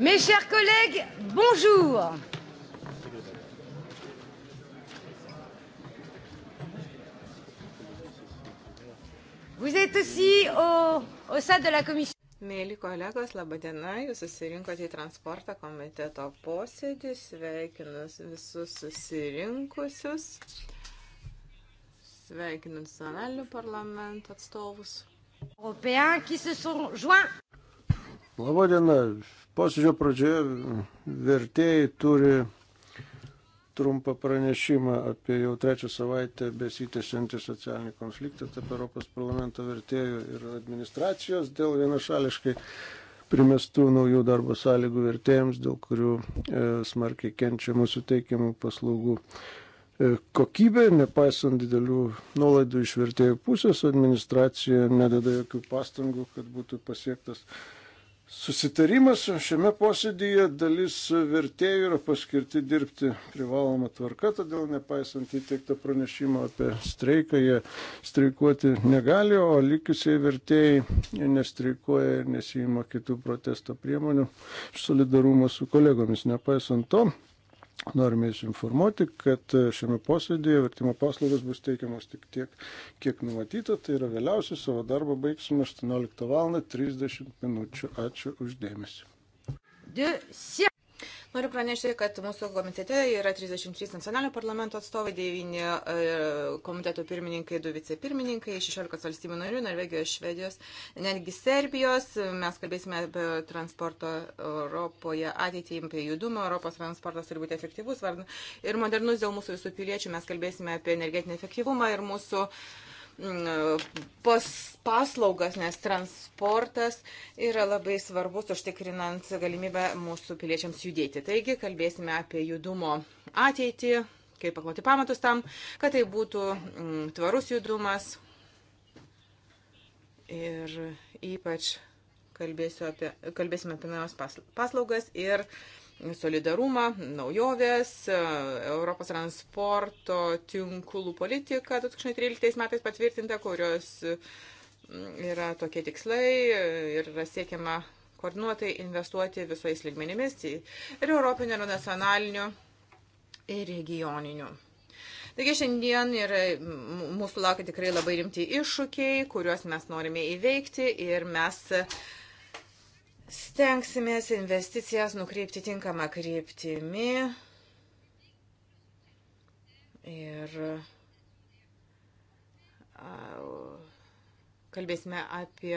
Mes chers collègues, bonjour. Vous êtes aussi au, au sein de la commission. Mėly kolegos, laba diena, jūs susirinkote į transporto komiteto posėdį, sveikinu visus susirinkusius, sveikinu nacionalinių parlamentų atstovus. Européens qui se sont joints Labadiena. Posėdžio pradžioje vertėjai turi trumpą pranešimą apie jau trečią savaitę besitęsiantį socialinį konfliktą tarp Europos parlamento vertėjų ir administracijos dėl vienašališkai primestų naujų darbo sąlygų vertėjams, dėl kurių e, smarkiai kenčia mūsų teikiamų paslaugų e, kokybė, nepaisant didelių nuolaidų iš vertėjų pusės, administracija nededa jokių pastangų, kad būtų pasiektas susitarimas. Šiame posėdėje dalis vertėjų yra paskirti dirbti privaloma tvarka, todėl nepaisant įteikto pranešimo apie streiką, jie streikuoti negali, o likusiai vertėjai nestreikuoja ir nesijima kitų protesto priemonių iš solidarumo su kolegomis. Nepaisant to, Norime jūs informuoti, kad šiame posėdėje vertimo paslaugos bus teikiamos tik tiek, kiek numatyta, tai yra vėliausiai savo darbą baigsime 18 val. 30 min. Ačiū uždėmesi. Noriu pranešti, kad mūsų komitete yra 33 nacionalinio parlamento atstovai, 9 e, komiteto pirmininkai, 2 vicepirmininkai, 16 valstybių narių, Norvegijos, Švedijos, netgi Serbijos. Mes kalbėsime apie transporto Europoje ateitį, apie judumą. Europos transportas turi būti efektyvus ir modernus dėl mūsų visų piliečių. Mes kalbėsime apie energetinį efektyvumą ir mūsų uh, pas, paslaugas, nes transportas yra labai svarbus užtikrinant galimybę mūsų piliečiams judėti. Taigi kalbėsime apie judumo ateitį, kaip pakloti pamatus tam, kad tai būtų mm, tvarus judumas. Ir ypač kalbėsime apie naujas paslaugas ir uh, solidarumą, naujoves, e, Europos transporto tinklų politiką 2013 metais patvirtinta, kurios e, yra tokie tikslai ir yra siekiama koordinuotai investuoti visais lygmenimis ir europinio, ir nacionalinio, ir regioninių. Taigi šiandien ir mūsų laukia tikrai labai rimti iššūkiai, kuriuos mes norime įveikti ir mes uh, Stengsimės investicijas nukreipti tinkamą kryptimį ir kalbėsime apie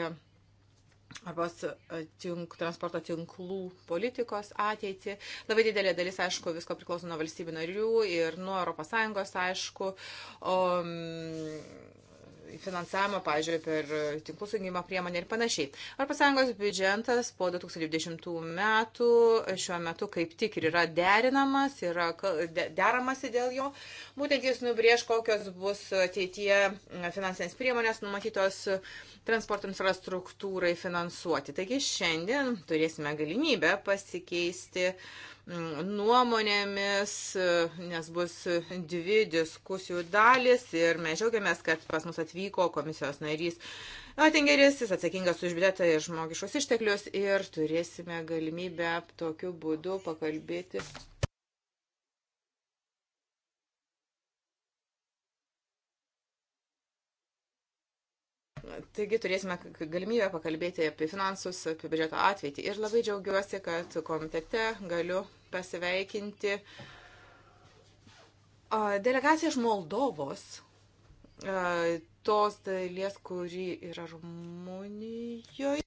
arba tink, transporto tinklų politikos ateitį. Labai didelė dalis, aišku, visko priklauso nuo valstybių narių ir nuo ES, aišku, o, finansavimą, pavyzdžiui, per tinklų sujungimo priemonę ir panašiai. Europos Sąjungos biudžetas po 2020 metų šiuo metu kaip tik ir yra derinamas, yra deramasi dėl jo. Būtent jis nubrėž, kokios bus ateityje finansinės priemonės numatytos transporto infrastruktūrai finansuoti. Taigi šiandien turėsime galimybę pasikeisti uh, Mm, nuomonėmis, e, nes bus dvi diskusijų dalis ir mes džiaugiamės, kad pas mus atvyko komisijos narys Otingeris, jis atsakingas už biudžetą ir žmogiškus išteklius ir turėsime galimybę tokiu būdu pakalbėti Taigi turėsime galimybę pakalbėti apie finansus, apie biudžeto atveitį. Ir labai džiaugiuosi, kad komitete galiu pasiveikinti delegaciją iš Moldovos, tos dalies, kuri yra Rumunijoje.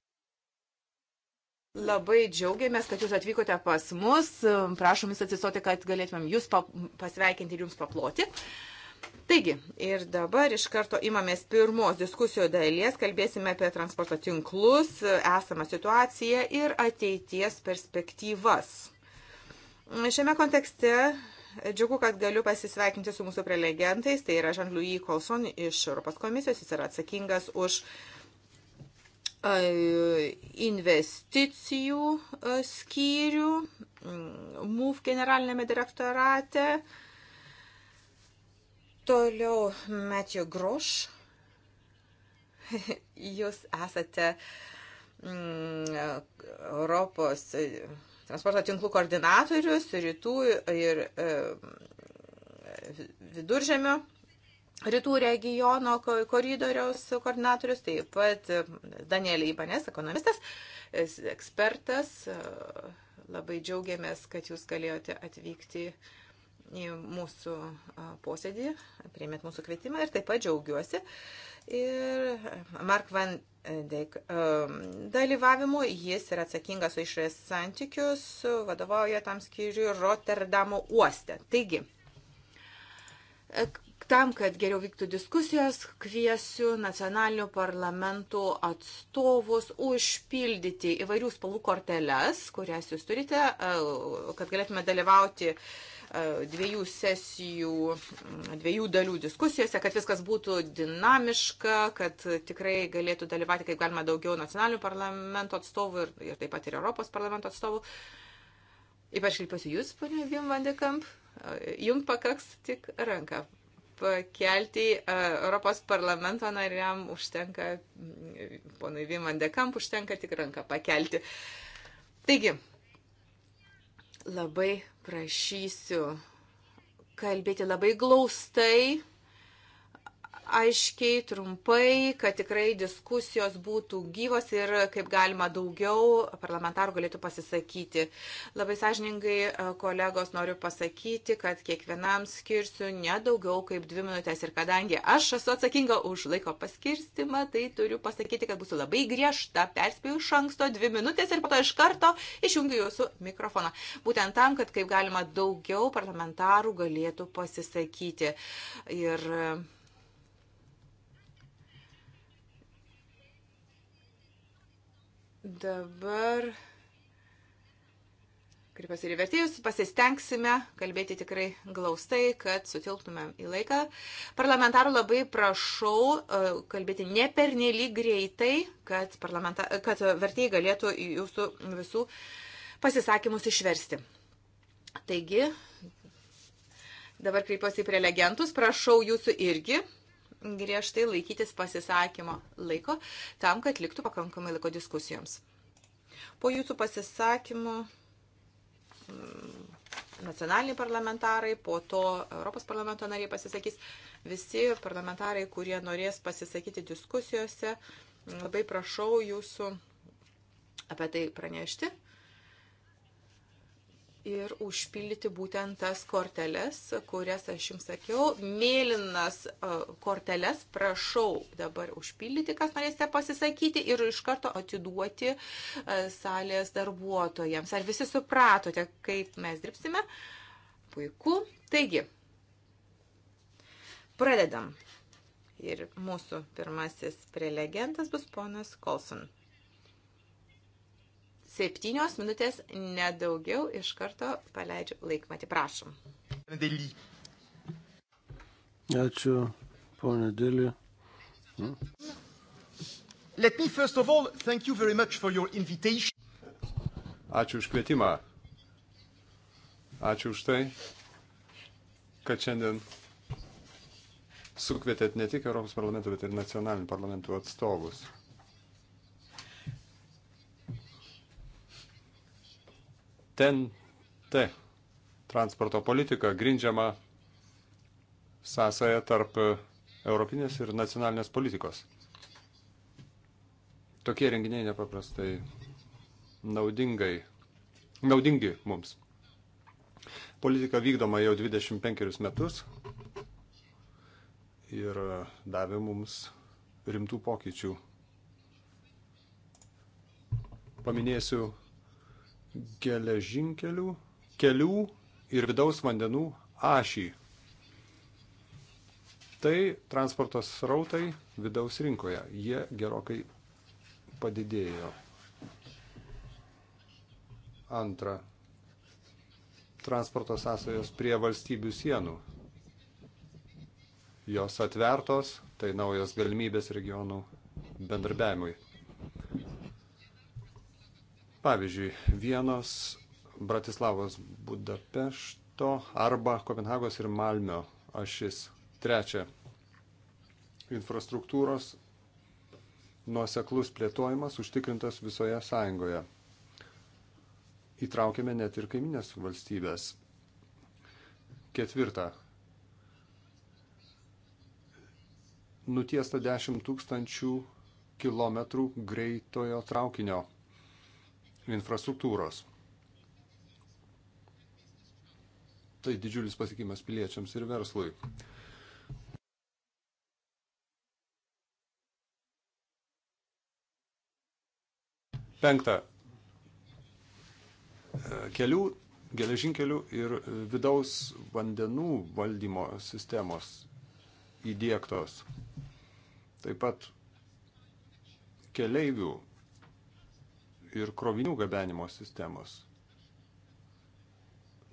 Labai džiaugiamės, kad jūs atvykote pas mus. Prašom jūs atsistoti, kad galėtumėm jūs pasveikinti ir jums paploti. Uh, Taigi, ir dabar iš karto imamės pirmos diskusijų dalies, kalbėsime apie transporto tinklus, esamą situaciją ir ateities perspektyvas. Šiame kontekste džiugu, kad galiu pasisveikinti su mūsų prelegentais, tai yra Jean-Louis Colson iš Europos komisijos, jis yra atsakingas už e, investicijų e, skyrių MUF generalinėme direktorate Toliau Matthew Grosh. Jūs esate mm, Europos e, transporto tinklų koordinatorius rytų ir e, viduržemio rytų regiono koridoriaus koordinatorius, taip pat e, Danielė Ibanės, ekonomistas, e, ekspertas. Labai džiaugiamės, kad jūs galėjote atvykti į mūsų posėdį, priėmėt mūsų kvietimą ir taip pat džiaugiuosi. Ir Mark Van Dijk dalyvavimu, jis yra atsakingas už išorės santykius, vadovauja tam skyriui Rotterdamo uoste. Taigi, tam, kad geriau vyktų diskusijos, kviesiu nacionalinių parlamentų atstovus užpildyti įvairių spalvų korteles, kurias jūs turite, e, kad galėtume dalyvauti e, dviejų sesijų, dviejų dalių diskusijose, kad viskas būtų dinamiška, kad tikrai galėtų dalyvauti kaip galima daugiau nacionalinių parlamento atstovų ir, ir taip pat ir Europos parlamento atstovų. Ypač kreipiuosi jūs, ponė Vim Vandekamp, e, jums pakaks tik ranką pakelti e, Europos parlamento nariam užtenka, ponui Vimandekamp užtenka tik ranką pakelti. Taigi, labai prašysiu kalbėti labai glaustai aiškiai, trumpai, kad tikrai diskusijos būtų gyvos ir kaip galima daugiau parlamentarų galėtų pasisakyti. Labai sąžiningai e, kolegos noriu pasakyti, kad kiekvienam skirsiu nedaugiau kaip dvi minutės ir kadangi aš esu atsakinga už laiko paskirstimą, tai turiu pasakyti, kad būsiu labai griežta, perspėjau iš anksto dvi minutės ir po to iš karto išjungiu jūsų mikrofoną. Būtent tam, kad kaip galima daugiau parlamentarų galėtų pasisakyti. Ir e, Dabar, kaip ir vertėjus, pasistengsime kalbėti tikrai glaustai, kad sutilptumėm į laiką. Parlamentarų labai prašau e, kalbėti ne per nelyg greitai, kad, kad vertėjai galėtų jūsų visų pasisakymus išversti. Taigi, dabar kreipiuosi į prelegentus, prašau jūsų irgi griežtai laikytis pasisakymo laiko, tam, kad liktų pakankamai laiko diskusijoms. Po jūsų pasisakymų mm, nacionaliniai parlamentarai, po to Europos parlamento nariai pasisakys, visi parlamentarai, kurie norės pasisakyti diskusijose, mm, labai prašau jūsų apie tai pranešti ir užpildyti būtent tas korteles, kurias aš jums sakiau. Mėlynas korteles prašau dabar užpildyti, kas norėsite pasisakyti ir iš karto atiduoti salės darbuotojams. Ar visi supratote, kaip mes dirbsime? Puiku. Taigi, pradedam. Ir mūsų pirmasis prelegentas bus ponas Kolson. Septynios minutės nedaugiau iš karto paleidžiu laikmatį, prašom. Dėly. Ačiū, ponė Dėlį. Hm? Let me first of all thank you very much for your invitation. Ačiū už kvietimą. Ačiū už tai, kad šiandien sukvietėt ne tik Europos parlamento, bet ir nacionalinių parlamentų atstovus. TNT transporto politika grindžiama sąsąją tarp europinės ir nacionalinės politikos. Tokie renginiai nepaprastai naudingai, naudingi mums. Politika vykdoma jau 25 metus ir davė mums rimtų pokyčių. Paminėsiu geležinkelių, kelių ir vidaus vandenų ašį. Tai transportos srautai vidaus rinkoje. Jie gerokai padidėjo. Antra. Transporto sąsajos prie valstybių sienų. Jos atvertos, tai naujos galimybės regionų bendarbiavimui. Pavyzdžiui, Vienos, Bratislavos, Budapešto arba Kopenhagos ir Malmio ašis. Trečia, infrastruktūros nuoseklus plėtojimas užtikrintas visoje sąjungoje. Įtraukėme net ir kaiminės valstybės. Ketvirta, nutiesta 10 tūkstančių kilometrų greitojo traukinio infrastruktūros. Tai didžiulis pasiekimas piliečiams ir verslui. Penkta. Kelių, geležinkelių ir vidaus vandenų valdymo sistemos įdėktos. Taip pat keleivių ir krovinių gabenimo sistemos.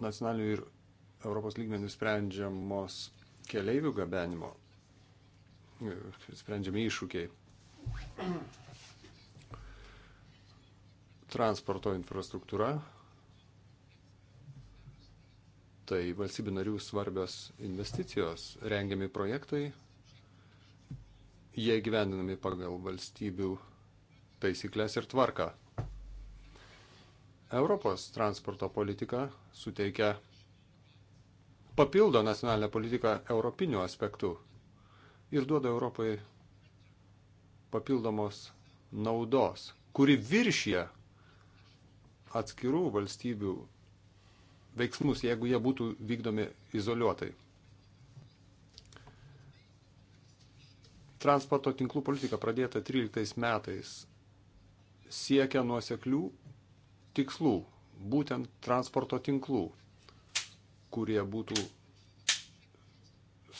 Nacionalinių ir Europos lygmenių sprendžiamos keleivių gabenimo, e, sprendžiami iššūkiai. Transporto infrastruktūra, tai valstybių narių svarbios investicijos, rengiami projektai, jie gyvendinami pagal valstybių taisyklės ir tvarką. Europos transporto politika suteikia papildo nacionalinę politiką europinių aspektų ir duoda Europai papildomos naudos, kuri viršė atskirų valstybių veiksmus, jeigu jie būtų vykdomi izoliuotai. Transporto tinklų politika pradėta 13 metais siekia nuoseklių tikslų, būtent transporto tinklų, kurie būtų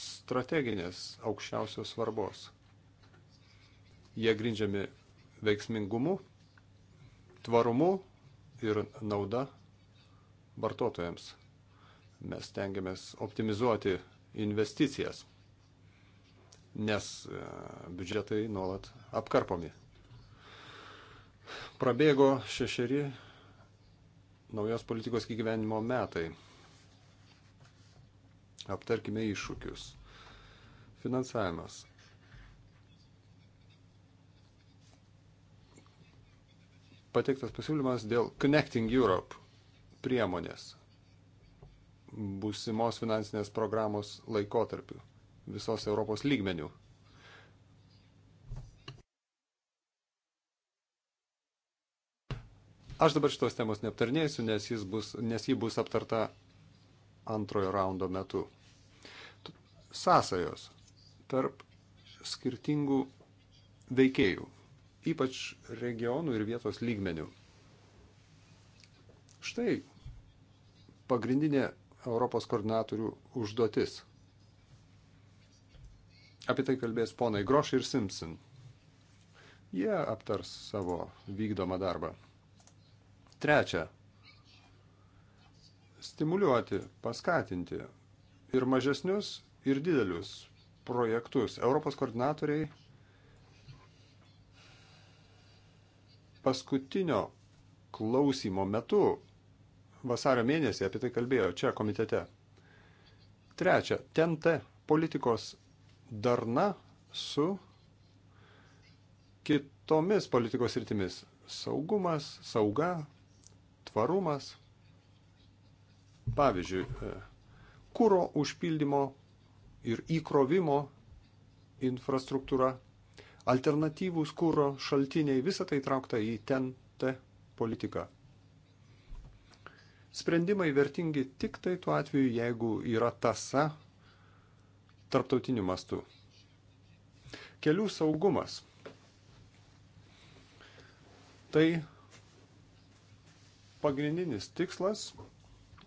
strateginės aukščiausios svarbos. Jie grindžiami veiksmingumu, tvarumu ir nauda vartotojams. Mes tengiamės optimizuoti investicijas, nes e, biudžetai nuolat apkarpomi. Prabėgo šešeri naujos politikos įgyvenimo metai. Aptarkime iššūkius. Finansavimas. Pateiktas pasiūlymas dėl Connecting Europe priemonės būsimos finansinės programos laikotarpiu visos Europos lygmenių. Aš dabar šitos temos neaptarnėsiu, nes, jis bus, nes ji bus aptarta antrojo raundo metu. Sąsajos tarp skirtingų veikėjų, ypač regionų ir vietos lygmenių. Štai pagrindinė Europos koordinatorių užduotis. Apie tai kalbės ponai Groš ir Simpson. Jie aptars savo vykdomą darbą. Trečia. Stimuliuoti, paskatinti ir mažesnius, ir didelius projektus. Europos koordinatoriai paskutinio klausimo metu vasario mėnesį apie tai kalbėjo čia komitete. Trečia, TNT politikos darna su kitomis politikos rytimis - saugumas, sauga, atsparumas, pavyzdžiui, e, kūro užpildymo ir įkrovimo infrastruktūra, alternatyvūs kūro šaltiniai, visą tai traukta į TNT politiką. Sprendimai vertingi tik tai tuo atveju, jeigu yra tasa tarptautiniu mastu. Kelių saugumas. Tai pagrindinis tikslas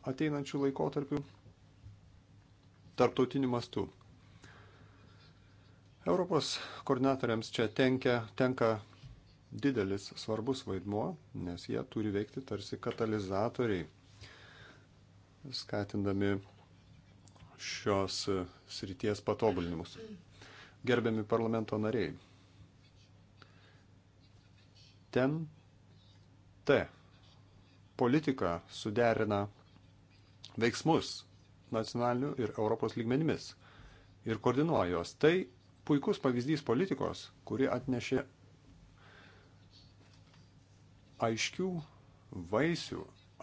ateinančių laikotarpių tarptautiniu mastu. Europos koordinatoriams čia tenkia, tenka didelis svarbus vaidmuo, nes jie turi veikti tarsi katalizatoriai, skatindami šios srities patobulinimus. Gerbiami parlamento nariai. Ten T politiką suderina veiksmus nacionaliniu ir Europos lygmenimis ir koordinuoja juos. Tai puikus pavyzdys politikos, kuri atnešė aiškių vaisių,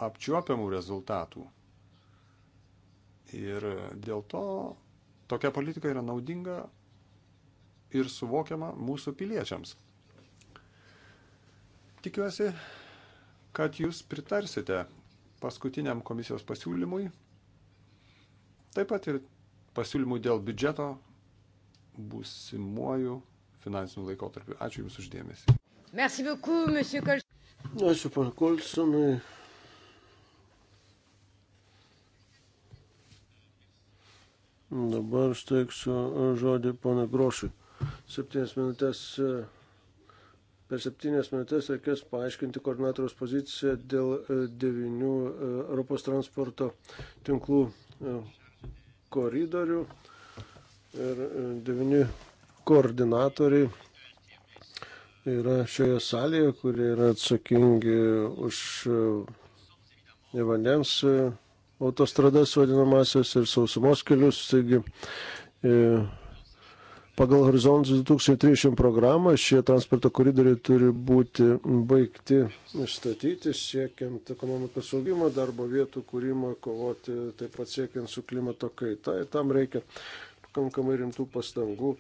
apčiuopiamų rezultatų. Ir dėl to tokia politika yra naudinga ir suvokiama mūsų piliečiams. Tikiuosi, kad jūs pritarsite paskutiniam komisijos pasiūlymui, taip pat ir pasiūlymų dėl biudžeto būsimuoju finansiniu laikotarpiu. Ačiū Jums uždėmesi. Merci beaucoup, monsieur Kolson. Ačiū, pan Kolsonui. Dabar steiksiu žodį pana Grošui. Septynias minutės Per septynės minutės reikės paaiškinti koordinatoriaus poziciją dėl e, devinių e, Europos transporto tinklų e, koridorių ir devini koordinatoriai yra šioje salėje, kurie yra atsakingi už vandens autostradas vadinamasias ir sausumos kelius. Taigi, Pagal Horizontus 2030 programą šie transporto koridoriai turi būti baigti statyti, siekiant ekonomikos augimo, darbo vietų kūrimo, kovoti taip pat siekiant su klimato kaita. Ir tam reikia pakankamai rimtų pastangų.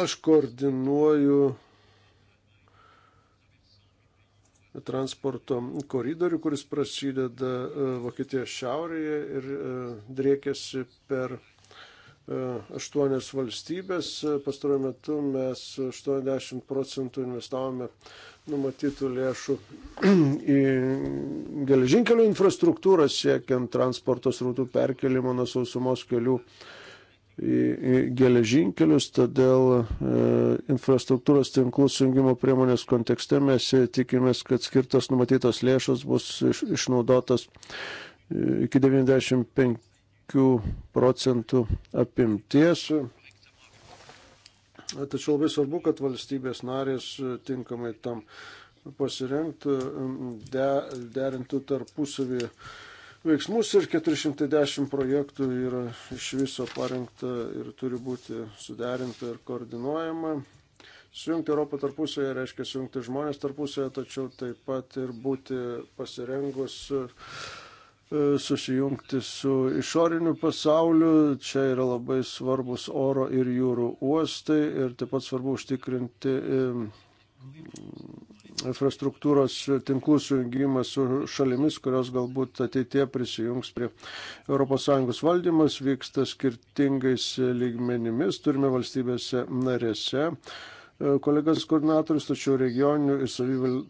Aš koordinuoju transporto koridorių, kuris prasideda e, Vokietijos šiaurėje ir e, driekiasi per aštuonias valstybės. Pastaruoju metu mes 80 procentų investavome numatytų lėšų į geležinkelių infrastruktūrą siekiant transporto srautų perkelimo nuo sausumos kelių į, į geležinkelius, todėl e, infrastruktūros tinklų sujungimo priemonės kontekste mes tikimės, kad skirtos numatytos lėšos bus iš, išnaudotas e, iki 95 kokių procentų apimties. Tačiau labai svarbu, kad valstybės narės tinkamai tam pasirengtų, de, derintų tarpusavį veiksmus ir 410 projektų yra iš viso parengta ir turi būti suderinta ir koordinuojama. Sujungti Europą tarpusėje reiškia sujungti žmonės tarpusėje, tačiau taip pat ir būti pasirengus uh, E, susijungti su išoriniu pasauliu. Čia yra labai svarbus oro ir jūrų uostai ir taip pat svarbu užtikrinti e, infrastruktūros tinklų sujungimą su šalimis, kurios galbūt ateitie prisijungs prie ES valdymas, vyksta skirtingais lygmenimis, turime valstybėse narėse E, kolegas koordinatorius, tačiau regioninių ir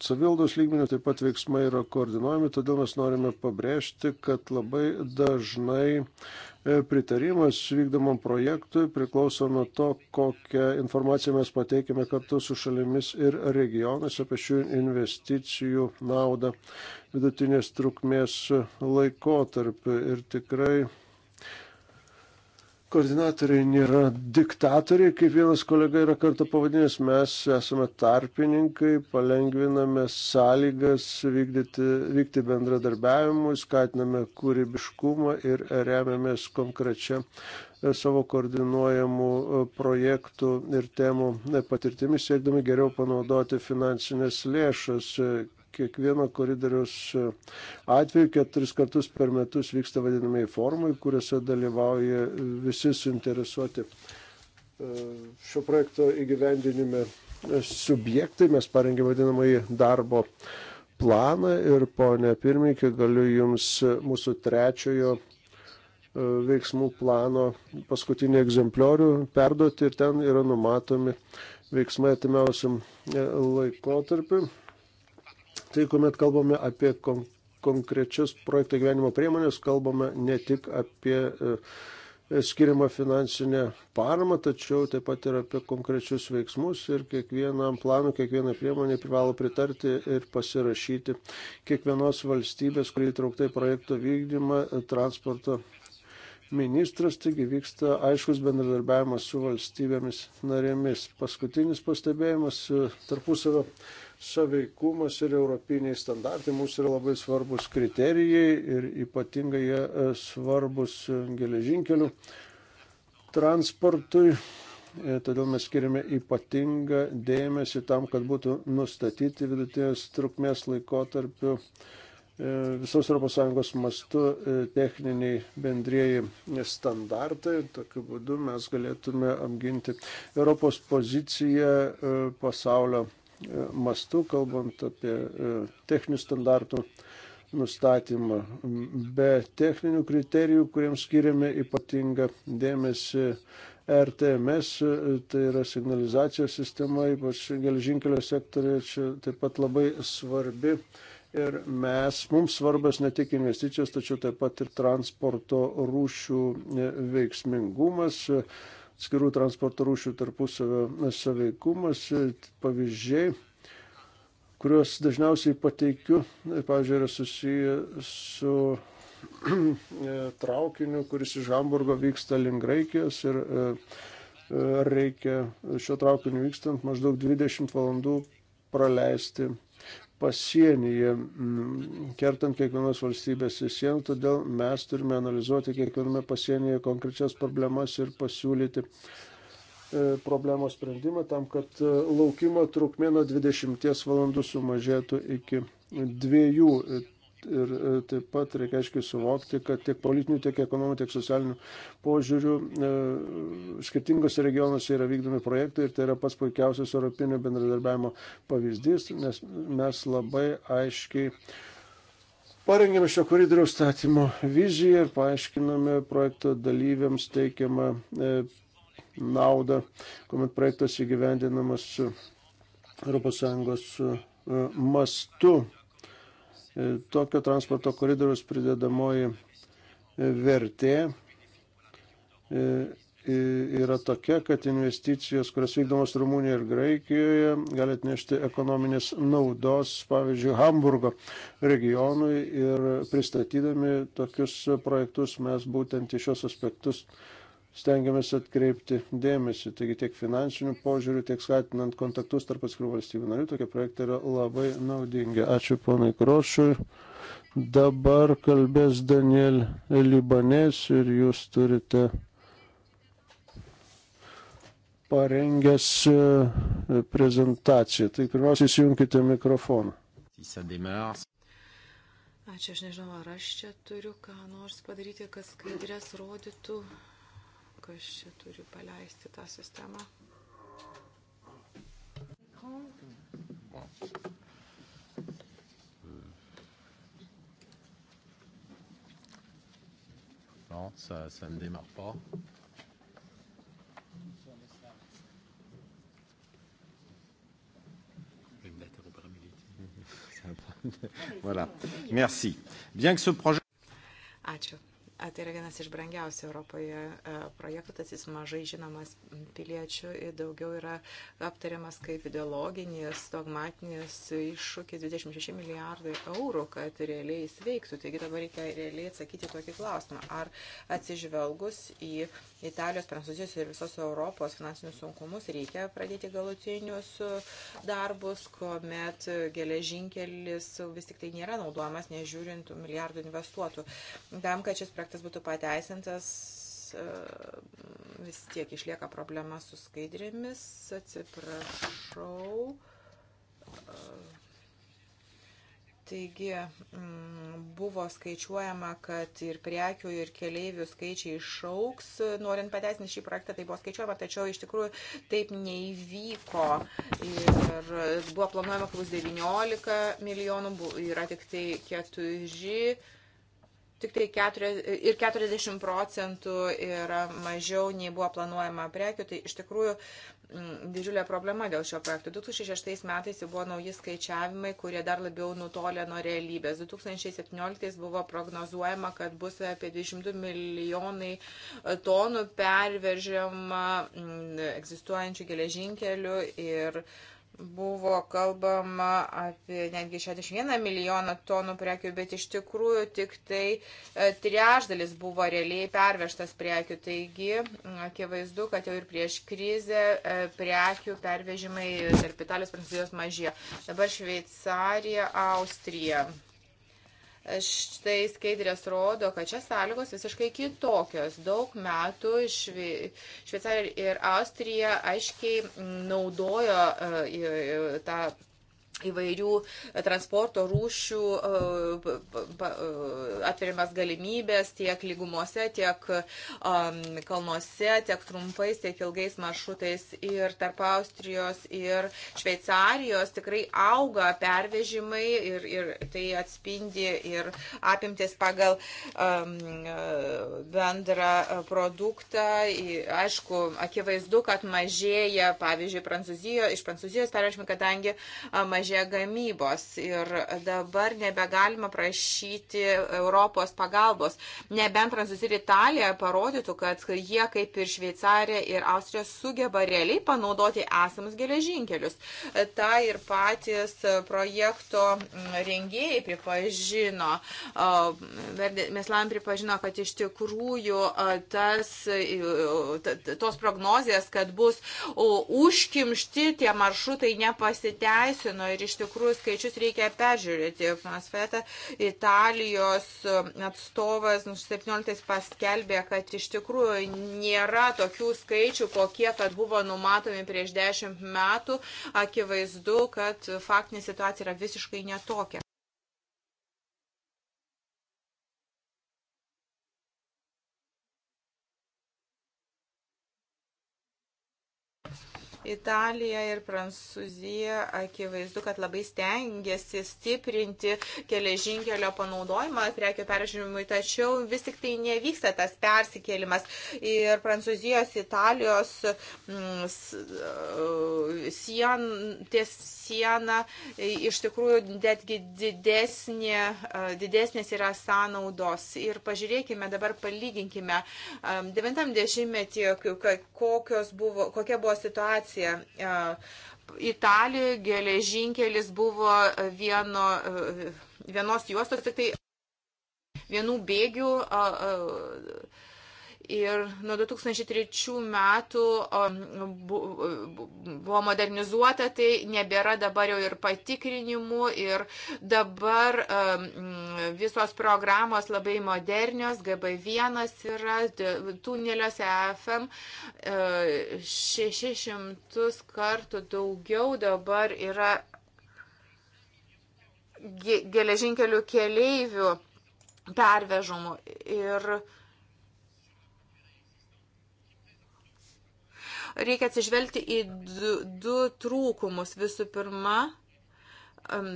savivaldos lygmenių taip pat veiksmai yra koordinuojami, todėl mes norime pabrėžti, kad labai dažnai e, pritarimas vykdomam projektui priklauso nuo to, kokią informaciją mes pateikime kartu su šalimis ir regionais apie šių investicijų naudą vidutinės trukmės laikotarpiu. Ir tikrai Koordinatoriai nėra diktatoriai, kaip vienas kolega yra kartą pavadinęs, mes esame tarpininkai, palengviname sąlygas vykdyti, vykti bendradarbiavimui, skatiname kūrybiškumą ir remiamės konkrečia e, savo koordinuojamų e, projektų ir temų e, patirtimis, siekdami geriau panaudoti finansinės lėšas kiekvieno koridoriaus e, atveju keturis kartus per metus vyksta vadinamieji formai, kuriuose dalyvauja e, visi suinteresuoti e, šio projekto įgyvendinime subjektai. Mes parengėme vadinamąjį darbo planą ir, ponė pirmininkė, galiu Jums mūsų trečiojo veiksmų plano paskutinį egzempliorių perduoti ir ten yra numatomi veiksmai atimiausiam laikotarpiu tai kuomet kalbame apie kon konkrečias projekto gyvenimo priemonės, kalbame ne tik apie e, skiriamą finansinę paramą, tačiau taip pat ir apie konkrečius veiksmus ir kiekvienam planui, kiekvienai priemonė privalo pritarti ir pasirašyti kiekvienos valstybės, kurį įtrauktai projekto vykdymą e, transporto ministras, taigi vyksta aiškus bendradarbiavimas su valstybėmis narėmis. Paskutinis pastebėjimas e, tarpusavio saveikumas ir europiniai standartai mums yra labai svarbus kriterijai ir ypatingai jie e, svarbus geležinkelių transportui. E, todėl mes skiriame ypatingą dėmesį tam, kad būtų nustatyti vidutinės trukmės laikotarpiu e, visos ES mastu techniniai bendrėjai standartai. Tokiu būdu mes galėtume apginti Europos poziciją pasaulio mastu, kalbant apie e, techninių standartų nustatymą. Be techninių kriterijų, kuriems skiriame ypatingą dėmesį RTMS, e, tai yra signalizacijos sistema, ypač gelžinkelio sektorėje, čia taip pat labai svarbi. Ir mes, mums svarbas ne tik investicijos, tačiau taip pat ir transporto rūšių e, veiksmingumas, atskirų transporto rūšių tarpusavio saveikumas, e, pavyzdžiai, kuriuos dažniausiai pateikiu, e, pavyzdžiui, yra susiję su e, traukiniu, kuris iš Hamburgo vyksta link Graikijos ir reikia šio traukiniu vykstant maždaug 20 valandų praleisti pasienyje, mm, kertant kiekvienos valstybės sienų, todėl mes turime analizuoti kiekviename pasienyje konkrečias problemas ir pasiūlyti e, problemos sprendimą tam, kad e, laukimo trukmė nuo 20 valandų sumažėtų iki dviejų. Ir e, taip pat reikia aiškiai suvokti, kad tiek politinių, tiek ekonominių, tiek socialinių požiūrių e, skirtingose regionuose yra vykdomi projektai ir tai yra pats puikiausias europinio bendradarbiavimo pavyzdys, nes mes labai aiškiai parengėme šio koridoriaus statymo viziją ir paaiškiname projekto dalyviams teikiamą e, naudą, kuomet projektas įgyvendinamas ES mastu. Tokio transporto koridoriaus pridedamoji e, vertė e, yra tokia, kad investicijos, kurios vykdomos Rumunijoje ir Graikijoje, gali atnešti ekonominės naudos, pavyzdžiui, Hamburgo regionui ir pristatydami tokius projektus mes būtent į šios aspektus stengiamės atkreipti dėmesį. Taigi tiek finansinių požiūrių, tiek skatinant kontaktus tarp atskirų valstybių narių, tokie projektai yra labai naudingi. Ačiū ponai Krošui. Dabar kalbės Daniel Libanės ir jūs turite parengęs e, prezentaciją. Tai pirmiausia, įsijunkite mikrofoną. Ačiū, aš nežinau, ar aš čia turiu ką nors padaryti, kas skaidrės rodytų kas čia turi paleisti tą sistemą. Non, ça, ça ne démarre pas. voilà. Merci. Bien que ce projet. Ačiū. Tai yra vienas iš brangiausių Europoje e, projektų, tas jis mažai žinomas piliečių ir daugiau yra aptariamas kaip ideologinis, dogmatinis iššūkis 26 milijardai eurų, kad realiai jis veiktų. Taigi dabar reikia realiai atsakyti tokį klausimą. Ar atsižvelgus į Italijos, Prancūzijos ir visos Europos finansinius sunkumus reikia pradėti galutinius darbus, kuomet geležinkelis vis tik tai nėra naudojamas, nežiūrint milijardų investuotų. Tam, kad šis projektas aktas būtų pateisintas, e, vis tiek išlieka problema su skaidrėmis. Atsiprašau. E, taigi mm, buvo skaičiuojama, kad ir prekių, ir keleivių skaičiai išauks, norint pateisinti šį projektą, tai buvo skaičiuojama, tačiau iš tikrųjų taip neįvyko. Ir buvo planuojama, kad bus 19 milijonų, yra tik tai 4 tik tai 4, ir 40 procentų yra mažiau nei buvo planuojama prekių, tai iš tikrųjų didžiulė problema dėl šio projekto. 2006 metais jau buvo nauji skaičiavimai, kurie dar labiau nutolė nuo realybės. 2017 buvo prognozuojama, kad bus apie 22 milijonai tonų pervežiama egzistuojančių geležinkelių ir uh, buvo kalbama apie netgi 61 milijoną tonų prekių, bet iš tikrųjų tik tai e, trešdalis buvo realiai pervežtas prekių. Taigi, akivaizdu, kad jau ir prieš krizę e, prekių pervežimai tarp Italijos, Prancūzijos mažėjo. Dabar Šveicarija, Austrija. Štai skaidrės rodo, kad čia sąlygos visiškai kitokios. Daug metų Švi... Šveicarija ir Austrija aiškiai naudojo e, tą įvairių e, transporto rūšių e, e, atveriamas galimybės tiek lygumose, tiek kalnuose, tiek trumpais, tiek ilgais maršrutais. Ir tarp Austrijos ir Šveicarijos tikrai auga pervežimai ir, ir tai atspindi ir apimtis pagal um, bendrą produktą. Aišku, akivaizdu, kad mažėja, pavyzdžiui, Prancūzijo, iš Prancūzijos pervežimai, kadangi mažėja sumažėja gamybos ir dabar nebegalima prašyti Europos pagalbos. Nebent Prancūzija ir Italija parodytų, kad jie kaip ir Šveicarija ir Austrija sugeba realiai panaudoti esamus geležinkelius. Ta ir patys projekto rengėjai pripažino, Meslam pripažino, kad iš tikrųjų tas, tos prognozijas, kad bus užkimšti tie maršrutai nepasiteisino ir iš tikrųjų skaičius reikia peržiūrėti. Feta Italijos atstovas 17 nu, paskelbė, kad iš tikrųjų nėra tokių skaičių, kokie kad buvo numatomi prieš 10 metų. Akivaizdu, kad faktinė situacija yra visiškai netokia. Italija ir Prancūzija akivaizdu, kad labai stengiasi stiprinti geležinkelio panaudojimą prekių peržiūrimui, tačiau vis tik tai nevyksta tas persikėlimas. Ir Prancūzijos, Italijos mm, e, sien, ties siena iš tikrųjų netgi didesnė, e, didesnės yra sąnaudos. Ir pažiūrėkime dabar, palyginkime 90-metį, e, kokia buvo situacija situacija. E, Italijoje geležinkelis buvo vieno, e, vienos juostos, tik tai vienų bėgių. A, e, a, Ir nuo 2003 metų buvo modernizuota, tai nebėra dabar jau ir patikrinimų, ir dabar visos programos labai modernios, GB1 yra, tuneliuose FM 600 e, kartų daugiau dabar yra geležinkelių keleivių pervežimų. Ir reikia atsižvelgti į du, du trūkumus. Visų pirma, um,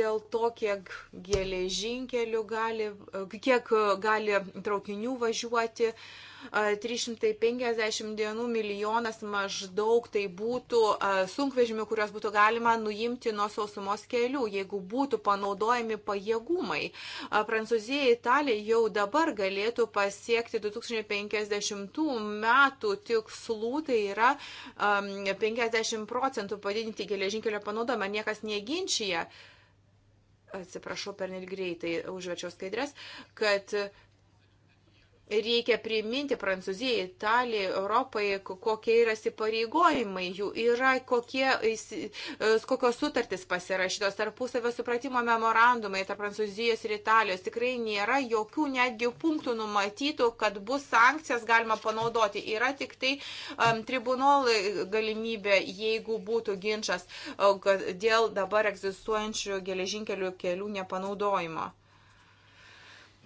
dėl to, kiek geležinkelių gali, kiek gali traukinių važiuoti. Uh, 350 dienų milijonas maždaug tai būtų sunkvežimių, kuriuos būtų galima nuimti nuo sausumos kelių, jeigu būtų panaudojami pajėgumai. Prancūzija, Italija jau dabar galėtų pasiekti 2050 metų tikslų, tai yra 50 procentų padidinti geležinkelio panaudojimą, niekas neginčia atsiprašau per net greitai užvečiau skaidrės, kad reikia priminti Prancūzijai, Italijai, Europai, kokie yra įsipareigojimai jų yra, kokie, e, kokios sutartys pasirašytos, tarpusavio supratimo memorandumai tarp Prancūzijos ir Italijos. Tikrai nėra jokių netgi punktų numatytų, kad bus sankcijas galima panaudoti. Yra tik tai um, tribunolai galimybė, jeigu būtų ginčas dėl dabar egzistuojančių geležinkelių kelių nepanaudojimo.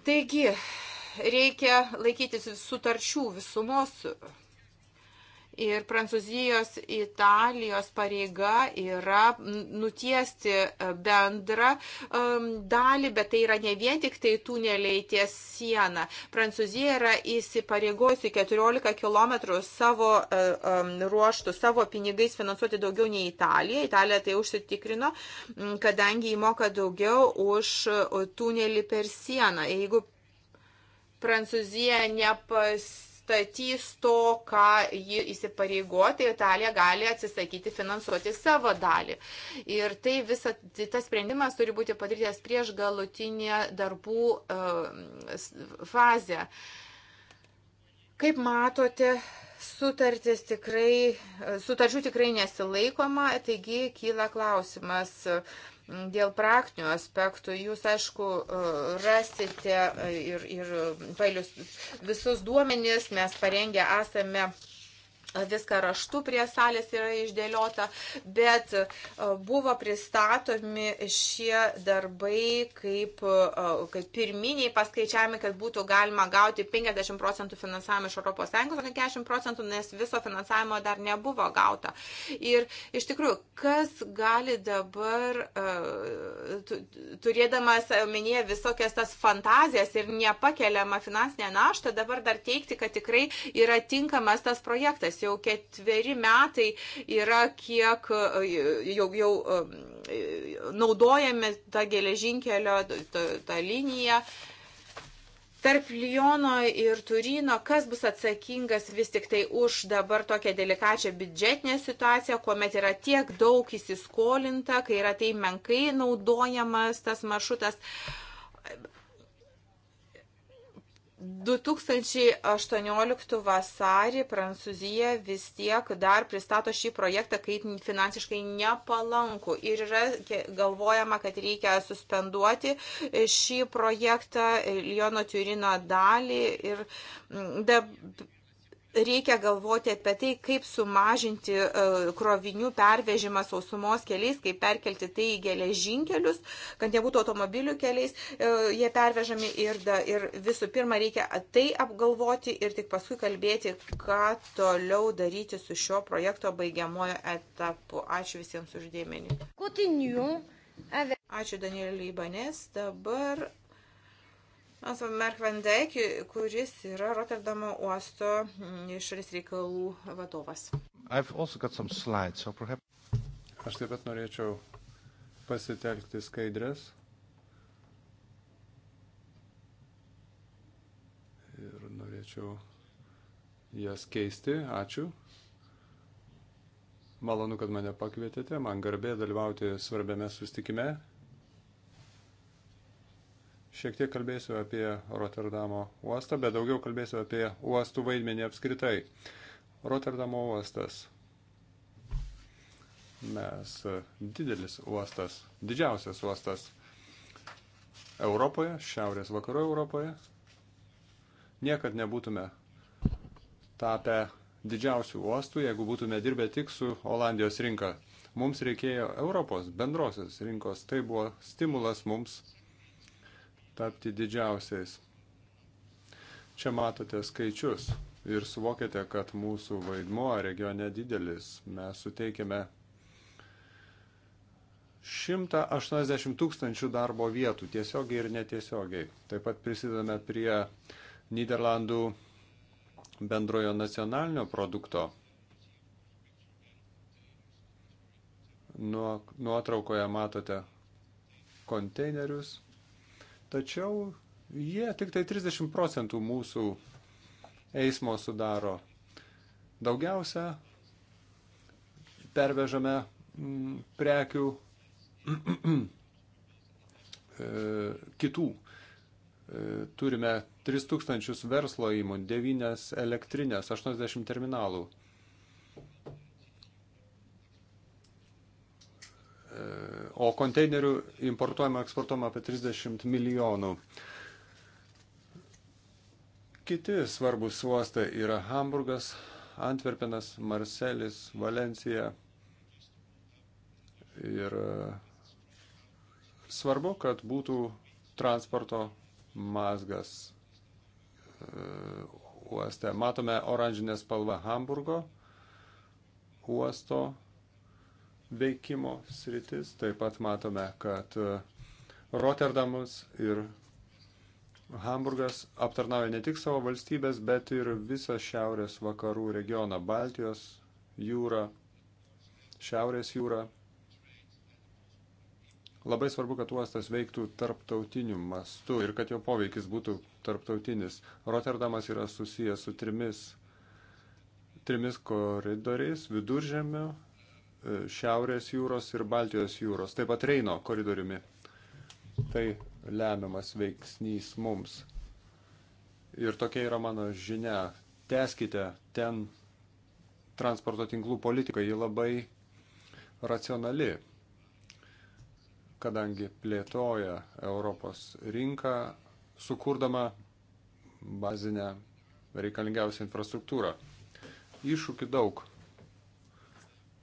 Taigi, reikia laikytis sutarčių visumos. Ir Prancūzijos, Italijos pareiga yra nutiesti bendrą um, dalį, bet tai yra ne vien tik tai tuneliai ties sieną. Prancūzija yra įsipareigojusi 14 km savo e, um, ruoštų, savo pinigais finansuoti daugiau nei Italija. Italija tai užsitikrino, kadangi įmoka daugiau už tunelį per sieną. Jeigu Prancūzija nepastatys to, ką ji įsipareigoti, Italija gali atsisakyti finansuoti savo dalį. Ir tai visa, tai tas sprendimas turi būti padarytas prieš galutinę darbų uh, fazę. Kaip matote, sutartis tikrai, sutarčių tikrai nesilaikoma, taigi kyla klausimas. Uh, Dėl praktinių aspektų jūs, aišku, e, rasite e, ir, ir pailius visus duomenys, mes parengę esame viską raštu prie salės yra išdėliota, bet e, buvo pristatomi šie darbai kaip, e, kaip pirminiai paskaičiavimai, kad būtų galima gauti 50 procentų finansavimo iš ES, 40 procentų, nes viso finansavimo dar nebuvo gauta. Ir iš tikrųjų, kas gali dabar, e, turėdamas omenyje visokias tas fantazijas ir nepakeliamą finansinę naštą, dabar dar teikti, kad tikrai yra tinkamas tas projektas jau ketveri metai yra kiek e, jau, jau e, naudojame tą geležinkelio, tą, tą liniją tarp Liono ir Turino, kas bus atsakingas vis tik tai už dabar tokią delikačią biudžetinę situaciją, kuomet yra tiek daug įsiskolinta, kai yra tai menkai naudojamas tas maršrutas. 2018 vasarį Prancūzija vis tiek dar pristato šį projektą kaip finansiškai nepalankų ir yra galvojama, kad reikia suspenduoti šį projektą, Liono Turino dalį ir da, reikia galvoti apie tai, kaip sumažinti e, krovinių pervežimą sausumos keliais, kaip perkelti tai į geležinkelius, kad nebūtų automobilių keliais, e, jie pervežami ir, da, ir visų pirma reikia tai apgalvoti ir tik paskui kalbėti, ką toliau daryti su šio projekto baigiamojo etapu. Ačiū visiems uždėmenį. Ačiū Danieliui Ibanės. Dabar Merk van Dijk, kuris yra Rotterdamo uosto mm, išorės reikalų vadovas. Slides, so perhaps... Aš taip pat norėčiau pasitelkti skaidrės. Ir norėčiau jas keisti. Ačiū. Malonu, kad mane pakvietėte. Man garbė dalyvauti svarbiame sustikime Šiek tiek kalbėsiu apie Rotterdamo uostą, bet daugiau kalbėsiu apie uostų vaidmenį apskritai. Rotterdamo uostas. Mes didelis uostas, didžiausias uostas Europoje, šiaurės vakarų Europoje. Niekad nebūtume tapę didžiausių uostų, jeigu būtume dirbę tik su Olandijos rinka. Mums reikėjo Europos bendrosios rinkos. Tai buvo stimulas mums tapti didžiausiais. Čia matote skaičius ir suvokite, kad mūsų vaidmuo regione didelis. Mes suteikėme 180 tūkstančių darbo vietų tiesiogiai ir netiesiogiai. Taip pat prisidame prie Niderlandų bendrojo nacionalinio produkto. Nuo, nuotraukoje matote konteinerius Tačiau jie tik tai 30 procentų mūsų eismo sudaro. Daugiausia pervežame mm, prekių e, kitų. E, turime 3000 verslo įmonių, 9 elektrinės, 80 terminalų. o konteinerių importuojama, eksportuojama apie 30 milijonų. Kiti svarbus uostai yra Hamburgas, Antverpenas, Marselis, Valencija. Ir e, svarbu, kad būtų transporto mazgas e, uoste. Matome oranžinę spalvą Hamburgo uosto veikimo sritis. Taip pat matome, kad e, Rotterdamas ir Hamburgas aptarnauja ne tik savo valstybės, bet ir visą šiaurės vakarų regioną - Baltijos jūrą, Šiaurės jūrą. Labai svarbu, kad uostas veiktų tarptautiniu mastu ir kad jo poveikis būtų tarptautinis. Rotterdamas yra susijęs su trimis trimis koridoriais - viduržemio E, šiaurės jūros ir Baltijos jūros, taip pat Reino koridoriumi. Tai lemiamas veiksnys mums. Ir tokia yra mano žinia. Teskite ten transporto tinklų politiką, ji labai racionali, kadangi plėtoja Europos rinką, sukurdama bazinę reikalingiausią infrastruktūrą. Iššūkių daug.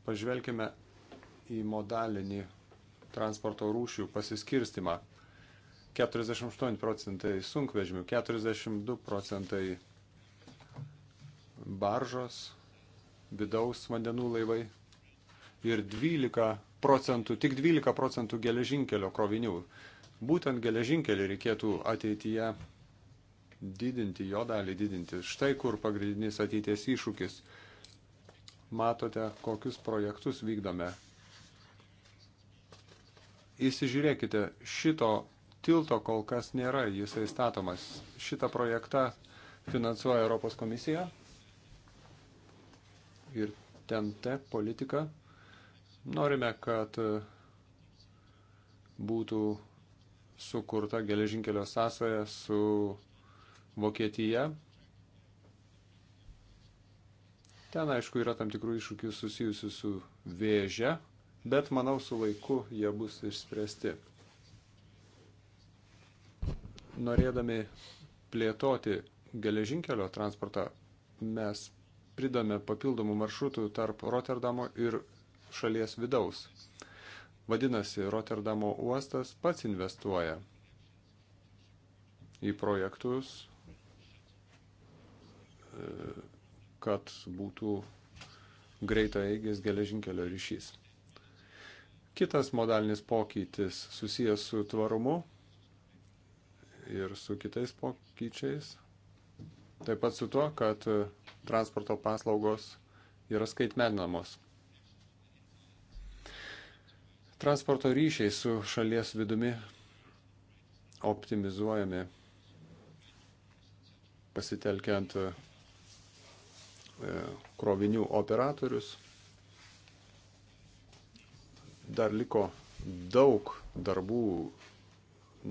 Pažvelkime į modalinį transporto rūšių pasiskirstimą. 48 procentai sunkvežimių, 42 procentai baržos, vidaus vandenų laivai ir 12 procentų, tik 12 procentų geležinkelio krovinių. Būtent geležinkelį reikėtų ateityje didinti, jo dalį didinti. Štai kur pagrindinis ateities iššūkis matote, kokius projektus vykdome. Įsižiūrėkite, šito tilto kol kas nėra, jisai statomas. Šitą projektą finansuoja Europos komisija ir TNT politika. Norime, kad būtų sukurta geležinkelio sąsaja su Vokietija Ten, aišku, yra tam tikrų iššūkių susijusių su vėže, bet manau, su laiku jie bus išspręsti. Norėdami plėtoti geležinkelio transportą, mes pridame papildomų maršrutų tarp Rotterdamo ir šalies vidaus. Vadinasi, Rotterdamo uostas pats investuoja į projektus e, kad būtų greitaeigis geležinkelio ryšys. Kitas modalinis pokytis susijęs su tvarumu ir su kitais pokyčiais. Taip pat su tuo, kad transporto paslaugos yra skaitmeninamos. Transporto ryšiai su šalies vidumi optimizuojami pasitelkiant E, krovinių operatorius. Dar liko daug darbų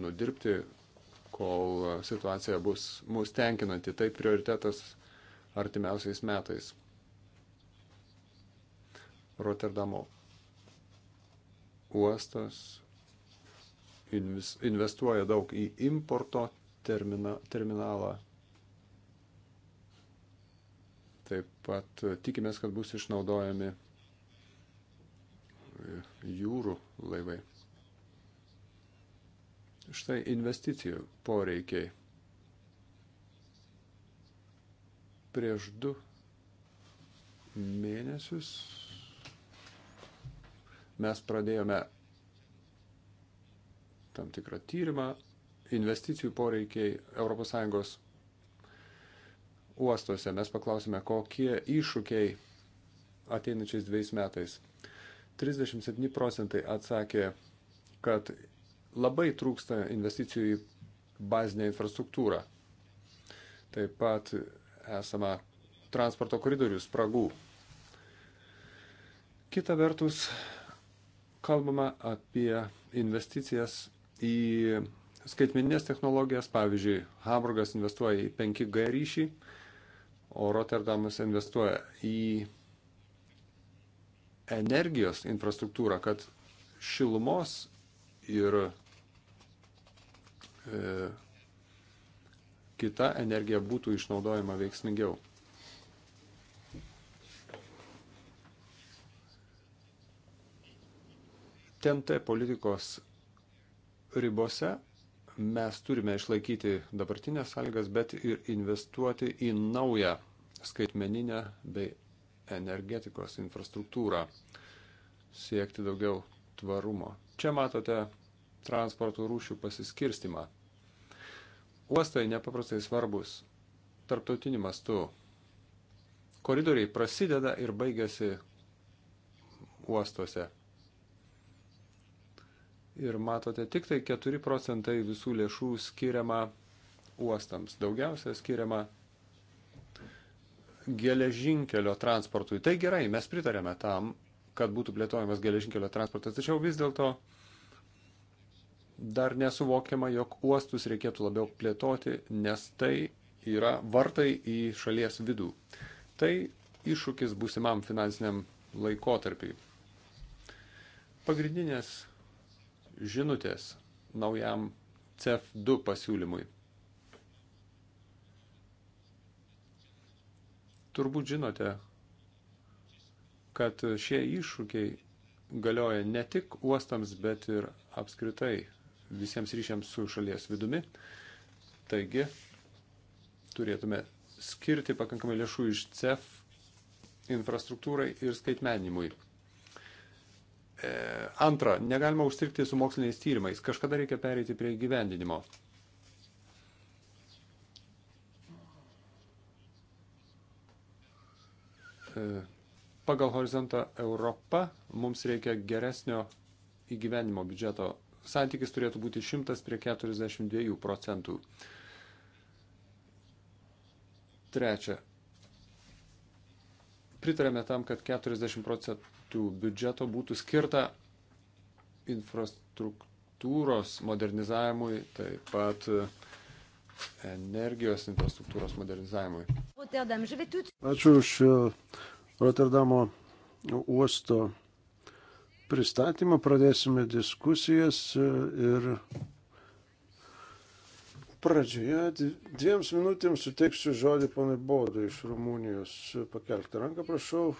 nudirbti, kol situacija bus mūsų tenkinanti. Tai prioritetas artimiausiais metais. Rotterdamo uostas investuoja daug į importo termina, terminalą Taip pat tikimės, kad bus išnaudojami jūrų laivai. Štai investicijų poreikiai. Prieš du mėnesius mes pradėjome tam tikrą tyrimą investicijų poreikiai ES uostuose. Mes paklausime, kokie iššūkiai ateinačiais dviejais metais. 37 procentai atsakė, kad labai trūksta investicijų į bazinę infrastruktūrą. Taip pat esama transporto koridorių spragų. Kita vertus, kalbama apie investicijas į skaitmeninės technologijas. Pavyzdžiui, Hamburgas investuoja į 5G ryšį, o Rotterdamas investuoja į energijos infrastruktūrą, kad šilumos ir e, kita energija būtų išnaudojama veiksmingiau. TNT politikos ribose mes turime išlaikyti dabartinės sąlygas, bet ir investuoti į naują skaitmeninę bei energetikos infrastruktūrą, siekti daugiau tvarumo. Čia matote transporto rūšių pasiskirstimą. Uostai nepaprastai svarbus tarptautiniu mastu. Koridoriai prasideda ir baigėsi uostuose. Ir matote, tik tai 4 procentai visų lėšų skiriama uostams. Daugiausia skiriama geležinkelio transportui. Tai gerai, mes pritarėme tam, kad būtų plėtojamas geležinkelio transportas, tačiau vis dėlto dar nesuvokiama, jog uostus reikėtų labiau plėtoti, nes tai yra vartai į šalies vidų. Tai iššūkis būsimam finansiniam laikotarpiai. Pagrindinės žinutės naujam CEF 2 pasiūlymui. Turbūt žinote, kad šie iššūkiai galioja ne tik uostams, bet ir apskritai visiems ryšiams su šalies vidumi. Taigi, turėtume skirti pakankamai lėšų iš CEF infrastruktūrai ir skaitmeninimui. E, antra, negalima užstrikti su moksliniais tyrimais. Kažkada reikia pereiti prie gyvendinimo. E, pagal horizontą Europą mums reikia geresnio įgyvenimo biudžeto. Santykis turėtų būti 100 prie 42 procentų. Trečia. Pritarėme tam, kad 40 procentų metų biudžeto būtų skirta infrastruktūros modernizavimui, taip pat e, energijos infrastruktūros modernizavimui. Ačiū už e, Rotterdamo uosto pristatymą. Pradėsime diskusijas e, ir pradžioje dviems minutėms suteiksiu žodį ponai Bodui iš Rumunijos. Pakelti ranką, prašau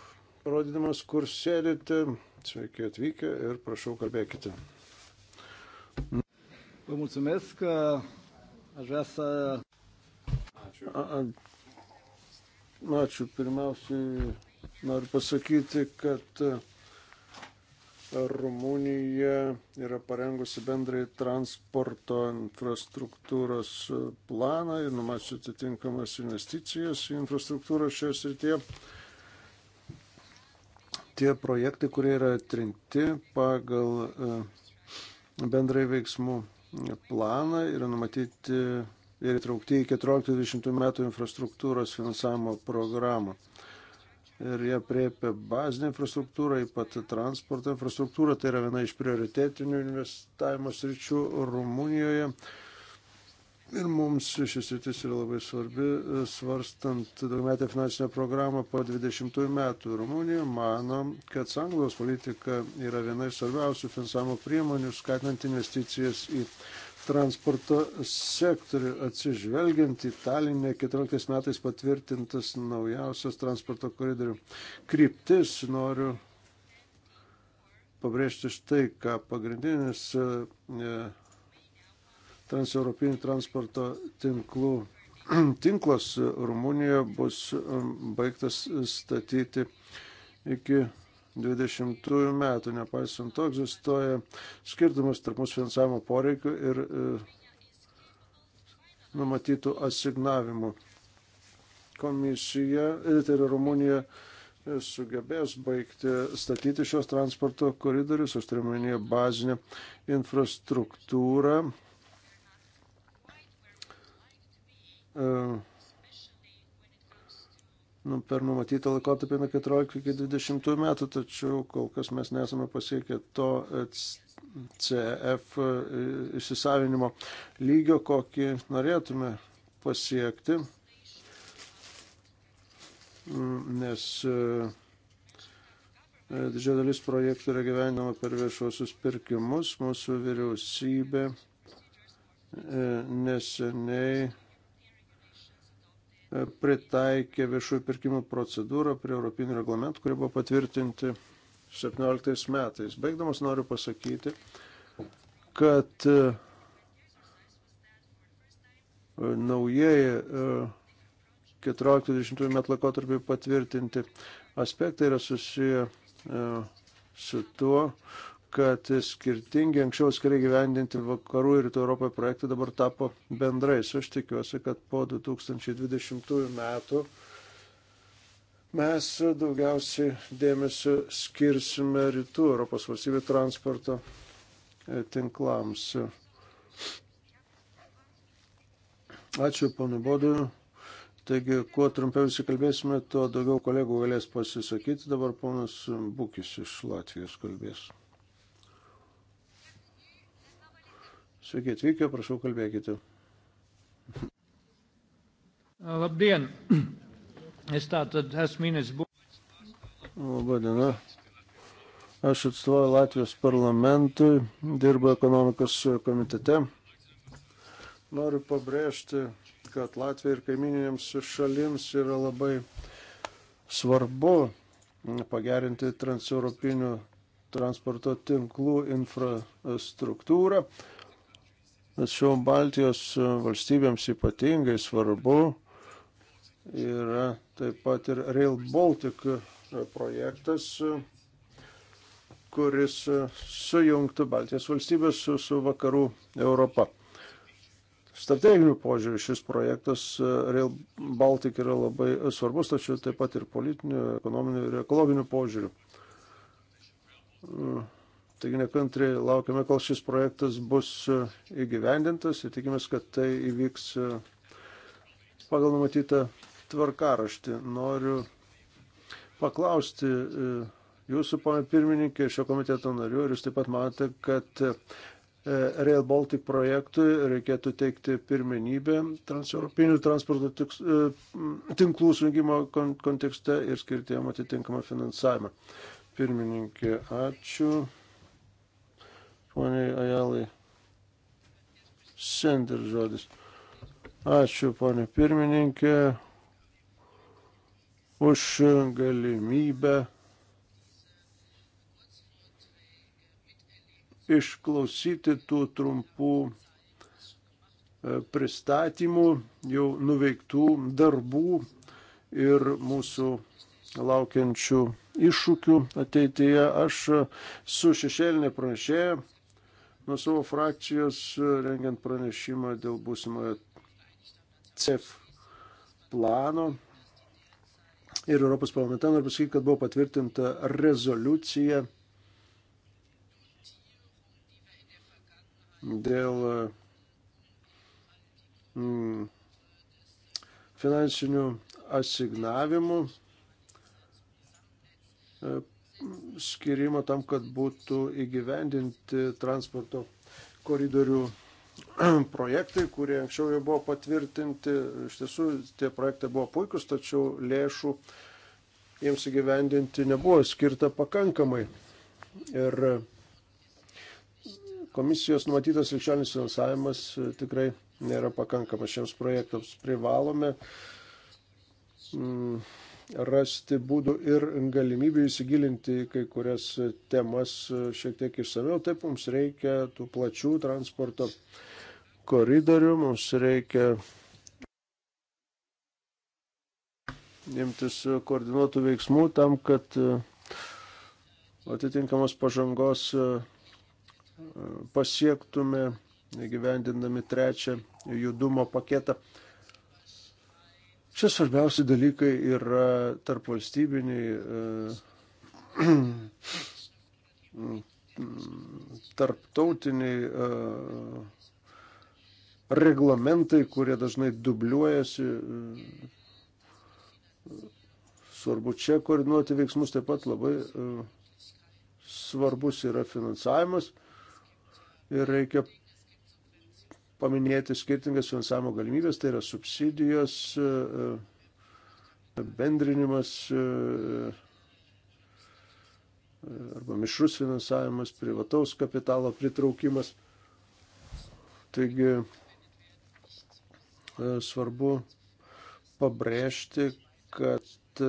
rodydamas, kur sėdite. Sveiki atvykę ir prašau kalbėkite. Vă mulțumesc că aș vrea să... Ačiū. A, a, ačiū. Pirmiausiai noriu pasakyti, kad e, Rumunija yra parengusi bendrai transporto infrastruktūros planą ir numačiusi atitinkamas investicijas į infrastruktūrą šioje srityje tie projektai, kurie yra atrinkti pagal e, bendrai veiksmų planą, yra numatyti ir įtraukti į 14-20 metų infrastruktūros finansavimo programą. Ir jie priepia bazinę infrastruktūrą, ypat transporto infrastruktūrą, tai yra viena iš prioritetinių investavimo sričių Rumunijoje. Ir mums šis rytis yra labai svarbi, e, svarstant daugiametę finansinę programą po 20 metų. Rumunija mano, kad sanglaus politika yra viena iš svarbiausių finansavimo priemonių, skatinant investicijas į transporto sektorių, atsižvelgiant į Talinę 14 metais patvirtintas naujausias transporto koridorių kryptis. Noriu pabrėžti štai, ką pagrindinis. E, transeuropinių transporto tinklų tinklas Rumunijoje bus um, baigtas statyti iki 2020 metų. Nepaisant to, egzistuoja skirtumas tarp mūsų finansavimo poreikių ir e, numatytų asignavimų. Komisija, e, tai yra Rumunija, e, sugebės baigti statyti šios transporto koridorius, aš turiu menyje bazinę infrastruktūrą E, nu, per numatytą laikotarpį nuo 14 iki 20 metų, tačiau kol kas mes nesame pasiekę to CF e, įsisavinimo lygio, kokį norėtume pasiekti, mm, nes e, didžioji dalis projektų yra gyvenama per viešuosius pirkimus, mūsų vyriausybė neseniai E, pritaikė viešųjų pirkimų procedūrą prie Europinių reglamentų, kurie buvo patvirtinti 17 metais. Baigdamas noriu pasakyti, kad e, naujieji 14-20 e, metų laikotarpį patvirtinti aspektai yra susiję su tuo, kad skirtingi anksčiau skiria gyvendinti vakarų ir rytų Europoje projektai dabar tapo bendrais. Aš tikiuosi, kad po 2020 metų mes daugiausiai dėmesio skirsime rytų Europos valstybių transporto e, tinklams. Ačiū, panu Bodu. Taigi, kuo trumpiau įsikalbėsime, tuo daugiau kolegų galės pasisakyti. Dabar ponas Bukis iš Latvijos kalbės. Sveiki atvykę, prašau kalbėkite. Labdien! Es tātad esmu Ines Buļs. Labadiena. Aš atstovauju Latvijos parlamentui, dirbu ekonomikos komitete. Noriu pabrėžti, kad Latvija ir kaimininėms šalims yra labai svarbu pagerinti transeuropinių transporto tinklų infrastruktūrą. Tačiau Baltijos valstybėms ypatingai svarbu yra taip pat ir Rail Baltic projektas, kuris sujungtų Baltijos valstybės su, su vakarų Europa. Strateginių požiūrių šis projektas Rail Baltic yra labai svarbus, tačiau taip pat ir politinių, ekonominių ir ekologinių požiūrių. Taigi nekantriai laukiame, kol šis projektas bus e, įgyvendintas ir tikimės, kad tai įvyks e, pagal numatytą tvarkaraštį. Noriu paklausti e, jūsų, ponė pirmininkė, šio komiteto narių ir jūs taip pat matote, kad Rail Baltic projektui reikėtų teikti pirmenybę transeuropinių transporto tinklų sujungimo kontekste ir skirti jam atitinkamą finansavimą. Pirmininkė, ačiū poniai Ajalai. Sender žodis. Ačiū, ponė pirmininkė, už galimybę išklausyti tų trumpų e, pristatymų, jau nuveiktų darbų ir mūsų laukiančių iššūkių ateityje. Aš su šešėlinė pranešėja nuo savo frakcijos e, rengiant pranešimą dėl būsimojo CEF plano. Ir Europos parlamente noriu pasakyti, kad buvo patvirtinta rezoliucija dėl e, mm, finansinių asignavimų e, skirimo tam, kad būtų įgyvendinti transporto koridorių projektai, kurie anksčiau jau buvo patvirtinti. Iš tiesų, tie projektai buvo puikus, tačiau lėšų jiems įgyvendinti nebuvo skirta pakankamai. Ir komisijos numatytas likščionis finansavimas tikrai nėra pakankamas šiems projektams. Privalome mm, rasti būdų ir galimybių įsigilinti į kai kurias temas šiek tiek išsameu. Taip mums reikia tų plačių transporto koridorių, mums reikia imtis koordinuotų veiksmų tam, kad e, atitinkamos pažangos e, e, pasiektume gyvendindami trečią judumo paketą. Čia svarbiausi dalykai yra tarp valstybiniai, e, tarptautiniai e, reglamentai, kurie dažnai dubliuojasi. E, svarbu čia koordinuoti veiksmus, taip pat labai svarbus yra finansavimas ir reikia paminėti skirtingas finansavimo galimybės, tai yra subsidijos, e, e, bendrinimas e, arba mišrus finansavimas, privataus kapitalo pritraukimas. Taigi svarbu pabrėžti, kad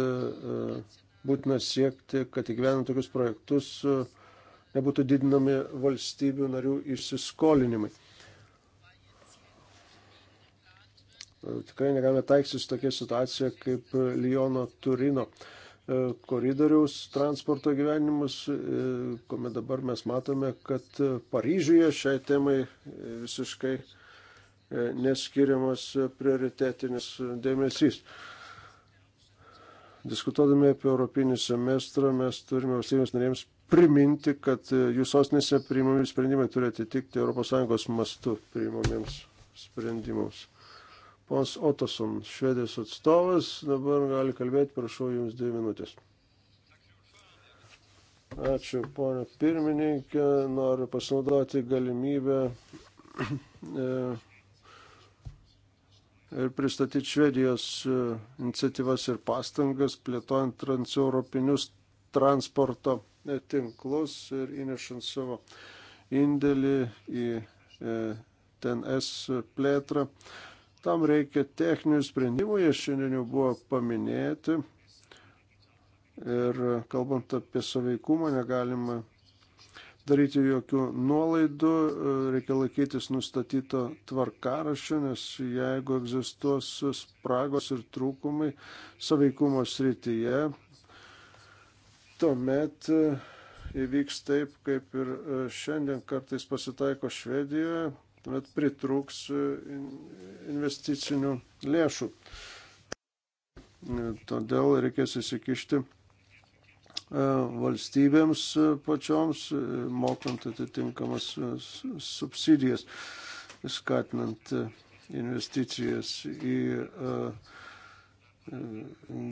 būtina siekti, kad įgyvenant tokius projektus nebūtų didinami valstybių narių įsiskolinimai. Tikrai negalime taiksis tokia situacija kaip Liono Turino e, koridoriaus transporto gyvenimus, e, kuomet dabar mes matome, kad Paryžiuje šiai temai visiškai e, neskiriamas prioritetinis dėmesys. Diskutuodami apie Europinį semestrą mes turime valstybės narėms priminti, kad jų sostinėse priimami sprendimai turi atitikti ES mastu priimamiems sprendimams. Pons Otoson, švedijos atstovas, dabar gali kalbėti, prašau, jums dvi minutės. Ačiū, ponė pirmininkė, noriu pasinaudoti galimybę e, ir pristatyti Švedijos e, iniciatyvas ir pastangas, plėtojant transeuropinius transporto e, tinklus ir įnešant savo indėlį į TNS plėtrą. Tam reikia techninių sprendimų, jie šiandien jau buvo paminėti. Ir kalbant apie saveikumą, negalima daryti jokių nuolaidų, reikia laikytis nustatyto tvarkaraščio, nes jeigu egzistuos spragos ir trūkumai saveikumo srityje, tuomet e, įvyks taip, kaip ir e, šiandien kartais pasitaiko Švedijoje, tuomet pritrūks e, investicinių lėšų. Todėl reikės įsikišti e, valstybėms e, pačioms, mokant atitinkamas subsidijas, skatinant investicijas į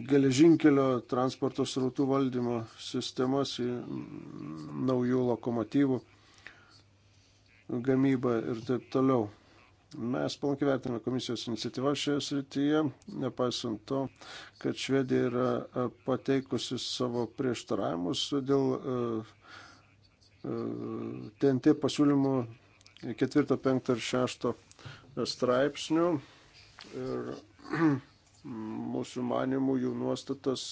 geležinkelio transporto srautų valdymo sistemas, į naujų lokomotyvų gamybą ir taip toliau. Mes palankiai vertiname komisijos iniciatyvą šioje srityje, nepaisant to, kad Švedija yra e, pateikusi savo prieštaravimus dėl uh, e, uh, e, TNT pasiūlymų 4, 5 ir 6 straipsnių. Ir mūsų manimų jų nuostatas,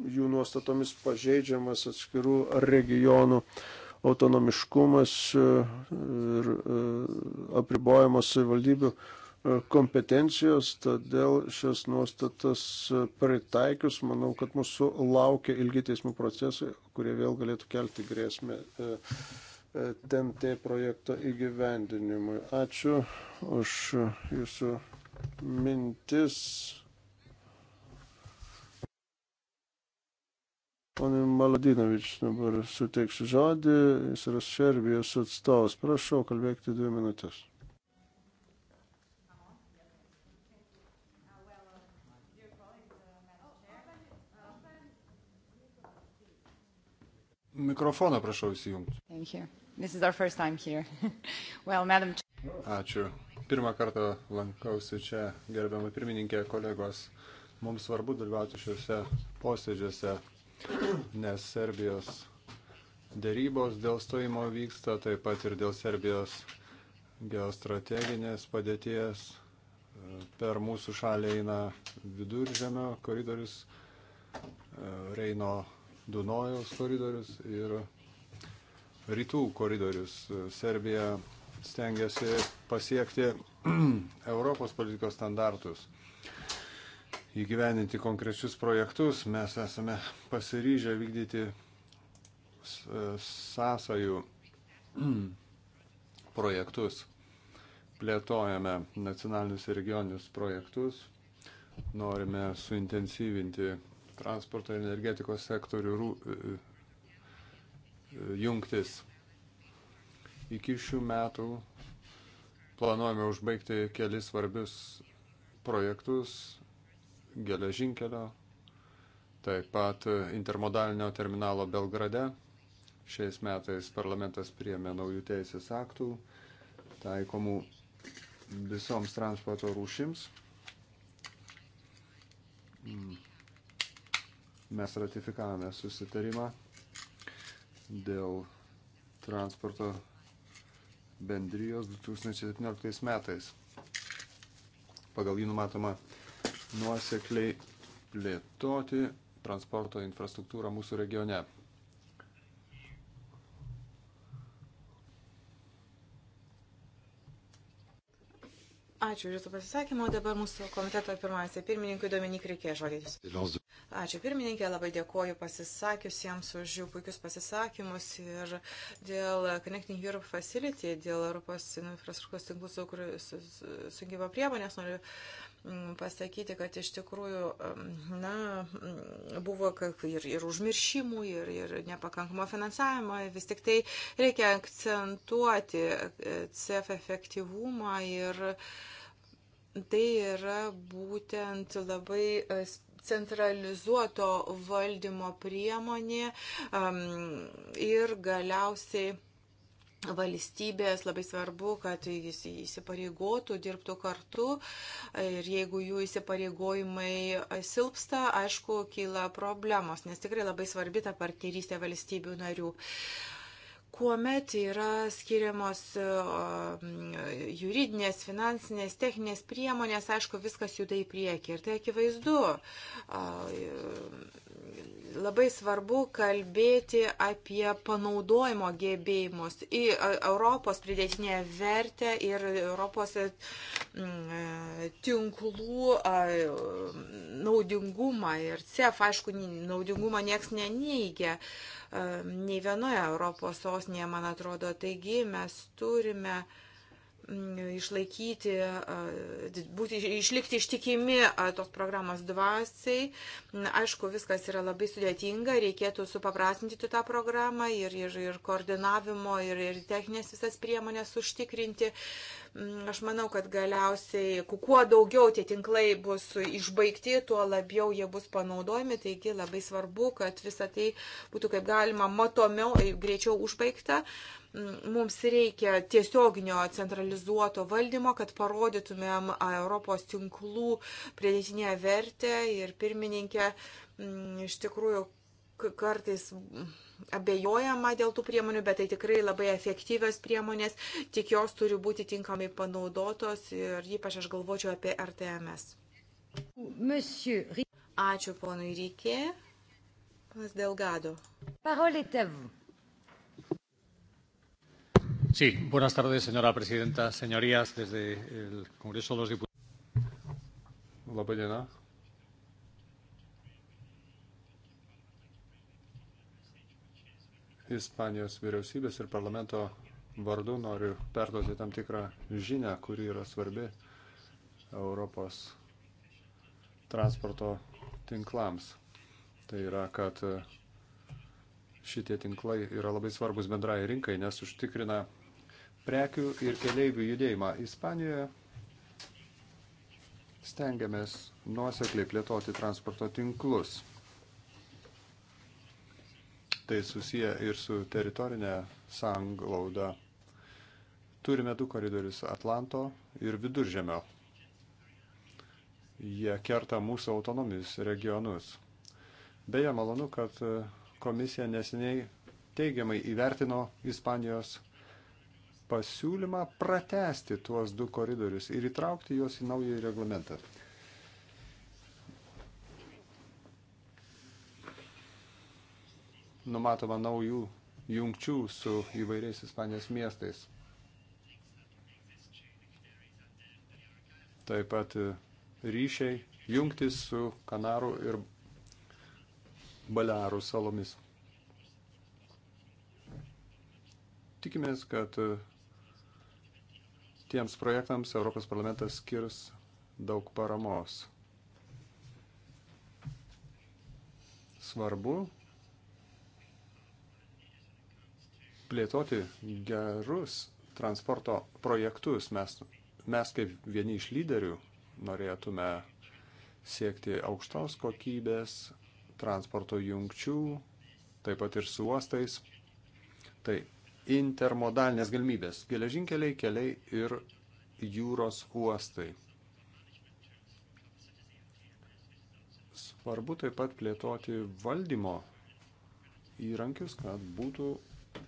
jų nuostatomis pažeidžiamas atskirų regionų uh, autonomiškumas e, ir e, apribojamos savivaldybių e, kompetencijos, todėl šias nuostatas pritaikius, manau, kad mūsų laukia ilgi teismų procesai, kurie vėl galėtų kelti grėsmę TNT projekto įgyvendinimui. Ačiū už jūsų mintis. Pone Maladinovič, dabar suteiksiu žodį, jis yra Serbijos atstovas. Prašau, kalbėkite dvi minutės. Mikrofoną prašau įsijungti. well, madam... Ačiū. Pirmą kartą lankausi čia, gerbiamą pirmininkę, kolegos. Mums svarbu dalyvauti šiuose posėdžiuose nes Serbijos dėrybos dėl stojimo vyksta, taip pat ir dėl Serbijos geostrateginės padėties. Per mūsų šalį eina viduržemio koridorius, Reino Dunojaus koridorius ir rytų koridorius. Serbija stengiasi pasiekti Europos politikos standartus įgyveninti konkrečius projektus, mes esame pasiryžę vykdyti e, sąsajų projektus. Plėtojame nacionalinius ir regioninius projektus, norime suintensyvinti transporto ir energetikos sektorių e, e, jungtis. Iki šių metų planuojame užbaigti kelis svarbius projektus geležinkelio, taip pat e, intermodalinio terminalo Belgrade. Šiais metais parlamentas priėmė naujų teisės aktų taikomų visoms transporto rūšims. Mm. Mes ratifikavome susitarimą dėl transporto bendrijos 2017 metais. Pagal jį numatoma nuosekliai plėtoti transporto infrastruktūrą mūsų regione. Ačiū už Jūsų pasisakymą. Dabar mūsų komiteto pirmiausiai pirmininkui Dominik reikėjo žodėtis. Ačiū pirmininkė, labai dėkoju pasisakiusiems už jų puikius pasisakymus ir dėl Connecting Europe Facility, dėl Europos infrastruktūros tinklų sugybą priemonės noriu Mm, pasakyti, kad iš tikrųjų, mm, na, mm, buvo ir, ir užmiršimų, ir, ir nepakankamo finansavimo, vis tik tai reikia akcentuoti e, CF efektyvumą ir tai yra būtent labai e, centralizuoto valdymo priemonė um, ir galiausiai valstybės labai svarbu, kad jis įsipareigotų, dirbtų kartu ir jeigu jų įsipareigojimai silpsta, aišku, kyla problemos, nes tikrai labai svarbi ta partnerystė valstybių narių kuomet yra skiriamos um, juridinės, finansinės, techninės priemonės, aišku, viskas juda į priekį ir tai akivaizdu labai svarbu kalbėti apie panaudojimo gebėjimus į Europos pridėtinę vertę ir Europos e, tinklų naudingumą. Ir CEF, aišku, naudingumo nieks neneigia e, nei vienoje Europos sostinėje, man atrodo. Taigi mes turime uh, Mm, išlaikyti, būti, išlikti ištikimi tos programos dvasiai. Aišku, viskas yra labai sudėtinga, reikėtų supaprastinti tą programą ir, ir, ir koordinavimo, ir, ir techninės visas priemonės užtikrinti. Mm, aš manau, kad galiausiai, kuo daugiau tie tinklai bus išbaigti, tuo labiau jie bus panaudojami, taigi labai svarbu, kad visa tai būtų kaip galima matomiau, greičiau užbaigta. Uh, mums reikia tiesioginio centralizuoto valdymo, kad parodytumėm Europos tinklų pridėtinę vertę ir pirmininkę mm, iš tikrųjų kartais abejojama dėl tų priemonių, bet tai tikrai labai efektyvios priemonės, tik jos turi būti tinkamai panaudotos ir ypač aš galvočiau apie RTMS. Monsieur... Ačiū ponui Rykė. Pas Delgado. Parolė tevu. Sí, buenas tardes, señora presidenta, señorías, desde el Congreso de los Diputados. Labai diena. Ispanijos vyriausybės ir parlamento vardu noriu perduoti tam tikrą žinę, kuri yra svarbi Europos transporto tinklams. Tai yra, kad šitie tinklai yra labai svarbus bendrai rinkai, nes užtikrina prekių ir keleivių judėjimą. Ispanijoje stengiamės nuosekliai plėtoti transporto tinklus. Tai susiję ir su teritorinė sanglauda. Turime du koridorius - Atlanto ir Viduržemio. Jie kerta mūsų autonomius regionus. Beje, malonu, kad komisija neseniai teigiamai įvertino Ispanijos pasiūlymą pratesti tuos du koridorius ir įtraukti juos į naują reglamentą. Numatoma naujų jungčių su įvairiais Ispanijos miestais. Taip pat e, ryšiai, jungtis su Kanarų ir Balearų salomis. Tikimės, kad e, Tiems projektams Europos parlamentas skirs daug paramos. Svarbu plėtoti gerus transporto projektus. Mes, mes kaip vieni iš lyderių norėtume siekti aukštos kokybės transporto jungčių, taip pat ir su uostais. Tai intermodalinės galimybės - geležinkeliai, keliai ir jūros uostai. Svarbu taip pat plėtoti valdymo įrankius, kad būtų e,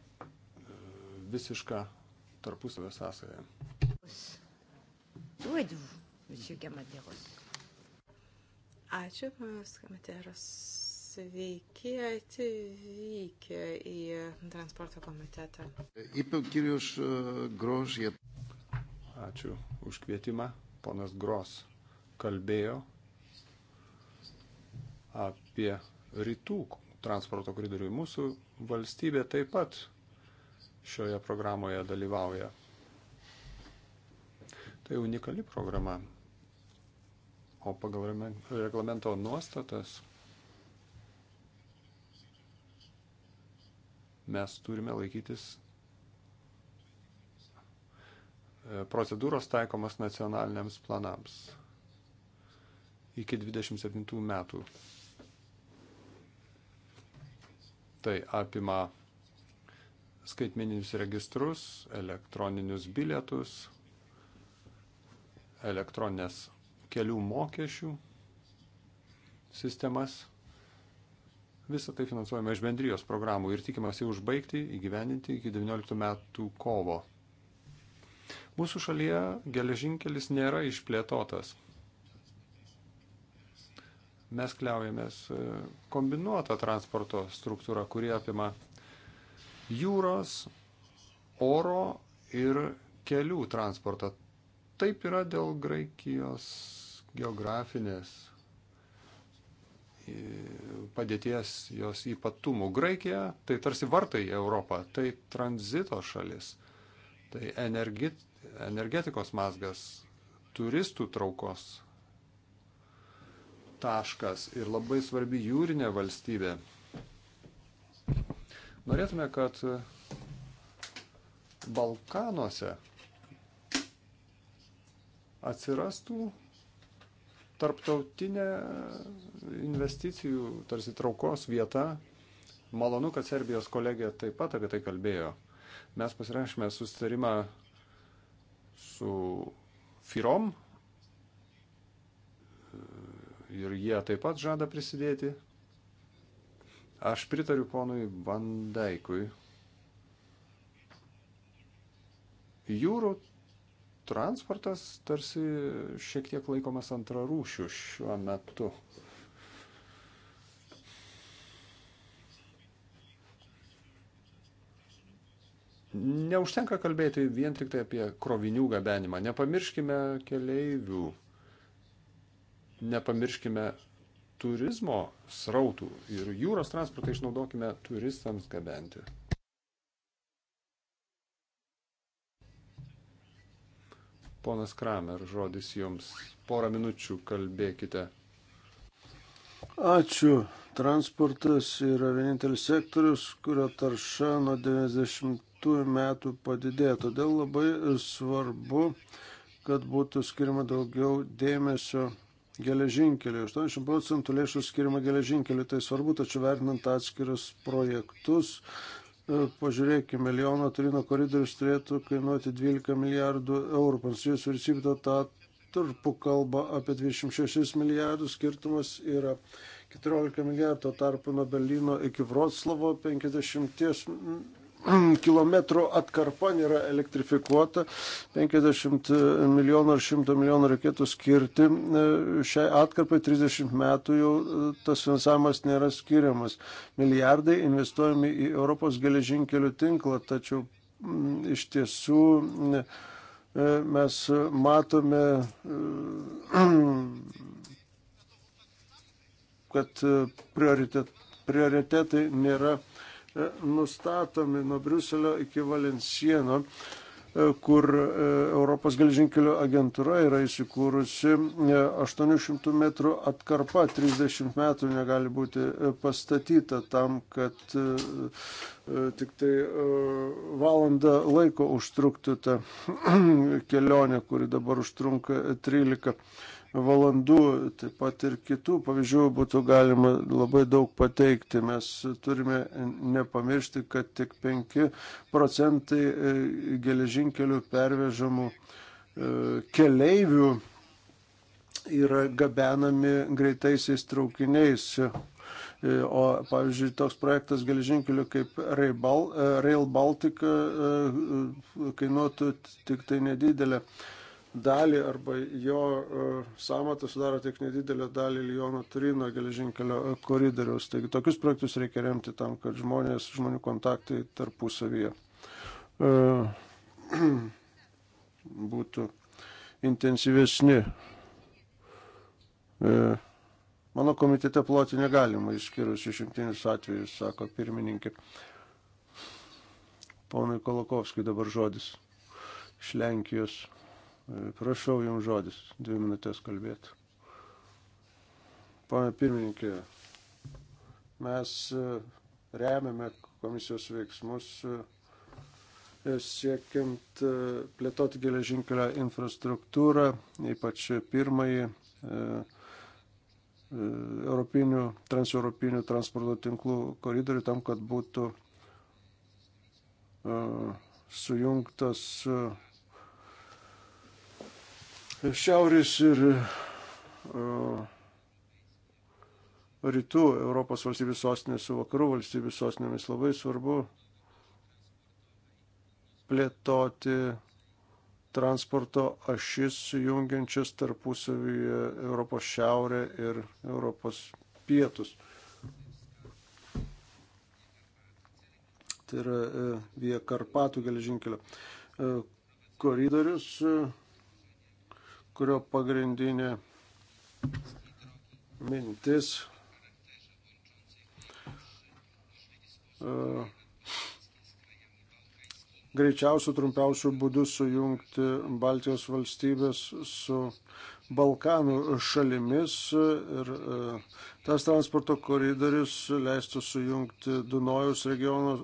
visiška tarpusavio sąsaja. Ačiū, panas Kamateras. Sveiki atvykę į transporto komitetą. E, Ačiū už kvietimą. Ponas Gros kalbėjo apie rytų transporto koridorių. Mūsų valstybė taip pat šioje programoje dalyvauja. Tai unikali programa. O pagal reglamento nuostatas mes turime laikytis e, procedūros taikomas nacionaliniams planams iki 27 metų. Tai apima skaitmeninius registrus, elektroninius bilietus, elektroninės kelių mokesčių sistemas Visą tai finansuojame iš bendrijos programų ir tikimasi užbaigti įgyvendinti iki 19 metų kovo. Mūsų šalyje geležinkelis nėra išplėtotas. Mes kliaujamės e, kombinuotą transporto struktūrą, kuri apima jūros, oro ir kelių transportą. Taip yra dėl Graikijos geografinės padėties, jos ypatumų. Graikija tai tarsi vartai į Europą, tai tranzito šalis, tai energi, energetikos mazgas, turistų traukos taškas ir labai svarbi jūrinė valstybė. Norėtume, kad Balkanuose atsirastų tarptautinė investicijų, tarsi traukos vieta. Malonu, kad Serbijos kolegė taip pat apie tai kalbėjo. Mes pasirašėme susitarimą su Firom ir jie taip pat žada prisidėti. Aš pritariu ponui Vandaikui. Jūrų transportas tarsi šiek tiek laikomas antrarūšių šiuo metu. Neužtenka kalbėti vien tik tai apie krovinių gabenimą. Nepamirškime keleivių. Nepamirškime turizmo srautų ir jūros transportą išnaudokime turistams gabenti. Ponas Kramer, žodis jums. Porą minučių kalbėkite. Ačiū. Transportas yra vienintelis sektorius, kurio tarša nuo 90 metų padidėjo. Todėl labai svarbu, kad būtų skirima daugiau dėmesio geležinkeliu. 80 procentų lėšų skirima geležinkeliu, tai svarbu, tačiau vertinant atskirus projektus, Nu, pažiūrėkime, Liono Turino koridorius turėtų kainuoti 12 milijardų eurų. Prancūzijos vyriausybė to tą tarpu kalba apie 26 milijardus, skirtumas yra 14 milijardų, tuo tarpu nuo Berlyno iki Vroclavo 50 km atkarpa nėra elektrifikuota, 50 milijonų ar 100 milijonų reikėtų skirti e, šiai atkarpai, 30 metų jau e, tas finansavimas nėra skiriamas. Milijardai investuojami į Europos geležinkelių tinklą, tačiau m, iš tiesų m, e, mes matome, m, kad prioritet, prioritetai nėra E, nustatomi nuo Briuselio iki Valensieno, e, kur e, Europos geležinkelio agentūra yra įsikūrusi 800 metrų atkarpa, 30 metų negali būti pastatyta tam, kad tik tai valandą laiko užtruktų ta kelionė, kuri dabar užtrunka 13 valandų, taip pat ir kitų pavyzdžių būtų galima labai daug pateikti. Mes turime nepamiršti, kad tik 5 procentai e, geležinkelių pervežamų e, keleivių yra gabenami greitaisiais traukiniais. E, o, pavyzdžiui, toks projektas geležinkeliu kaip Rail Baltica kainuotų tik tai nedidelę dalį arba jo e, samatą sudaro tik nedidelę dalį Lyono Turino geležinkelio e, koridoriaus. Taigi tokius projektus reikia remti tam, kad žmonės, žmonių kontaktai tarpusavyje e, būtų intensyvesni. Mano komitete ploti negalima, išskyrus išimtinius atvejus, sako pirmininkė. Ponai Kolokovskai dabar žodis iš Lenkijos. Prašau jums žodis, dvi minutės kalbėti. Pane pirmininkė, mes e, remiame komisijos veiksmus e, siekiant e, plėtoti geležinkelio infrastruktūrą, ypač pirmąjį europinių, transeuropinių transporto tinklų koridorių tam, kad būtų sujungtas Šiaurės ir e, rytų Europos valstybių sostinės su vakarų valstybių sostinėmis labai svarbu plėtoti transporto ašis jungiančias tarpusavyje Europos šiaurę ir Europos pietus. Tai yra e, Vie Karpatų geležinkelio e, koridorius kurio pagrindinė mintis e, greičiausių, trumpiausių būdų sujungti Baltijos valstybės su Balkanų šalimis ir e, tas transporto koridorius leistų sujungti Dunojus regiono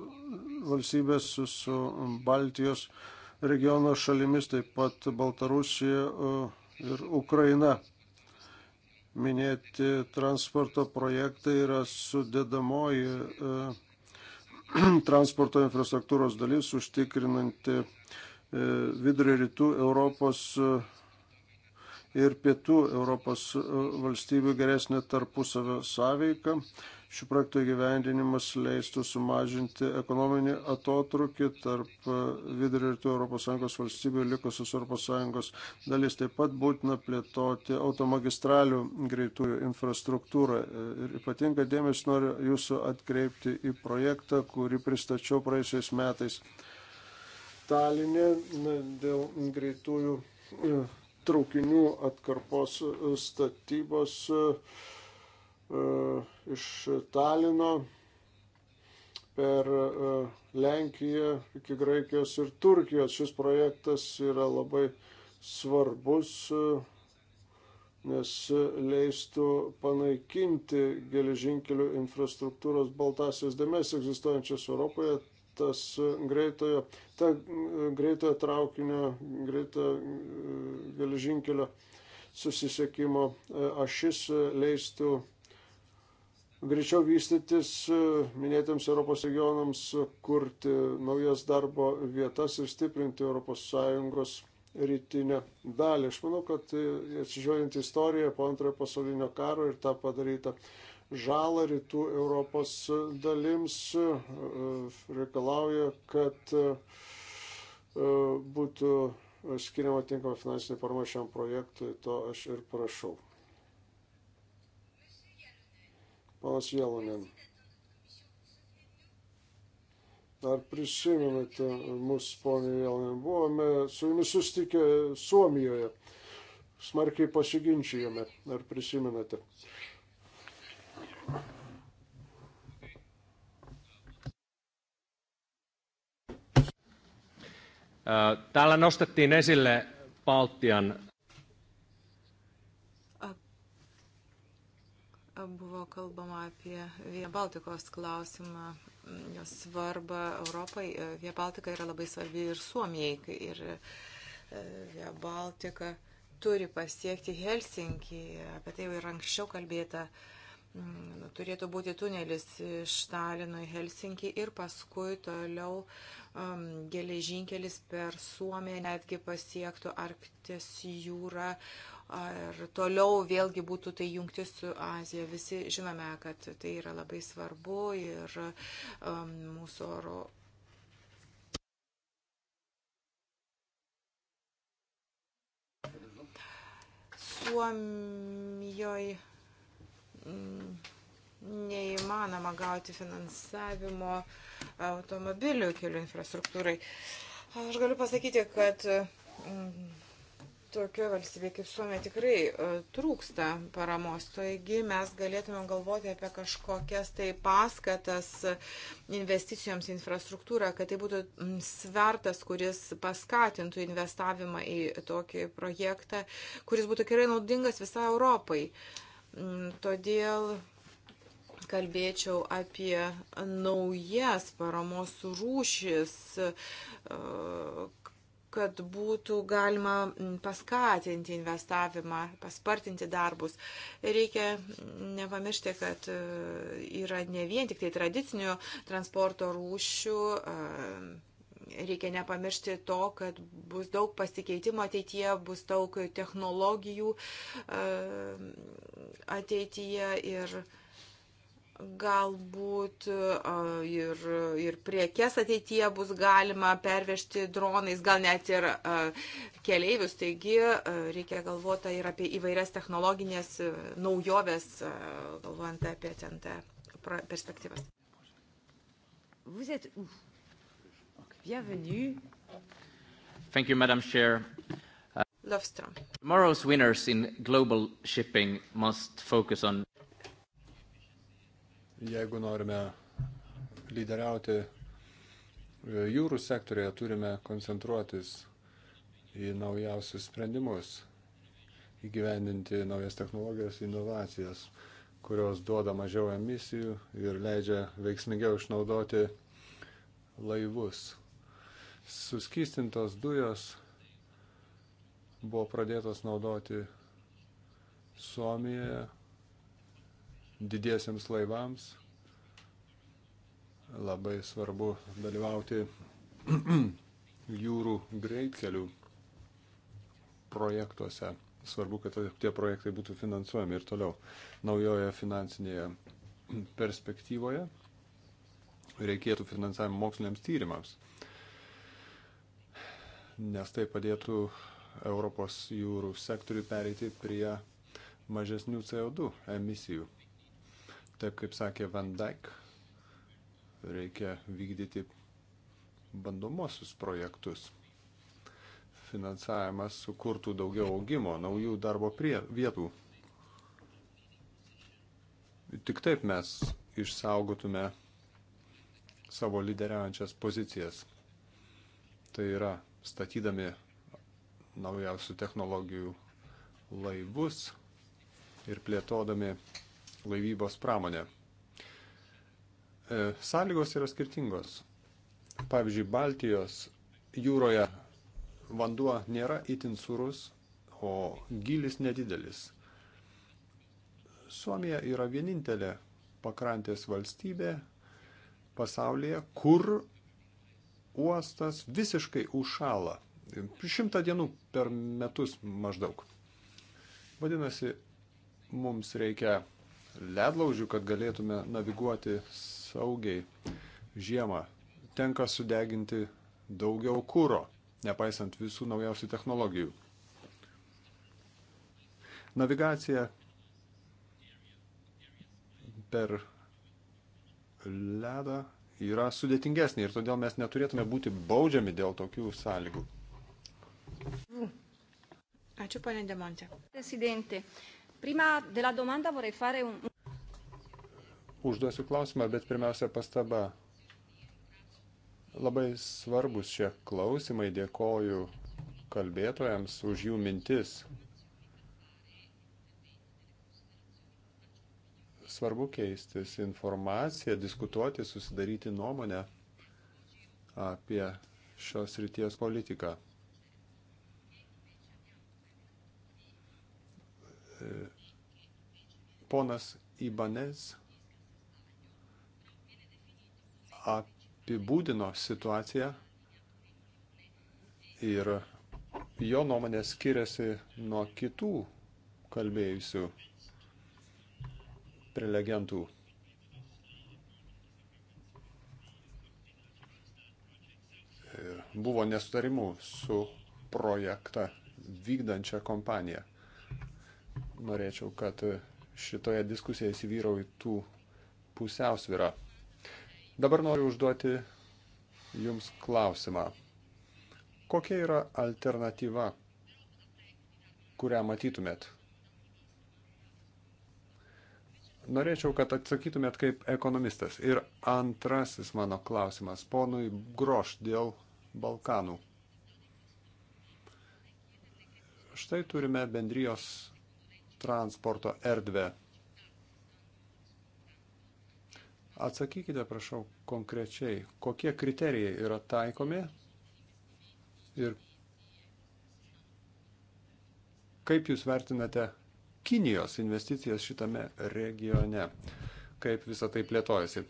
valstybės su Baltijos valstybės regiono šalimis, taip pat Baltarusija e, ir Ukraina. Minėti transporto projektai yra sudėdamoji e, transporto infrastruktūros dalis, užtikrinanti e, vidurio rytų Europos ir pietų Europos valstybių geresnė tarpusavio sąveika. Šių projektų įgyvendinimas leistų sumažinti ekonominį atotrukį tarp e, vidurio ir tų ES valstybių likusios ES dalis. Taip pat būtina plėtoti automagistralių greitųjų infrastruktūrą. E, ir ypatinga dėmesį noriu jūsų atkreipti į projektą, kurį pristačiau praėjusiais metais Talinė dėl greitųjų e, traukinių atkarpos statybos. Uh, E, iš Talino per e, Lenkiją iki Graikijos ir Turkijos. Šis projektas yra labai svarbus, e, nes leistų panaikinti geležinkelių infrastruktūros baltasios dėmes egzistuojančias Europoje. Tas greitojo, ta greitojo traukinio, greitojo geležinkelio susisiekimo ašis leistų greičiau vystytis e, minėtiems Europos regionams, kurti naujas darbo vietas ir stiprinti ES rytinę dalį. Aš manau, kad e, atsižiūrint istoriją po antrojo pasaulinio karo ir tą padarytą žalą rytų Europos dalims e, reikalauja, kad būtų skiriama tinkama finansinė parama šiam projektui, to aš ir prašau. Panas Jelonin. Dar prisimenate, mus, ponė Jelonin, buvome su jumis sustikę Suomijoje. Smarkiai pasiginčijome, ar prisimenate. Täällä nostettiin esille Baltian buvo kalbama apie Via Baltikos klausimą, jos svarbą Europai. Via Baltika yra labai svarbi ir Suomijai. Ir e, Via Baltika turi pasiekti Helsinkį. Apie tai jau ir anksčiau kalbėta. Uh, Mm, turėtų būti tunelis iš Talino į Helsinkį ir paskui toliau um, geležinkelis per Suomiją netgi pasiektų Arktės jūrą ir toliau vėlgi būtų tai jungti su Azija. Visi žinome, kad tai yra labai svarbu ir um, mūsų oro Suomijoje Mm, neįmanoma gauti finansavimo automobilių kelių infrastruktūrai. Aš galiu pasakyti, kad mm, tokio valstybė kaip Suomija tikrai e, trūksta paramos, taigi mes galėtume galvoti apie kažkokias tai paskatas investicijoms į infrastruktūrą, kad tai būtų mm, svertas, kuris paskatintų investavimą į tokį projektą, kuris būtų tikrai naudingas visai Europai. Uh, Mm, todėl kalbėčiau apie naujas paramos rūšis, e, kad būtų galima mm, paskatinti investavimą, paspartinti darbus. Reikia mm, nepamiršti, kad e, yra ne vien tik tai tradicinių transporto rūšių, e, reikia nepamiršti to, kad bus daug pasikeitimo ateityje, bus daug technologijų e, ateityje ir galbūt e, ir, ir priekes ateityje bus galima pervežti dronais, gal net ir e, keleivius. Taigi reikia galvoti ir apie įvairias technologinės naujoves, galvojant apie TNT perspektyvas. Vous êtes où bienvenue. Thank you, Madam Chair. Uh, Lofstrom. Tomorrow's winners in global shipping must focus on. Jeigu norime lyderiauti e, jūrų sektorėje, turime koncentruotis į naujausius sprendimus, įgyvendinti naujas technologijas, inovacijas, kurios duoda mažiau emisijų ir leidžia veiksmingiau išnaudoti laivus suskystintos dujos buvo pradėtos naudoti Suomijoje didiesiems laivams. Labai svarbu dalyvauti jūrų greitkelių projektuose. Svarbu, kad tie projektai būtų finansuojami ir toliau naujoje finansinėje perspektyvoje reikėtų finansavimo moksliniams tyrimams nes tai padėtų Europos jūrų sektoriui pereiti prie mažesnių CO2 emisijų. Taip kaip sakė Van Dijk, reikia vykdyti bandomosius projektus. Finansavimas sukurtų daugiau augimo, naujų darbo prie, vietų. Tik taip mes išsaugotume savo lyderiaujančias pozicijas. Tai yra statydami naujausių technologijų laivus ir plėtodami laivybos pramonę. E, sąlygos yra skirtingos. Pavyzdžiui, Baltijos jūroje vanduo nėra itin surus, o gilis nedidelis. Suomija yra vienintelė pakrantės valstybė pasaulyje, kur uostas visiškai užšala. Šimtą dienų per metus maždaug. Vadinasi, mums reikia ledlaužių, kad galėtume naviguoti saugiai žiemą. Tenka sudeginti daugiau kūro, nepaisant visų naujausių technologijų. Navigacija per ledą yra sudėtingesnė ir todėl mes neturėtume būti baudžiami dėl tokių sąlygų. Ačiū, ponė Demonte. Presidente, prima della domanda vorrei fare un... Užduosiu klausimą, bet pirmiausia pastaba. Labai svarbus šie klausimai, dėkoju kalbėtojams už jų mintis. Svarbu keistis informaciją, diskutuoti, susidaryti nuomonę apie šios ryties politiką. Ponas Ibanez apibūdino situaciją ir jo nuomonė skiriasi nuo kitų kalbėjusių prelegentų. Buvo nesutarimų su projektą vykdančią kompaniją. Norėčiau, kad šitoje diskusijoje įsivyrautų pusiausvyrą. Dabar noriu užduoti Jums klausimą. Kokia yra alternatyva, kurią matytumėt? Norėčiau, kad atsakytumėt kaip ekonomistas. Ir antrasis mano klausimas ponui Groš dėl Balkanų. Štai turime bendrijos transporto erdvę. Atsakykite, prašau, konkrečiai, kokie kriterijai yra taikomi ir kaip jūs vertinate Kinijos investicijas šitame regione. Kaip visą tai plėtojasi.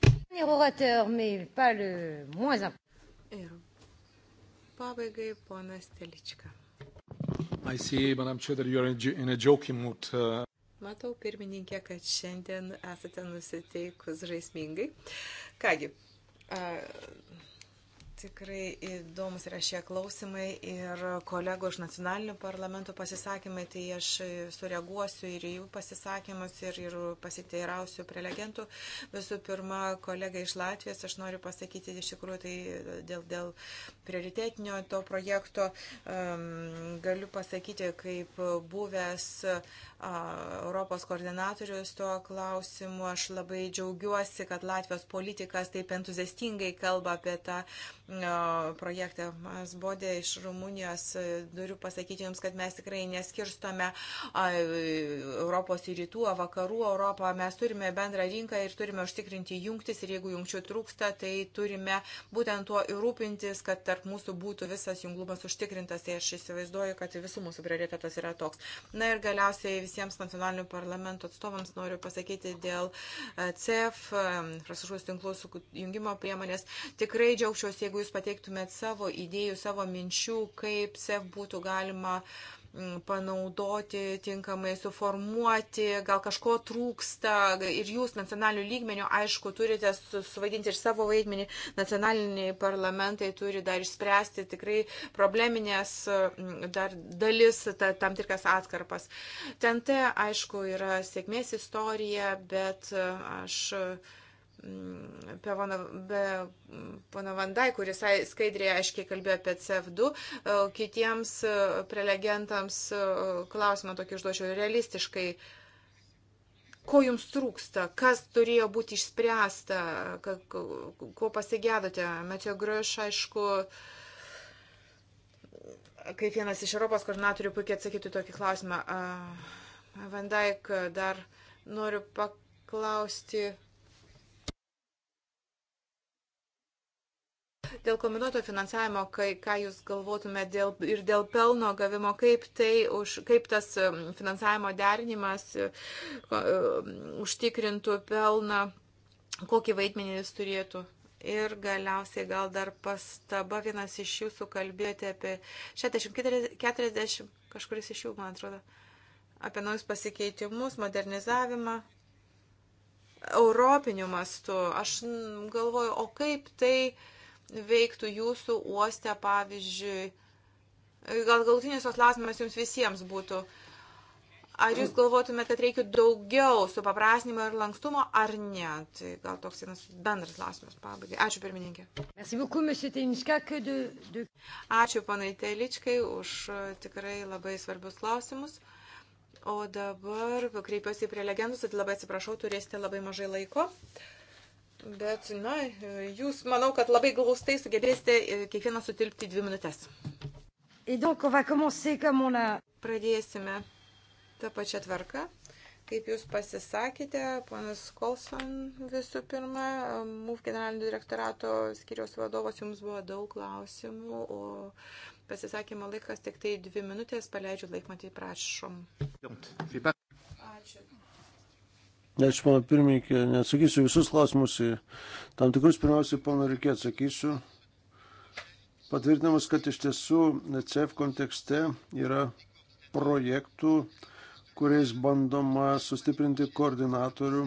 Ir pabaigai ponas Telička. See, mood, uh... Matau, pirmininkė, kad šiandien esate nusiteikus žaismingai. Kągi, uh, Tikrai įdomus yra šie klausimai ir kolego iš nacionalinių parlamentų pasisakymai, tai aš sureaguosiu ir jų pasisakymus ir, ir pasiteirausiu prie legendų. Visų pirma, kolega iš Latvijos, aš noriu pasakyti iš tikrųjų tai dėl, dėl prioritetinio to projekto, um, galiu pasakyti, kaip buvęs uh, Europos koordinatorius tuo klausimu, aš labai džiaugiuosi, kad Latvijos politikas taip entuziastingai kalba apie tą projektą. Mas Bodė iš Rumunijos, turiu pasakyti Jums, kad mes tikrai neskirstome Europos į rytų, o vakarų Europą. Mes turime bendrą rinką ir turime užtikrinti jungtis ir jeigu jungčių trūksta, tai turime būtent tuo ir rūpintis, kad tarp mūsų būtų visas junglumas užtikrintas. Tai aš įsivaizduoju, kad visų mūsų prioritetas yra toks. Na ir galiausiai visiems nacionalinių parlamentų atstovams noriu pasakyti dėl CEF, infrastruktūros tinklų jungimo priemonės. Tikrai džiaugčiausi, jeigu jeigu jūs pateiktumėt savo idėjų, savo minčių, kaip SEF būtų galima mm, panaudoti, tinkamai suformuoti, gal kažko trūksta ir jūs nacionaliniu lygmeniu, aišku, turite suvaidinti ir savo vaidmenį, nacionaliniai parlamentai turi dar išspręsti tikrai probleminės mm, dar dalis, ta, tam tikras atkarpas. Tente, aišku, yra sėkmės istorija, bet aš apie poną Vandai, kuris skaidriai aiškiai kalbėjo apie CF2, e, kitiems e, prelegentams e, klausimą tokį užduočiau realistiškai. Ko jums trūksta, kas turėjo būti išspręsta, ko pasigėdote? Metijo Griš, aišku, kaip vienas iš Europos koordinatorių puikiai atsakytų tokį klausimą. Vandaik dar noriu paklausti Dėl kombinuoto finansavimo, kai, ką jūs galvotumėte dėl, ir dėl pelno gavimo, kaip, tai, už, kaip tas um, finansavimo derinimas uh, um, užtikrintų pelną, kokį vaidmenį jis turėtų. Ir galiausiai gal dar pastaba, vienas iš jūsų kalbėjote apie 60, 40, kažkuris iš jų, man atrodo, apie naujus pasikeitimus, modernizavimą europiniu mastu. Aš galvoju, o kaip tai veiktų jūsų uoste, pavyzdžiui, gal galutinis tos klausimas jums visiems būtų, ar jūs galvotumėte, kad reikia daugiau supaprasnimo ir lankstumo, ar ne? Tai gal toks vienas bendras klausimas pabaigai. Ačiū, pirmininkė. Ačiū, panai Teličkai, už tikrai labai svarbius klausimus. O dabar kreipiuosi prie legendus, tai labai atsiprašau, turėsite labai mažai laiko. Uh, Bet, na, jūs, manau, kad labai glaustai sugebėsite e, kiekvieną sutilpti dvi minutės. Donc, commencer, on a... Pradėsime tą pačią tvarką. Kaip jūs pasisakėte, ponas Kolson visų pirma, MUF generalinio direktorato skiriaus vadovas, jums buvo daug klausimų, o pasisakymo laikas tik tai dvi minutės, paleidžiu laikmatį, prašom. Ačiū. Ačiū, pana pirmininkė, neatsakysiu visus klausimus į tam tikrus, pirmiausiai, pana Rikė, atsakysiu. Patvirtinamas, kad iš tiesų CEF kontekste yra projektų, kuriais bandoma sustiprinti koordinatorių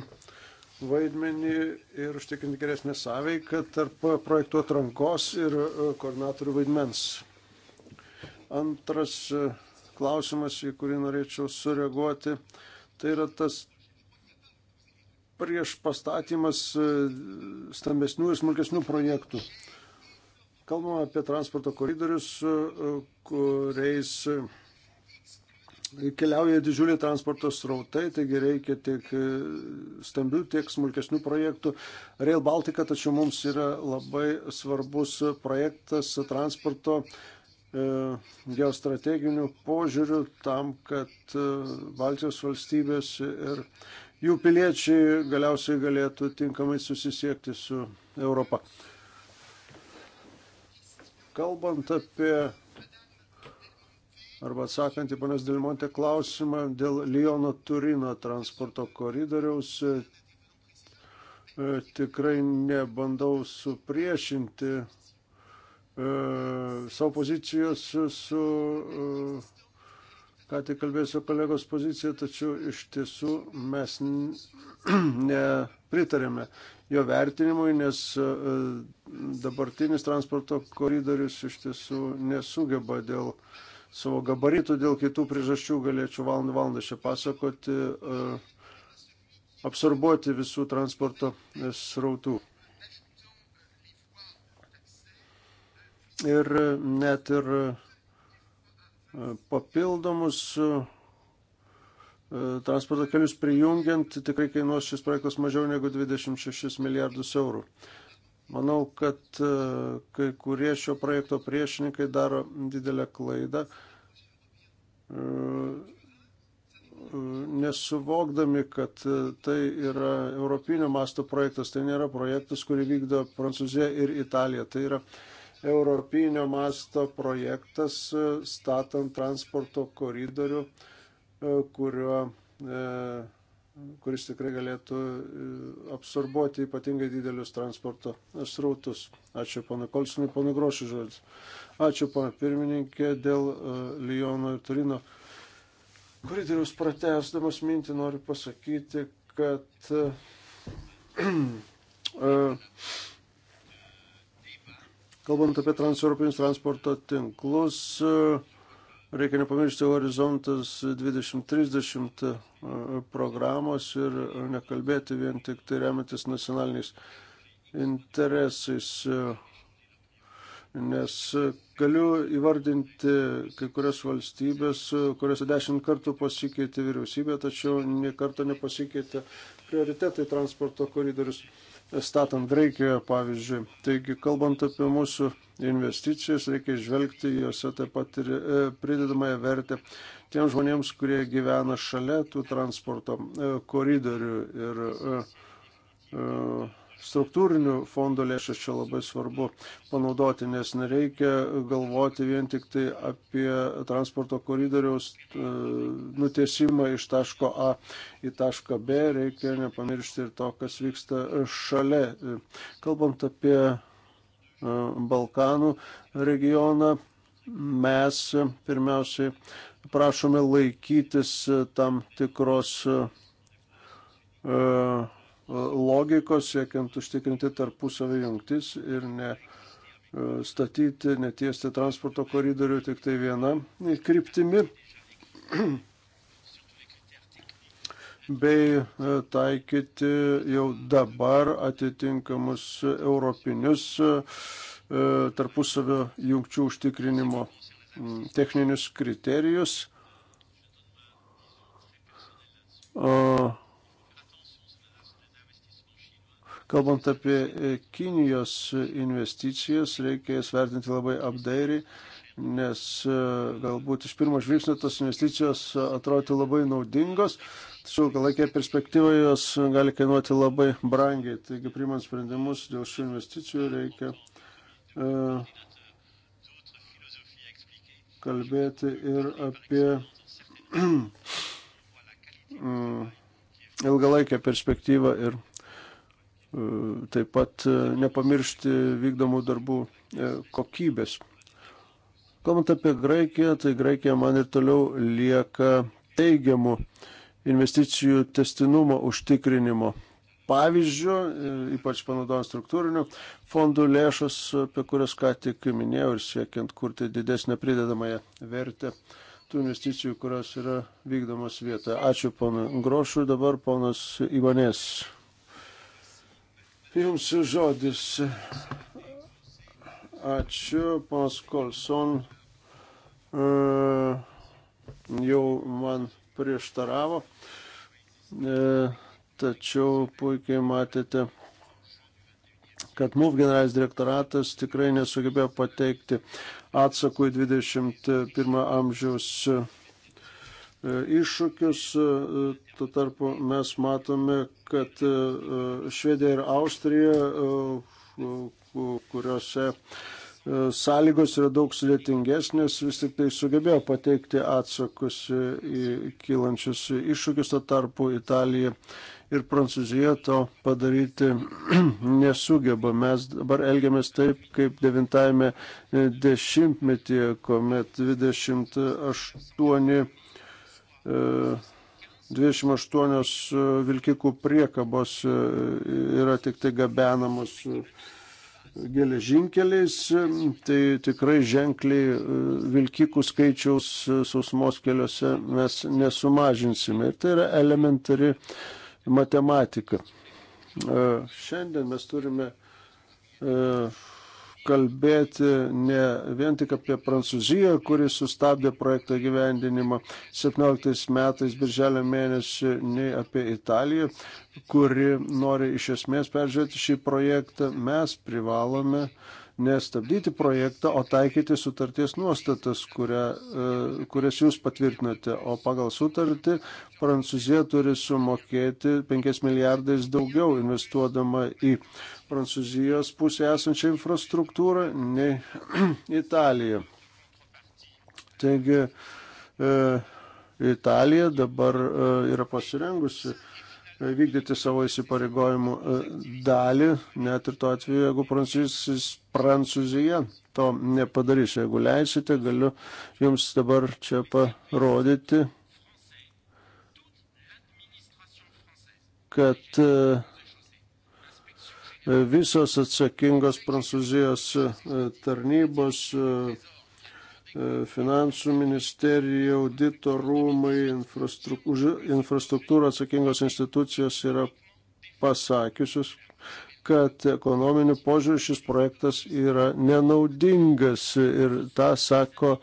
vaidmenį ir užtikrinti geresnę sąveiką tarp projektų atrankos ir e, koordinatorių vaidmens. Antras e, klausimas, į kurį norėčiau sureaguoti, tai yra tas prieš pastatymas e, stambesnių ir smulkesnių projektų. Kalbama apie transporto koridorius, e, kuriais e, keliauja didžiuliai transporto srautai, taigi reikia tiek stambių, tiek smulkesnių projektų. Rail Baltica, tačiau mums yra labai svarbus projektas transporto geostrateginių požiūrių tam, kad Baltijos valstybės ir jų piliečiai galiausiai galėtų tinkamai susisiekti su Europa. Kalbant apie arba atsakant į panas Dilmonte klausimą dėl Liono Turino transporto koridoriaus, e, tikrai nebandau supriešinti e, savo pozicijos su, su ką tik kalbėsiu kolegos poziciją, tačiau iš tiesų mes nepritarėme jo vertinimui, nes e, dabartinis transporto koridorius iš tiesų nesugeba dėl savo gabaritų, dėl kitų priežasčių galėčiau valandų valandą čia pasakoti, e, absorbuoti visų transporto e, srautų. Ir net ir papildomus e, transporto kelius prijungiant, tikrai kainuos šis projektas mažiau negu 26 milijardus eurų. Manau, kad e, kai kurie šio projekto priešininkai daro didelę klaidą, e, nesuvokdami, kad tai yra europinio masto projektas, tai nėra projektas, kurį vykdo Prancūzija ir Italija. Tai yra uh, europinio masto projektas e, statant transporto koridorių, e, kurio, e, kuris tikrai galėtų absorbuoti ypatingai didelius transporto srautus. Ačiū pana Kolsinui, pana Grošį žodis. Ačiū pana pirmininkė dėl Lyono ir Turino koridoriaus pratesdamas mintį noriu pasakyti, kad Kalbant apie transeuropinius transporto tinklus, reikia nepamiršti horizontas 2030 e, programos ir nekalbėti vien tik tai remiantis nacionaliniais interesais, e, nes galiu įvardinti kai kurias valstybės, kuriuose dešimt kartų pasikeitė vyriausybė, tačiau nie karto nepasikeitė prioritetai transporto koridorius statant Graikijoje, pavyzdžiui. Taigi, kalbant apie mūsų investicijas, reikia žvelgti juose taip pat ir e, pridedamąją vertę tiem žmonėms, kurie gyvena šalia tų transporto e, koridorių ir e, e, struktūrinių fondų lėšas čia labai svarbu panaudoti, nes nereikia galvoti vien tik tai apie transporto koridoriaus e, nutiesimą iš taško A į tašką B, reikia nepamiršti ir to, kas vyksta šalia. E, kalbant apie e, Balkanų regioną, mes pirmiausiai prašome laikytis tam tikros uh, logikos, siekiant užtikrinti tarpusavį jungtis ir ne e, statyti, netiesti transporto koridorių tik tai viena kryptimi, bei e, taikyti jau dabar atitinkamus europinius e, tarpusavio jungčių užtikrinimo techninius kriterijus. O Kalbant apie e, Kinijos investicijas, reikia jas vertinti labai apdairiai, nes e, galbūt iš pirmo žvilgsnio tos investicijos atrodytų labai naudingos, tačiau ilgalaikėje perspektyvoje jos gali kainuoti labai brangiai. Taigi, priimant sprendimus dėl šių investicijų, reikia uh, kalbėti ir apie mm, ilgalaikę perspektyvą ir E, taip pat e, nepamiršti vykdomų darbų e, kokybės. Kalbant apie Graikiją, tai Graikija man ir toliau lieka teigiamų investicijų testinumo užtikrinimo pavyzdžių, ypač panaudojant struktūrinių fondų lėšas, apie kurias ką tik minėjau ir siekiant kurti didesnę pridedamąją vertę tų investicijų, kurios yra vykdomos vietoje. Ačiū ponui Grošui, dabar ponas Ivanės. Jums žodis. Ačiū, pas Kolson. E, jau man prieštaravo, e, tačiau puikiai matėte, kad MUF generalinis direktoratas tikrai nesugebėjo pateikti atsakų į 21 amžiaus E, iššūkius. E, e, tuo tarpu mes matome, kad Švedija ir Austrija, kuriuose sąlygos yra daug sudėtingesnės, vis tik tai sugebėjo pateikti atsakus į kylančius iššūkius, tuo tarpu Italija ir Prancūzija to padaryti nesugeba. Mes dabar elgiamės taip, kaip 90-metyje, kuomet 28 28 e, e, vilkikų priekabos e, yra tik tai gabenamos geležinkeliais, tai tikrai ženkliai vilkikų skaičiaus sausmos keliuose mes nesumažinsime. Ir tai yra elementari matematika. Šiandien mes turime kalbėti ne vien tik apie Prancūziją, kuri sustabdė projekto gyvendinimą 17 metais, birželio mėnesį, nei apie Italiją, kuri nori iš esmės peržiūrėti šį projektą. Mes privalome nestabdyti projektą, o taikyti sutarties nuostatas, kuria, e, kurias jūs patvirtinote. O pagal sutartį Prancūzija turi sumokėti 5 milijardais daugiau investuodama į Prancūzijos pusėje esančią infrastruktūrą, nei Italija. Taigi e, Italija dabar e, yra pasirengusi e, vykdyti savo įsipareigojimų e, dalį, net ir tuo atveju, jeigu prancūzijos, Prancūzija to nepadarys. Jeigu leisite, galiu jums dabar čia parodyti, kad uh, visos atsakingos Prancūzijos e, tarnybos, e, e, finansų ministerija, audito rūmai, infrastruktūra, už infrastruktūrą atsakingos institucijos yra pasakiusius, kad ekonominiu požiūriu šis projektas yra nenaudingas ir tą sako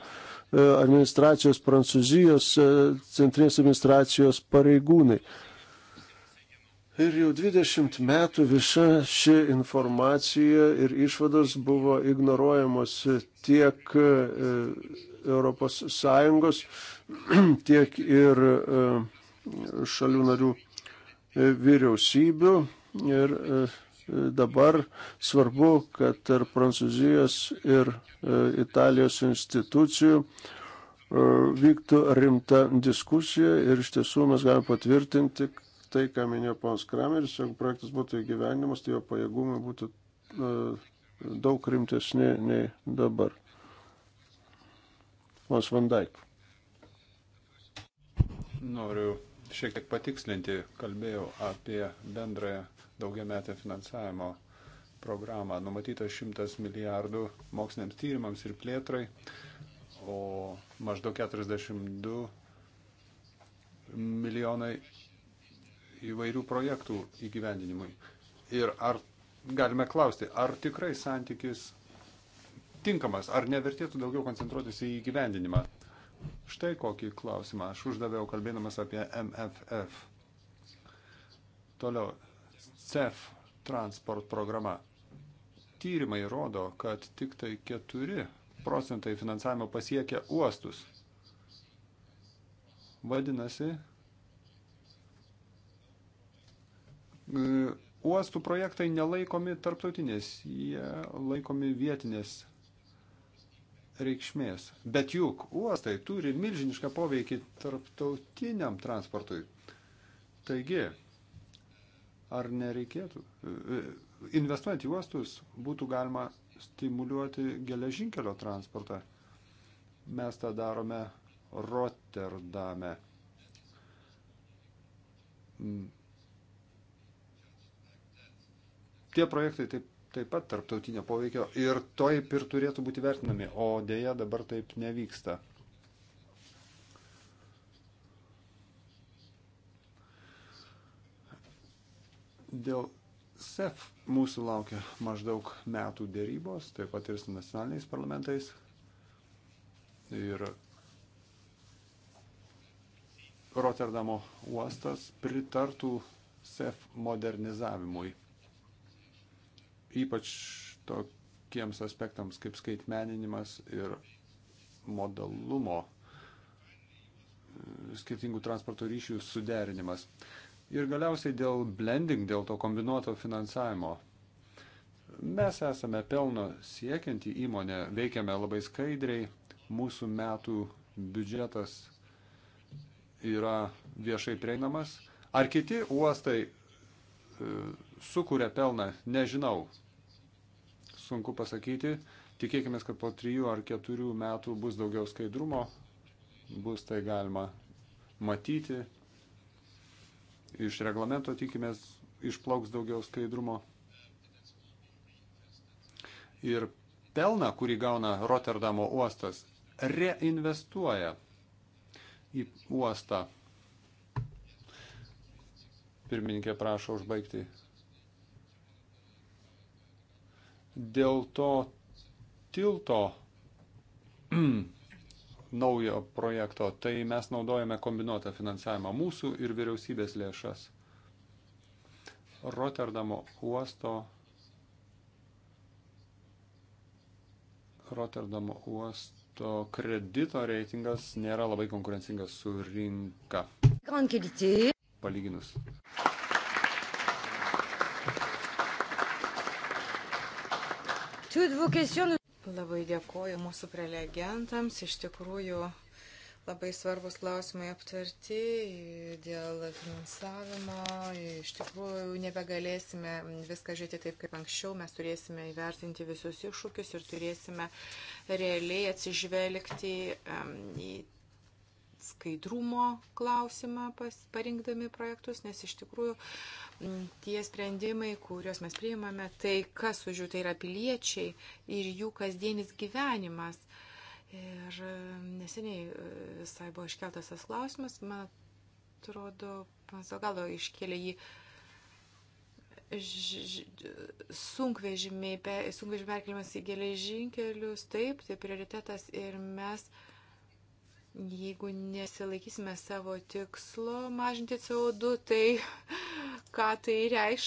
administracijos Prancūzijos centrinės administracijos pareigūnai. Ir jau 20 metų visa ši informacija ir išvados buvo ignoruojamos tiek ES, tiek ir e, šalių narių e, vyriausybių. Ir e, dabar svarbu, kad tarp Prancūzijos ir Italijos institucijų vyktų rimta diskusija ir iš tiesų mes galime patvirtinti, tai, ką minėjo ponas Krameris, jeigu projektas būtų įgyvenimas, tai jo pajėgumai būtų uh, daug rimtesni nei dabar. Ponas Vandaik. Noriu šiek tiek patikslinti, kalbėjau apie bendrąją daugiametę finansavimo programą. Numatyta 100 milijardų moksliniams tyrimams ir plėtrai, o maždaug 42 milijonai įvairių projektų įgyvendinimui. Ir ar galime klausti, ar tikrai santykis tinkamas, ar nevertėtų daugiau koncentruotis į įgyvendinimą. Štai kokį klausimą aš uždaviau kalbėdamas apie MFF. Toliau, CEF transport programa. Tyrimai rodo, kad tik tai 4 procentai finansavimo pasiekia uostus. Vadinasi, Uostų projektai nelaikomi tarptautinės, jie laikomi vietinės reikšmės. Bet juk uostai turi milžinišką poveikį tarptautiniam transportui. Taigi, ar nereikėtų? E, e, investuojant į uostus būtų galima stimuliuoti geležinkelio transportą. Mes tą darome Rotterdame. Mm, tie projektai taip, taip pat tarptautinio poveikio ir taip ir turėtų būti vertinami, o dėja dabar taip nevyksta. Dėl SEF mūsų laukia maždaug metų dėrybos, taip pat ir su nacionaliniais parlamentais. Ir Rotterdamo uostas pritartų SEF modernizavimui ypač tokiems aspektams kaip skaitmeninimas ir modalumo e, skirtingų transporto ryšių suderinimas. Ir galiausiai dėl blending, dėl to kombinuoto finansavimo. Mes esame pelno siekianti įmonė, veikiame labai skaidriai, mūsų metų biudžetas yra viešai prieinamas. Ar kiti uostai e, sukuria pelną, nežinau. Sunku pasakyti. Tikėkime, kad po trijų ar keturių metų bus daugiau skaidrumo, bus tai galima matyti. Iš reglamento tikimės išplauks daugiau skaidrumo. Ir pelną, kurį gauna Rotterdamo uostas, reinvestuoja į uostą. Pirmininkė prašo užbaigti Dėl to tilto naujo projekto, tai mes naudojame kombinuotą finansavimą mūsų ir vyriausybės lėšas. Rotterdamo uosto Rotterdamo uosto kredito reitingas nėra labai konkurencingas su rinka. Palyginus. Labai dėkoju mūsų prelegentams. Iš tikrųjų, labai svarbus klausimai aptarti dėl finansavimo. Iš tikrųjų, nebegalėsime viską žiūrėti taip, kaip anksčiau. Mes turėsime įvertinti visus iššūkius ir turėsime realiai atsižvelgti į skaidrumo klausimą pas, parinkdami projektus, nes iš tikrųjų tie sprendimai, kuriuos mes priimame, tai kas už jų tai yra piliečiai ir jų kasdienis gyvenimas. Ir neseniai e, visai buvo iškeltas tas klausimas, man atrodo, Panzogalo iškėlė jį sunkvežimiai, sunkvežimiai perkelimas į geležinkelius, taip, tai prioritetas ir mes uh, Jeigu nesilaikysime savo tikslo mažinti CO2, tai ką tai reiš?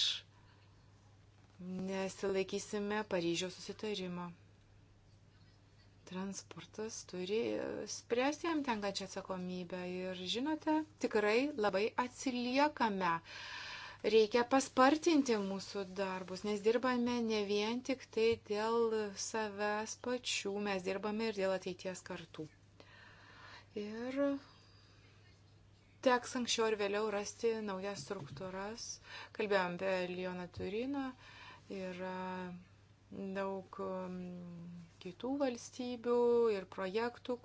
Nesilaikysime Paryžiaus susitarimo transportas turi spręsti jam tenkančią atsakomybę. Ir žinote, tikrai labai atsiliekame. Reikia paspartinti mūsų darbus, nes dirbame ne vien tik tai dėl savęs pačių, mes dirbame ir dėl ateities kartų. Ir teks anksčiau ir vėliau rasti naujas struktūras. Kalbėjom apie Lioną Turiną ir daug um, kitų valstybių ir projektų,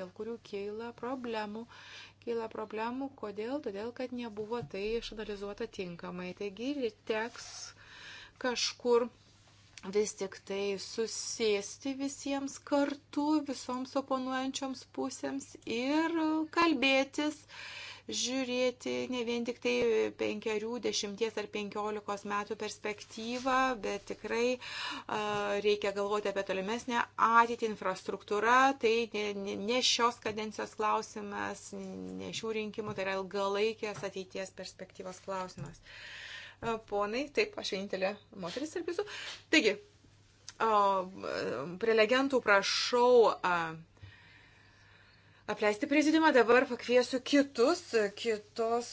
dėl kurių keila problemų. Keila problemų, kodėl? Todėl, kad nebuvo tai išanalizuota tinkamai. Taigi teks kažkur vis tik tai susėsti visiems kartu, visoms oponuojančioms pusėms ir kalbėtis, žiūrėti ne vien tik tai penkerių, dešimties ar penkiolikos metų perspektyvą, bet tikrai uh, reikia galvoti apie tolimesnę ateitį, infrastruktūrą, tai ne, ne šios kadencijos klausimas, ne šių rinkimų, tai yra ilgalaikės ateities perspektyvos klausimas. Uh, ponai, taip, aš vienintelė moteris tarp jūsų. Taigi, prelegentų prašau apleisti prezidiumą, dabar pakviesiu kitus, kitos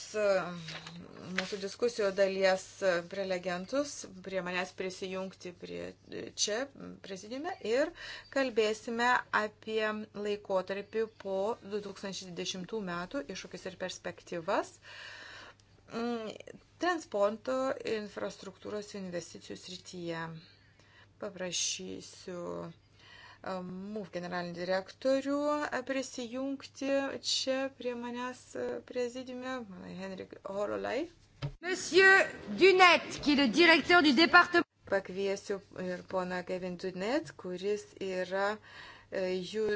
mūsų diskusijų dalies prelegentus prie manęs prisijungti prie čia prezidiume ir kalbėsime apie laikotarpį po 2020 metų iššūkis ir perspektyvas mm, transporto infrastruktūros investicijų srityje. Paprašysiu e, MUF generalinį direktorių e, prisijungti čia prie manęs e, prezidiume, Henrik Horolai. Monsieur Dunet, qui est le directeur du département. Pakviesiu ir poną Kevin Dunet, kuris yra jų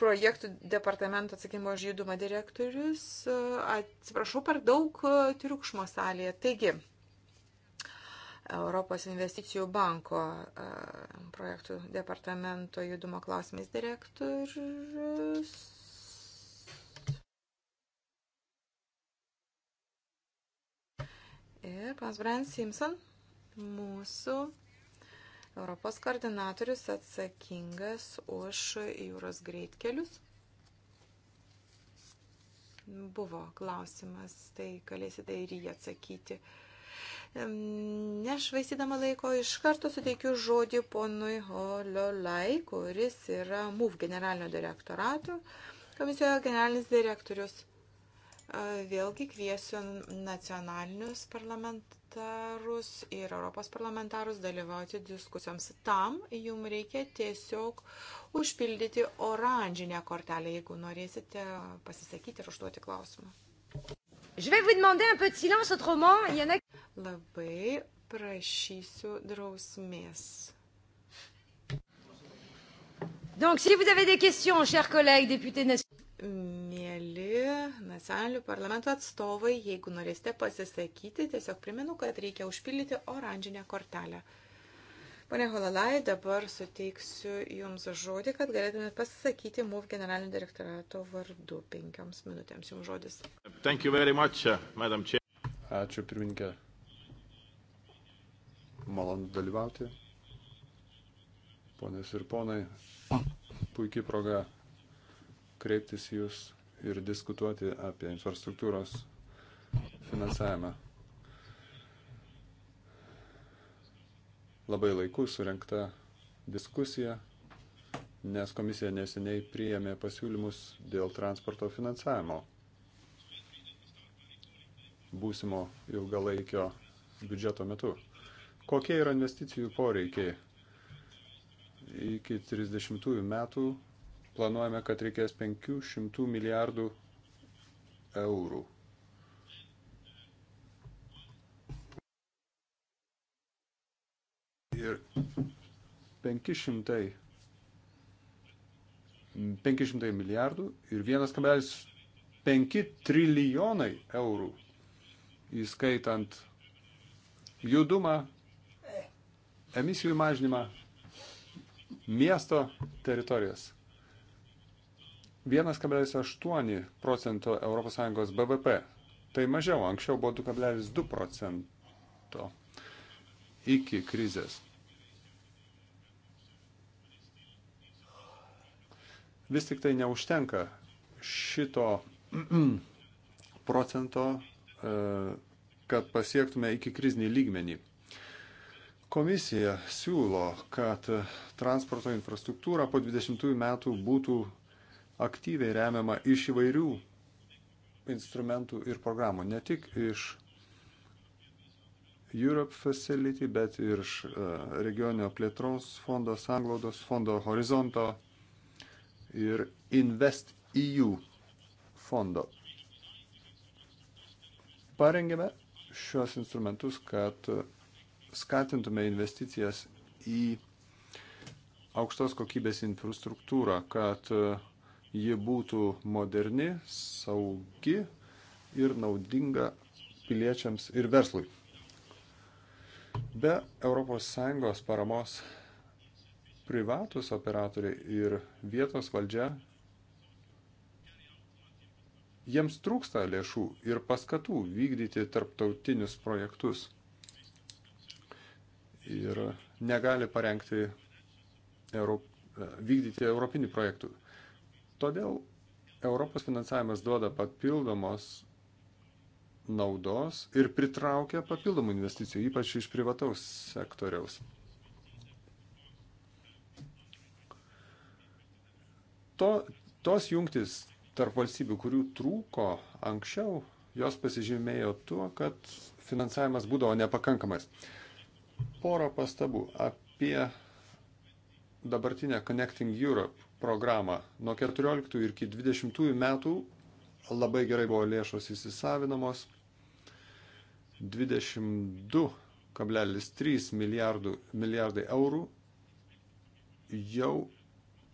projektų departamento atsakingo už judumą direktorius. E, atsiprašau, per daug e, triukšmo salėje. Taigi, Europos investicijų banko e, projektų departamento judumo klausimais direktorius. Ir pas Brent Simpson, mūsų Europos koordinatorius atsakingas už jūros greitkelius. Buvo klausimas, tai galėsite ir jį atsakyti. Nešvaistydama laiko iš karto suteikiu žodį ponui Holiolai, kuris yra MUF generalinio direktorato, komisijoje generalinis direktorius. Vėlgi kviesiu nacionalinius parlamentarus ir Europos parlamentarus dalyvauti diskusijoms. Tam jum reikia tiesiog užpildyti oranžinę kortelę, jeigu norėsite pasisakyti ir užduoti klausimą. Je vais vous demander un peu de silence, autrement, il y en a. Labai prašysiu drausmės. Donc, si vous avez des questions, chers collègues députés nationaux. Mėly nacionalinių parlamento atstovai, jeigu norėsite pasisakyti, tiesiog primenu, kad reikia užpildyti oranžinę kortelę. Pone Holalai, dabar suteiksiu Jums žodį, kad galėtumėte pasisakyti MUF generalinio direktorato vardu penkioms minutėms. Jums žodis. Much, uh, Ačiū, pirmininkė. Malonu dalyvauti. Ponės ir ponai, puikiai proga kreiptis jūs ir diskutuoti apie infrastruktūros finansavimą. Labai laiku surinkta diskusija, nes komisija neseniai priėmė pasiūlymus dėl transporto finansavimo būsimo ilgalaikio biudžeto metu. Kokie yra investicijų poreikiai? Iki 30 metų planuojame, kad reikės 500 milijardų eurų. Ir 500, 500 milijardų ir 1,5 trilijonai eurų, įskaitant judumą, emisijų mažinimą, miesto teritorijas. 1,8 procento ES BVP. Tai mažiau, anksčiau buvo 2,2 procento iki krizės. Vis tik tai neužtenka šito procento, e, kad pasiektume iki krizinį lygmenį. Komisija siūlo, kad transporto infrastruktūra po 20 metų būtų aktyviai remiama iš įvairių instrumentų ir programų, ne tik iš Europe Facility, bet ir iš e, regioninio plėtros fondo, sanglaudos fondo, horizonto ir Invest EU fondo. Parengėme šios instrumentus, kad skatintume investicijas į aukštos kokybės infrastruktūrą, kad e, ji būtų moderni, saugi ir naudinga piliečiams ir verslui. Be ES paramos privatus operatoriai ir vietos valdžia, jiems trūksta lėšų ir paskatų vykdyti tarptautinius projektus ir negali parengti, Europ, vykdyti europinių projektų. Todėl Europos finansavimas duoda papildomos naudos ir pritraukia papildomų investicijų, ypač iš privataus sektoriaus. To, tos jungtis tarp valstybių, kurių trūko anksčiau, jos pasižymėjo tuo, kad finansavimas būdavo nepakankamas. Porą pastabų apie dabartinę Connecting Europe programą. Nuo 14 iki 20 metų labai gerai buvo lėšos įsisavinamos. 22,3 milijardai eurų jau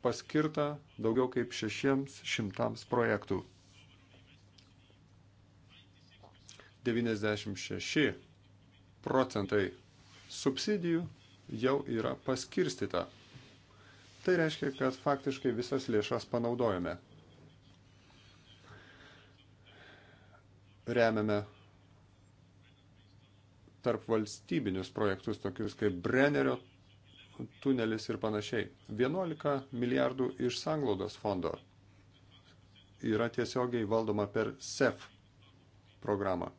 paskirta daugiau kaip 600 projektų. 96 procentai subsidijų jau yra paskirstita Tai reiškia, kad faktiškai visas lėšas panaudojame. Remiame tarp valstybinius projektus, tokius kaip Brennerio tunelis ir panašiai. 11 milijardų iš sanglaudos fondo yra tiesiogiai valdoma per SEF programą.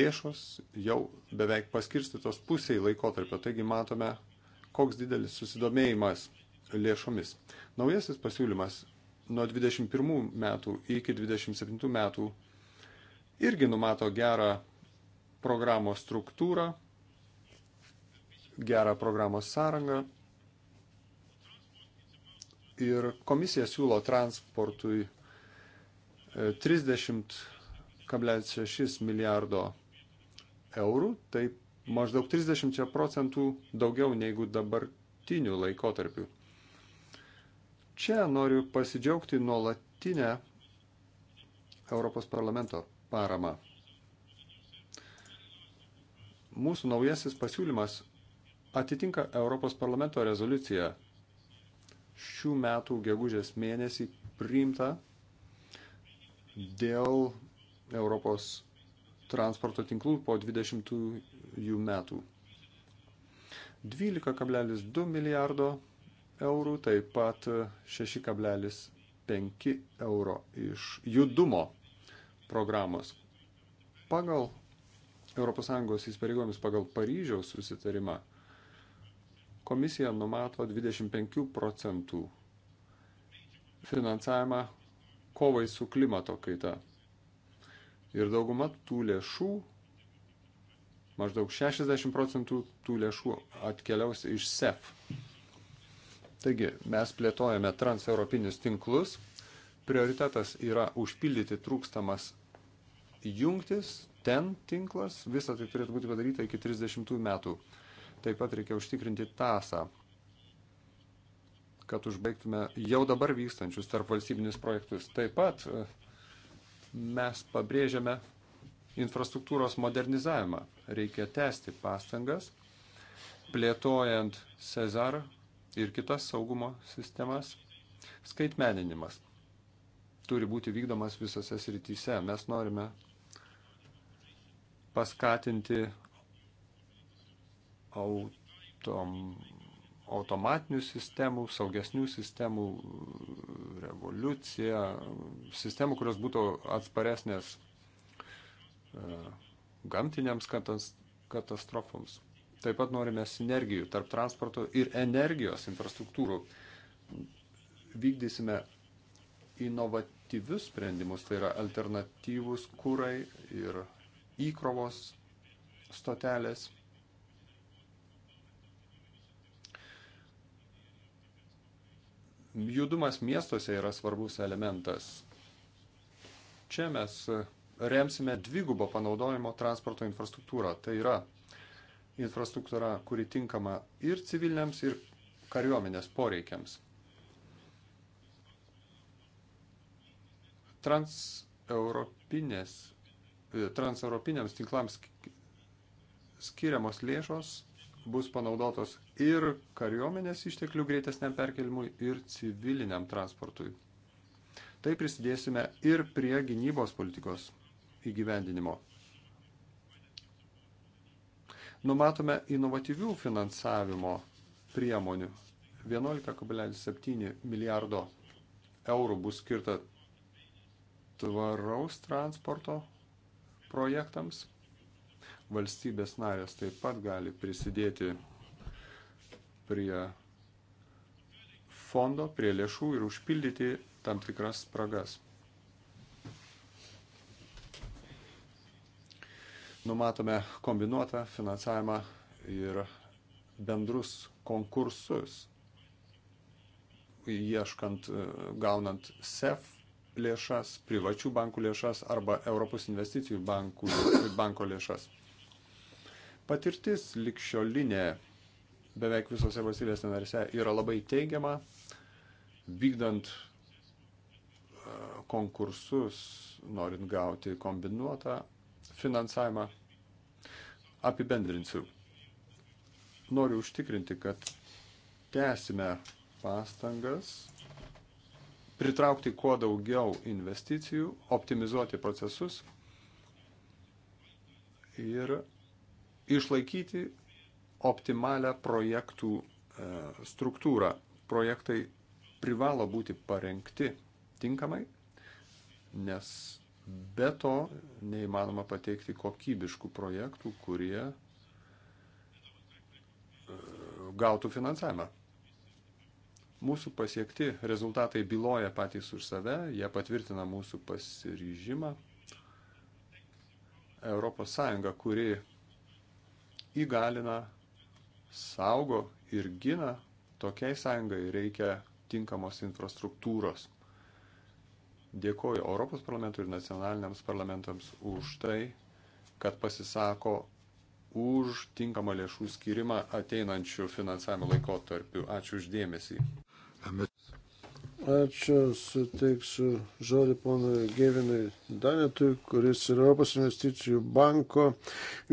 Lėšos jau beveik paskirstytos pusiai laikotarpio, taigi matome koks didelis susidomėjimas lėšomis. Naujasis pasiūlymas nuo 21 metų iki 27 metų irgi numato gerą programos struktūrą, gerą programos sąrangą. Ir komisija siūlo transportui 30,6 e, milijardo eurų, taip maždaug 30 procentų daugiau negu dabartiniu laikotarpiu. Čia noriu pasidžiaugti nuolatinę Europos parlamento paramą. Mūsų naujasis pasiūlymas atitinka Europos parlamento rezoliuciją šių metų gegužės mėnesį priimta dėl Europos transporto tinklų po 20 jų metų. 12,2 milijardo eurų, taip pat 6,5 euro iš judumo programos. Pagal ES įsipareigojimus pagal Paryžiaus susitarimą komisija numato 25 procentų finansavimą kovai su klimato kaita. Ir dauguma tų lėšų Maždaug 60 procentų tų lėšų atkeliaus iš SEF. Taigi mes plėtojame transeuropinius tinklus. Prioritetas yra užpildyti trūkstamas jungtis, ten tinklas, visą tai turėtų būti padaryta iki 30 metų. Taip pat reikia užtikrinti tasą, kad užbaigtume jau dabar vykstančius tarp valstybinius projektus. Taip pat e, mes pabrėžiame infrastruktūros modernizavimą. Reikia tęsti pastangas, plėtojant Cezar ir kitas saugumo sistemas. Skaitmeninimas turi būti vykdomas visose srityse. Mes norime paskatinti autom, automatinių sistemų, saugesnių sistemų revoliuciją, sistemų, kurios būtų atsparesnės E, gamtiniams katastrofoms. Taip pat norime sinergijų tarp transporto ir energijos infrastruktūrų. Vykdysime inovatyvius sprendimus, tai yra alternatyvus kūrai ir įkrovos stotelės. Judumas miestuose yra svarbus elementas. Čia mes remsime dvigubo panaudojimo transporto infrastruktūrą. Tai yra infrastruktūra, kuri tinkama ir civiliniams, ir kariuomenės poreikiams. Transeuropinės, e, transeuropiniams tinklams skiriamos lėšos bus panaudotos ir kariuomenės išteklių greitesniam perkelimui, ir civiliniam transportui. Tai prisidėsime ir prie gynybos politikos įgyvendinimo. Numatome inovatyvių finansavimo priemonių. 11,7 milijardo eurų bus skirta tvaraus transporto projektams. Valstybės narės taip pat gali prisidėti prie fondo, prie lėšų ir užpildyti tam tikras spragas. Numatome kombinuotą finansavimą ir bendrus konkursus, ieškant, e, gaunant SEF lėšas, privačių bankų lėšas arba Europos investicijų bankų, banko lėšas. Patirtis likščiolinė beveik visose valstybės narėse yra labai teigiama, vykdant e, konkursus, norint gauti kombinuotą finansavimą. Apibendrinsiu. Noriu užtikrinti, kad tęsime pastangas pritraukti kuo daugiau investicijų, optimizuoti procesus ir išlaikyti optimalią projektų e, struktūrą. Projektai privalo būti parengti tinkamai, nes Be to neįmanoma pateikti kokybiškų projektų, kurie e, gautų finansavimą. Mūsų pasiekti rezultatai byloja patys už save, jie patvirtina mūsų pasiryžimą. ES, kuri įgalina, saugo ir gina, tokiai sąjungai reikia tinkamos infrastruktūros. Dėkoju Europos parlamentui ir nacionaliniams parlamentams už tai, kad pasisako už tinkamą lėšų skirimą ateinančių finansavimo laikotarpių. Ačiū uždėmesį. Ačiū, suteiksiu žodį ponui Gevinui Danetui, kuris yra Europos investicijų banko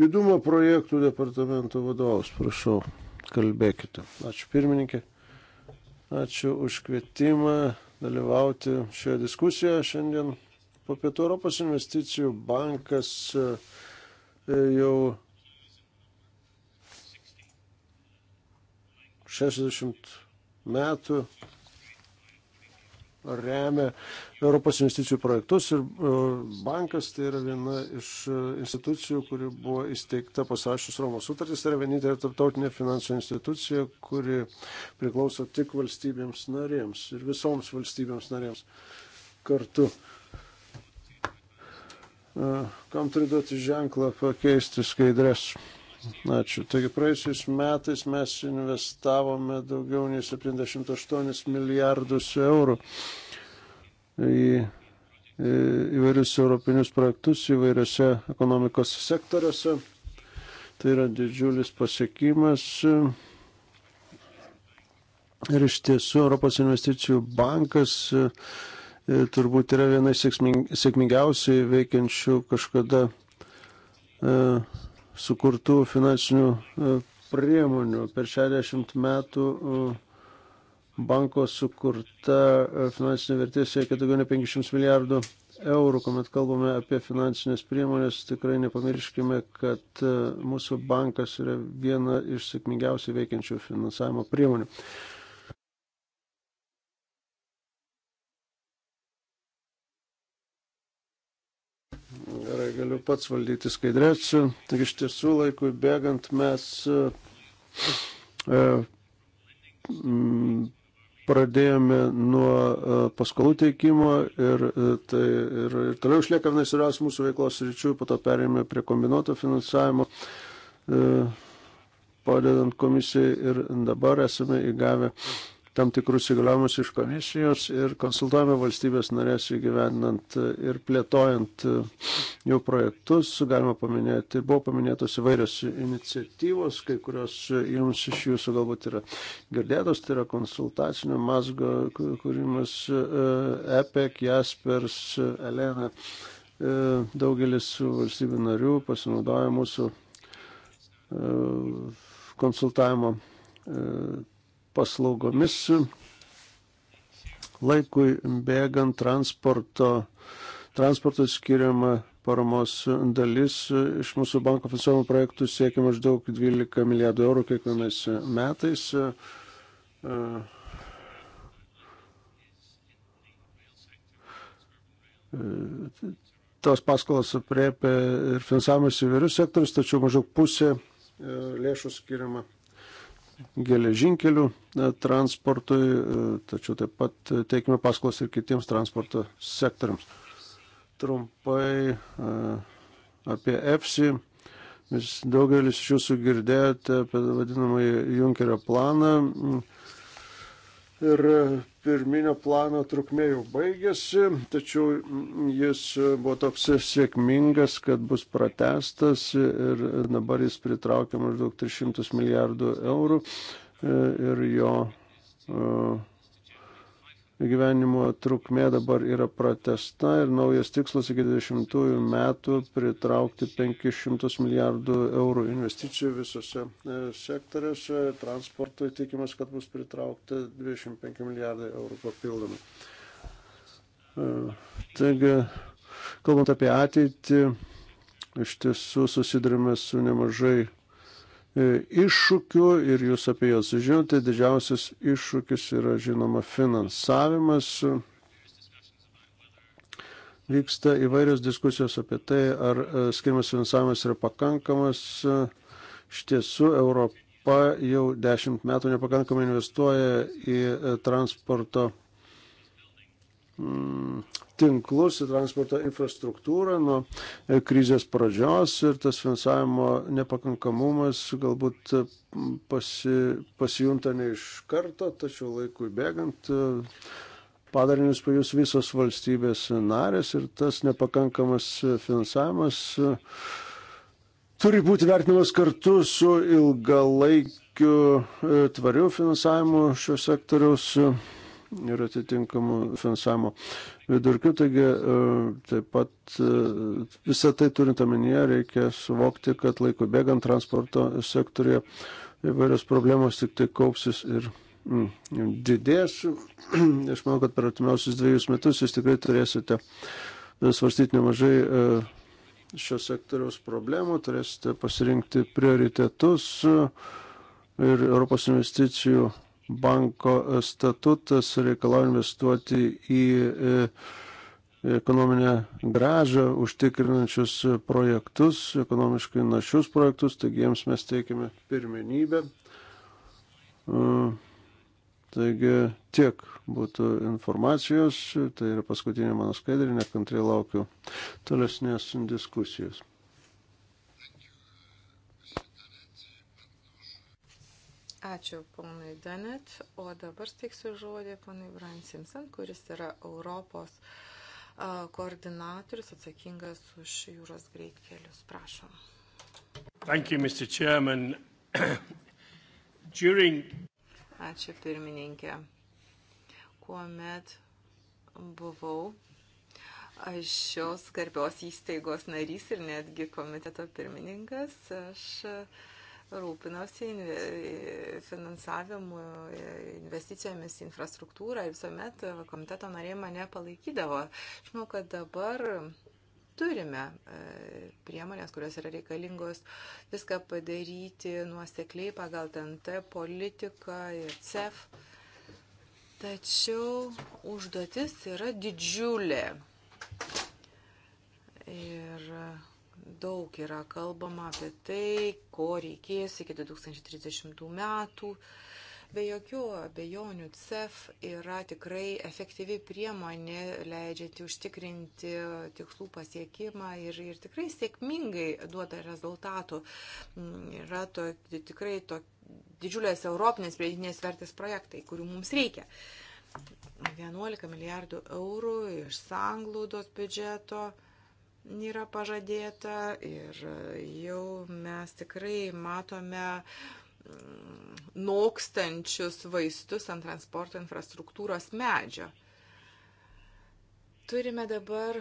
judumo projektų departamento vadovas. Prašau, kalbėkite. Ačiū pirmininkė. Ačiū už kvietimą dalyvauti šioje diskusijoje šiandien. Po pietų Europos investicijų bankas e, e, jau 60 metų remia Europos investicijų projektus ir e, bankas tai yra viena iš e, institucijų, kuri buvo įsteigta pasirašus Romos sutartis, tai yra vienintelė tarptautinė finansų institucija, kuri priklauso tik valstybėms narėms ir visoms valstybėms narėms kartu. E, kam turiu duoti ženklą pakeisti skaidres? Ačiū. Taigi praėjusiais metais mes investavome daugiau nei 78 milijardus eurų į įvairius europinius projektus įvairiose ekonomikos sektoriuose. Tai yra didžiulis pasiekimas. Ir iš tiesų Europos investicijų bankas e, turbūt yra viena iš sėkmingiausiai veikiančių kažkada e, sukurtų finansinių e, priemonių. Per 60 metų e, banko sukurta e, finansinė vertė siekia daugiau nei 500 milijardų eurų. Komet kalbame apie finansinės priemonės, tikrai nepamirškime, kad mūsų bankas yra viena iš sėkmingiausiai veikiančių finansavimo priemonių. negaliu pats valdyti skaidrės. Taigi iš tiesų laikui bėgant mes e, mm, pradėjome nuo e, paskolų teikimo ir, e, tai, ir, ir toliau išlieka vienas svarbiausių mūsų veiklos ryčių, po to perėjome prie kombinuoto finansavimo, e, padedant komisijai ir dabar esame įgavę tam tikrus įgaliojimus iš komisijos ir konsultuojame valstybės narės įgyvendinant ir plėtojant e, jų projektus. Galima paminėti, buvo paminėtos įvairios iniciatyvos, kai kurios jums iš jūsų galbūt yra girdėtos, tai yra konsultacinio mazgo kūrimas e, EPEC, Jaspers, Elena. E, daugelis valstybių narių pasinaudoja mūsų konsultavimo paslaugomis. Laikui bėgant transporto, transporto skiriama paramos dalis iš mūsų banko finansuojamų projektų siekia maždaug 12 milijardų eurų kiekvienais metais. Tos paskolos apriepia ir finansavimas įvairius sektorius, tačiau maždaug pusė e, lėšų skiriama geležinkelių e, transportui, e, tačiau taip pat e, teikime paskolas ir kitiems transporto sektoriams. Trumpai apie EFSI. Vis daugelis iš jūsų girdėjote apie vadinamąjį Junkerio planą ir e, pirminio plano trukmė jau baigėsi, tačiau mm, jis e, buvo toks sėkmingas, kad bus pratestas ir e, dabar jis pritraukia maždaug 300 milijardų eurų ir jo gyvenimo trukmė dabar yra pratesta ir naujas tikslas iki 20 metų pritraukti 500 milijardų eurų investicijų visose e, sektoriuose. Transportui tikimas, kad bus pritraukta 25 milijardai eurų papildomai. E, taigi, kalbant apie ateitį, iš tiesų susidurime su nemažai E, iššūkių ir jūs apie juos žinote. Didžiausias iššūkis yra žinoma finansavimas. Vyksta įvairios diskusijos apie tai, ar e, skirimas finansavimas yra pakankamas. Iš tiesų, Europa jau dešimt metų nepakankamai investuoja į e, transporto Mm, tinklus ir transporto infrastruktūrą nuo e, krizės pradžios ir tas finansavimo nepakankamumas galbūt e, pasi, pasijunta ne iš karto, tačiau laikui bėgant e, padarinius pajus visos valstybės narės ir tas nepakankamas finansavimas turi būti vertinamas kartu su ilgalaikiu tvariu finansavimu šio sektoriaus ir atitinkamų finansavimo vidurkių. Taigi e, taip pat e, visą tai turint omenyje reikia suvokti, kad laiko bėgant transporto sektorėje įvairios problemos tik tai kaupsis ir mm, didės. Aš manau, kad per artimiausius dviejus metus jūs tikrai turėsite svarstyti nemažai e, šio sektoriaus problemų, turėsite pasirinkti prioritetus ir Europos investicijų banko statutas reikalauja investuoti į e, ekonominę gražą, užtikrinančius projektus, ekonomiškai našius projektus, taigi jiems mes teikiame pirmenybę. E, taigi tiek būtų informacijos, tai yra paskutinė mano skaidrė, nekantriai laukiu tolesnės diskusijos. Ačiū ponui Danet, o dabar steiksiu žodį ponui Brian Simpson, kuris yra Europos koordinatorius atsakingas už jūros greitkelius. Prašom. Thank you, Mr. Chairman. During... Ačiū pirmininkė. Kuomet buvau šios garbios įstaigos narys ir netgi komiteto pirmininkas, aš uh, rūpinosi e, finansavimu, e, investicijomis į infrastruktūrą ir visuomet komiteto nariai mane palaikydavo. Aš manau, kad dabar turime e, priemonės, kurios yra reikalingos viską padaryti nuosekliai pagal TNT politiką ir CEF. Tačiau užduotis yra didžiulė. Ir daug yra kalbama apie tai, ko reikės iki 2030 metų. Be jokių abejonių CEF yra tikrai efektyvi priemonė, leidžianti užtikrinti tikslų pasiekimą ir, ir tikrai sėkmingai duoda rezultatų. Mm, yra to, tikrai to, didžiulės europinės pridėtinės vertės projektai, kurių mums reikia. 11 milijardų eurų iš sanglaudos biudžeto yra pažadėta ir jau mes tikrai matome mm, nokstančius vaistus ant transporto infrastruktūros medžio. Turime dabar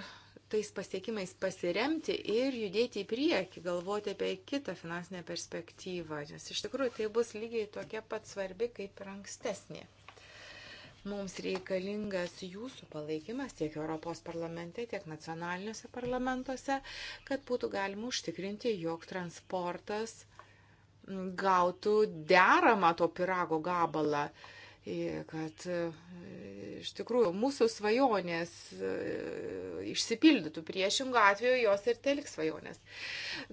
tais pasiekimais pasiremti ir judėti į priekį, galvoti apie kitą finansinę perspektyvą, nes iš tikrųjų tai bus lygiai tokia pat svarbi kaip ir ankstesnė. Mums reikalingas jūsų palaikymas tiek Europos parlamente, tiek nacionaliniuose parlamentuose, kad būtų galima užtikrinti, jog transportas mm, gautų deramą to pirago gabalą kad e, iš tikrųjų mūsų svajonės e, išsipildytų priešingų atveju jos ir telik svajonės.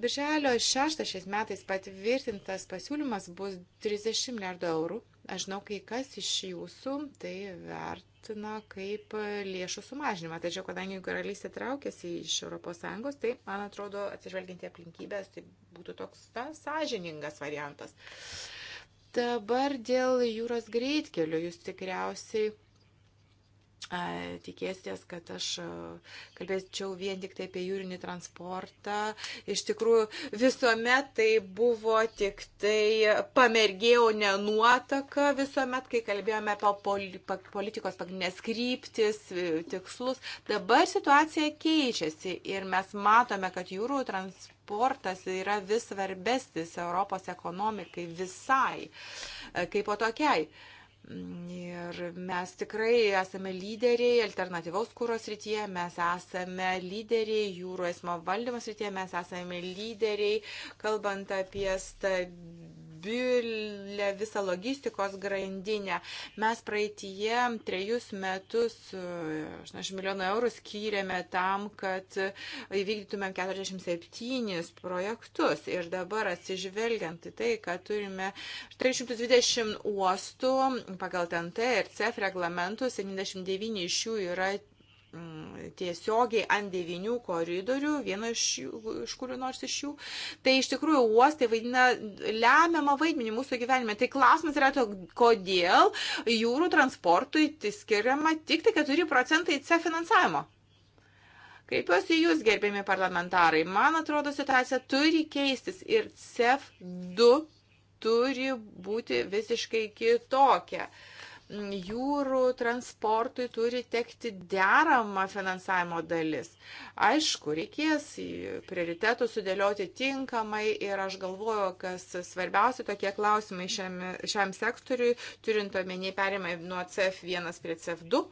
Birželio 6 šiais metais patvirtintas pasiūlymas bus 30 milijardų eurų Aš žinau, kai kas iš jūsų tai vertina kaip lėšų sumažinimą. Tačiau, kadangi karalystė traukėsi iš ES, tai, man atrodo, atsižvelgiant į aplinkybės, tai būtų toks ta, sąžiningas variantas. Dabar dėl jūros greitkelių jūs tikriausiai tikėsitės, kad aš kalbėčiau vien tik tai apie jūrinį transportą. Iš tikrųjų, visuomet tai buvo tik tai pamergėjau nenuotaka, visuomet, kai kalbėjome apie politikos pagrindinės kryptis, e, tikslus. Dabar situacija keičiasi ir mes matome, kad jūrų transportas eksportas yra vis svarbesnis Europos ekonomikai visai, e, kaip po tokiai. Uh, Ir mes tikrai esame lyderiai alternatyvaus kūros rytyje, mes esame lyderiai jūrų eismo valdymo rytyje, mes esame lyderiai, kalbant apie stabilų mobilę visą logistikos grandinę. Mes praeitie trejus metus 80 milijonų eurų skyrėme tam, kad įvykdytumėm 47 projektus. Ir dabar atsižvelgiant į tai, kad turime 320 uostų pagal TNT ir CEF reglamentus, 79 iš jų yra Mm, tiesiogiai ant devinių koridorių, vieno iš, jų, iš kurių nors iš jų. Tai iš tikrųjų uostai vaidina lemiamą vaidmenį mūsų gyvenime. Tai klausimas yra to, kodėl jūrų transportui tai skiriama tik tai 4 procentai C finansavimo. Kreipiuosi jūs, gerbėmi parlamentarai. Man atrodo, situacija turi keistis ir CEF 2 turi būti visiškai kitokia. Uh, jūrų transportui turi tekti deramą finansavimo dalis. Aišku, reikės prioritetų sudėlioti tinkamai ir aš galvoju, kas svarbiausia tokie klausimai šiam, šiam sektoriui, turint omeny perimai nuo CF1 prie CF2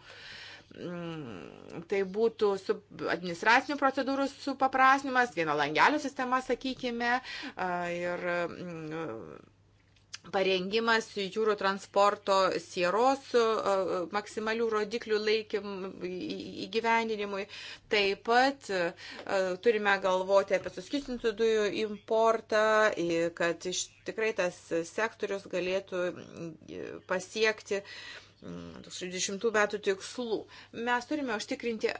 mm, tai būtų su administracinių procedūrų supaprasnimas, vieno langelio sistema, sakykime, ir mm, parengimas jūrų transporto sieros e, maksimalių rodiklių laikym įgyveninimui. Taip pat e, turime galvoti apie suskistintų dujų importą, kad iš, tikrai tas sektorius galėtų e, pasiekti 2020 mm, metų tikslų. Mes turime užtikrinti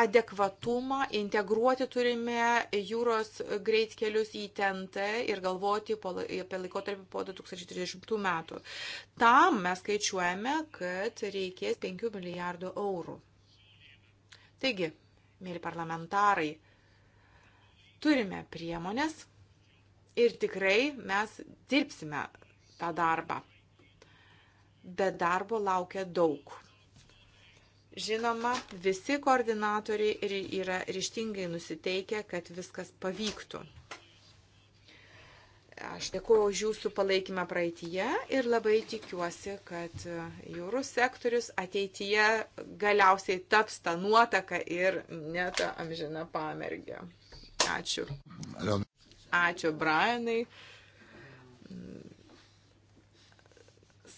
adekvatumą, integruoti turime jūros greitkelius į TNT ir galvoti apie laikotarpį po 2030 metų. Tam mes skaičiuojame, kad reikės 5 milijardų eurų. Taigi, mėly parlamentarai, turime priemonės ir tikrai mes dirbsime tą darbą. Bet darbo laukia daug Žinoma, visi koordinatoriai yra ryštingai nusiteikę, kad viskas pavyktų. Aš dėkuoju už jūsų palaikymą praeitie ir labai tikiuosi, kad e, jūrų sektorius ateityje galiausiai taps tą nuotaką ir netą amžiną pamergę. Ačiū. Ačiū, Brianai.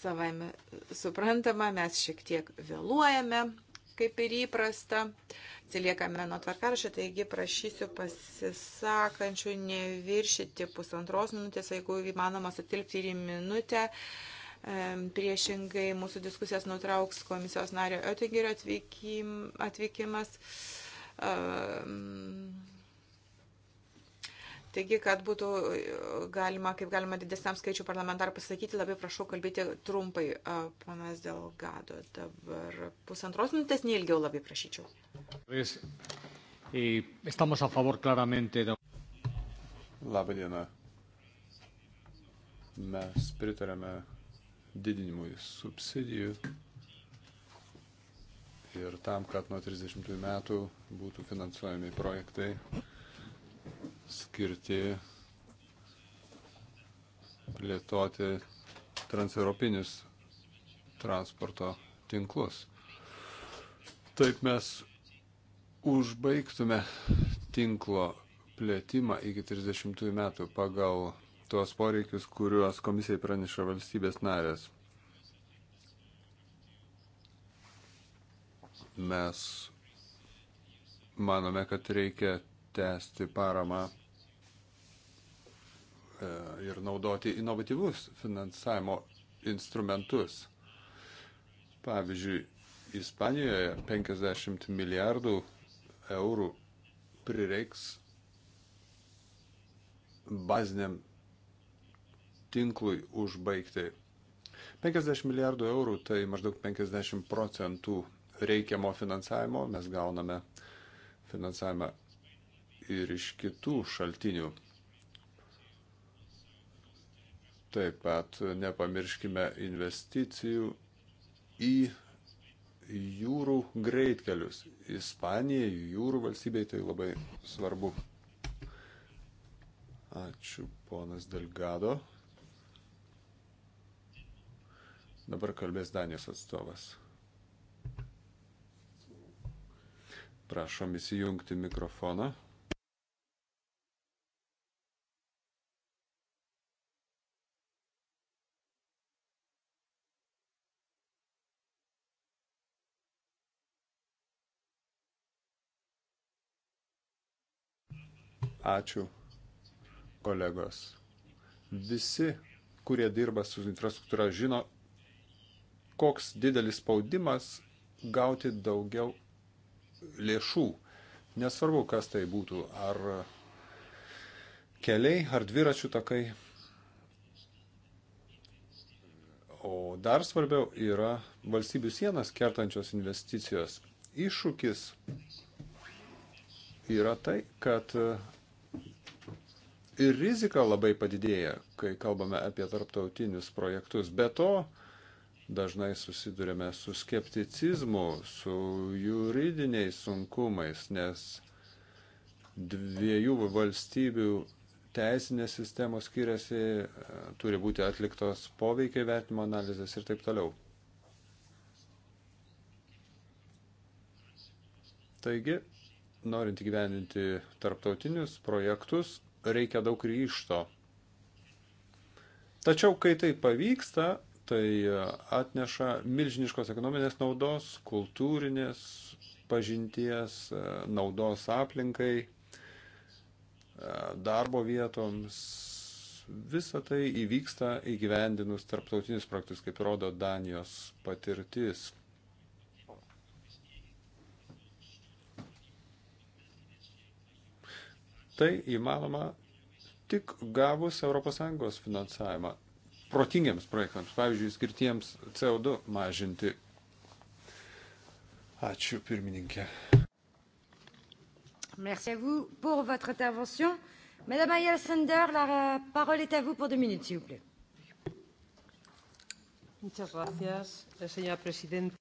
Savame suprantama, mes šiek tiek vėluojame kaip ir įprasta. Atsiliekame nuo tvarkarašio, taigi prašysiu pasisakančių neviršyti pusantros minutės, jeigu įmanoma sutilpti į minutę. Priešingai mūsų diskusijas nutrauks komisijos nario Oettingerio atvykimas. Um, Taigi, kad būtų e, galima, kaip galima didesniam skaičiu parlamentarų pasakyti, labai prašau kalbėti trumpai. Panas Delgado, dabar pusantros minutės, neilgiau labai prašyčiau. Labą dieną. Mes pritarėme didinimui subsidijų ir tam, kad nuo 30 metų būtų finansuojami projektai skirti plėtoti transeuropinius transporto tinklus. Taip mes užbaigtume tinklo plėtimą iki 30 metų pagal tuos poreikius, kuriuos komisijai praneša valstybės narės. Mes manome, kad reikia tęsti paramą E, ir naudoti inovatyvus finansavimo instrumentus. Pavyzdžiui, Ispanijoje 50 milijardų eurų prireiks baziniam tinklui užbaigti. 50 milijardų eurų tai maždaug 50 procentų reikiamo finansavimo mes gauname finansavimą ir iš kitų šaltinių. Taip pat nepamirškime investicijų į jūrų greitkelius. Ispanijai, jūrų valstybei tai labai svarbu. Ačiū, ponas Delgado. Dabar kalbės Danijos atstovas. Prašom įsijungti mikrofoną. Ačiū, kolegos. Visi, kurie dirba su infrastruktūra, žino, koks didelis spaudimas gauti daugiau lėšų. Nesvarbu, kas tai būtų, ar keliai, ar dviračių takai. O dar svarbiau yra valstybių sienas kertančios investicijos. Iššūkis yra tai, kad ir rizika labai padidėja, kai kalbame apie tarptautinius projektus. Be to, dažnai susidurime su skepticizmu, su juridiniais sunkumais, nes dviejų valstybių teisinės sistemos skiriasi, turi būti atliktos poveikiai vertimo analizės ir taip toliau. Taigi, norint įgyveninti tarptautinius projektus, reikia daug ryšto. Tačiau, kai tai pavyksta, tai atneša milžiniškos ekonominės naudos, kultūrinės pažinties, naudos aplinkai, darbo vietoms. Visa tai įvyksta įgyvendinus tarptautinius projektus, kaip rodo Danijos patirtis. Tai įmanoma tik gavus ES finansavimą protingiams projektams, pavyzdžiui, skirtiems CO2 mažinti. Ačiū, pirmininkė. Merci à vous pour votre intervention. Madame Ayala Sander, la parole est à vous pour deux minutes, s'il vous plaît. Muchas gracias, señora presidente.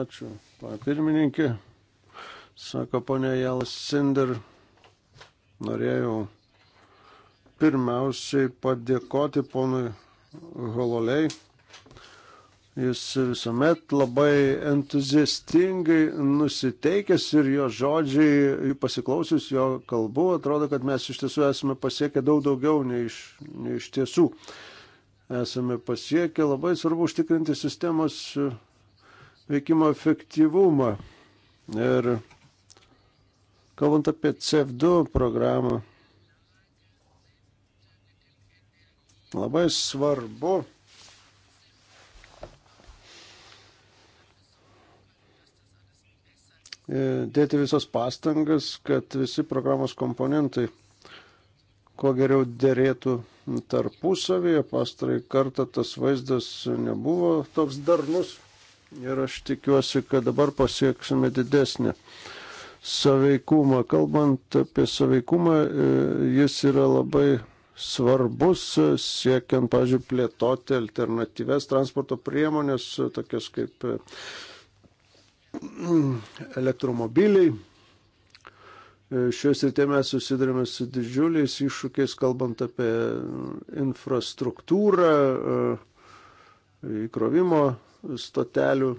Ačiū, pirmininkė. Sako ponia Jalas Sinder, norėjau pirmiausiai padėkoti ponui Hololei. Jis visuomet labai entuziastingai nusiteikęs ir jo žodžiai, pasiklausius jo kalbų, atrodo, kad mes iš tiesų esame pasiekę daug daugiau nei iš, nei iš tiesų. Esame pasiekę labai svarbu užtikrinti sistemos veikimo efektyvumą. Ir Kalbant apie CEF2 programą, labai svarbu e, dėti visas pastangas, kad visi programos komponentai kuo geriau dėrėtų tarpusavėje. Pastarai kartą tas vaizdas nebuvo toks darnus ir aš tikiuosi, kad dabar pasieksime didesnį saveikumą. Kalbant apie saveikumą, e, jis yra labai svarbus e, siekiant, pažiūrėjau, plėtoti alternatyves transporto priemonės, e, tokias kaip elektromobiliai. Šioje srityje mes susidurime su didžiuliais iššūkiais, kalbant apie infrastruktūrą, įkrovimo stotelių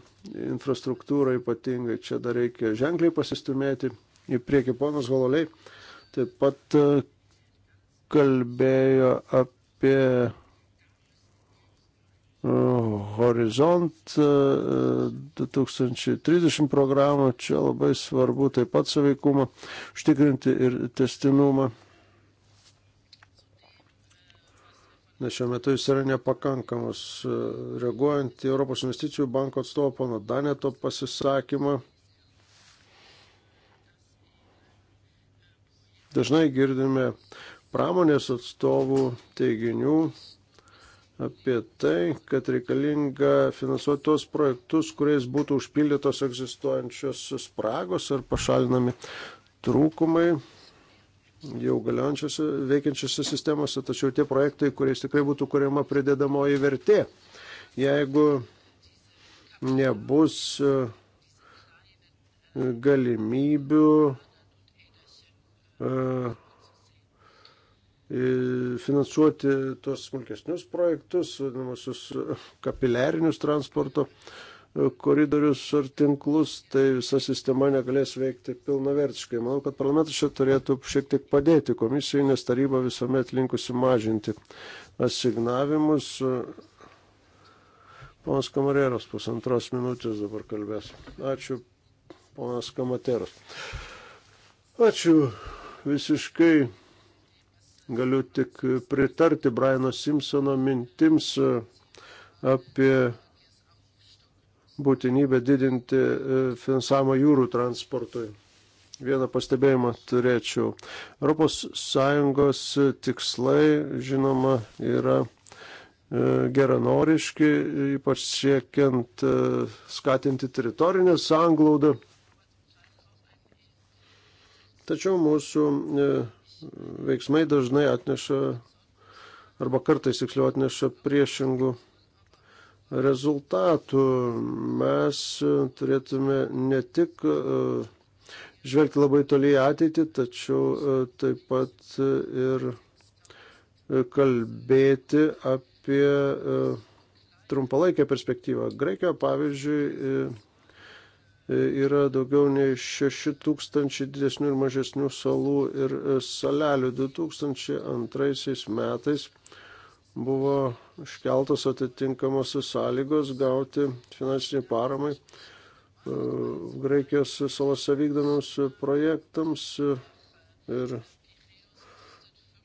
infrastruktūrą ypatingai. Čia dar reikia ženkliai pasistumėti į priekį. Ponas Hololiai taip pat e, kalbėjo apie e, Horizont 2030 e, programą. Čia labai svarbu taip pat saveikumą užtikrinti ir testinumą. nes šiuo metu jis yra nepakankamas. E, reaguojant į Europos investicijų banko atstovo pono Daneto pasisakymą, dažnai girdime pramonės atstovų teiginių apie tai, kad reikalinga finansuoti tos projektus, kuriais būtų užpildytos egzistuojančios spragos ar pašalinami trūkumai jau galiojančiose veikiančiose sistemose, tačiau tie projektai, kuriais tikrai būtų kuriama pridedamoji vertė. Jeigu nebus e, galimybių e, finansuoti tos smulkesnius projektus, vadinamosius e, kapiliarinius transporto koridorius ar tinklus, tai visa sistema negalės veikti pilnavertiškai. Manau, kad parlamentas čia turėtų šiek tiek padėti komisijai, nes taryba visuomet linkusi mažinti asignavimus. Ponas Kamarėros pusantros minutės dabar kalbės. Ačiū, ponas Kamateros. Ačiū visiškai. Galiu tik pritarti Briano Simpsono mintims apie būtinybę didinti e, finansavimą jūrų transportui. Vieną pastebėjimą turėčiau. ES tikslai, žinoma, yra e, geranoriški, ypač siekiant e, skatinti teritorinę sanglaudą. Tačiau mūsų veiksmai dažnai atneša arba kartais tiksliau atneša priešingų rezultatų. Mes turėtume ne tik e, žvelgti labai toliai ateitį, tačiau e, taip pat e, ir kalbėti apie trumpalaikę perspektyvą. Graikijoje, pavyzdžiui, yra daugiau nei 6000 didesnių ir mažesnių salų ir salelių. 2002 metais buvo iškeltos atitinkamos sąlygos gauti finansinį paramai e, Graikijos salose vykdomams projektams ir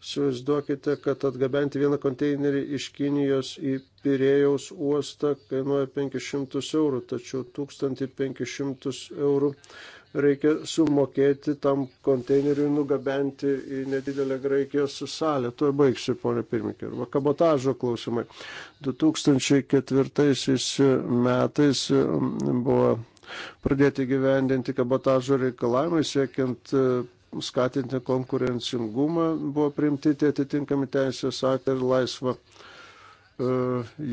Įsivaizduokite, kad atgabenti vieną konteinerį iš Kinijos į Pirėjaus uostą kainuoja 500 eurų, tačiau 1500 eurų reikia sumokėti tam konteineriui nugabenti į nedidelę Graikijos salę. Tuo baigsiu, ponė pirmininkė. Arba kabotažo klausimai. 2004 metais buvo pradėti gyvendinti kabotažo reikalavimai, siekiant e, skatinti konkurencingumą, buvo priimti tie atitinkami teisės aktai ir laisva e,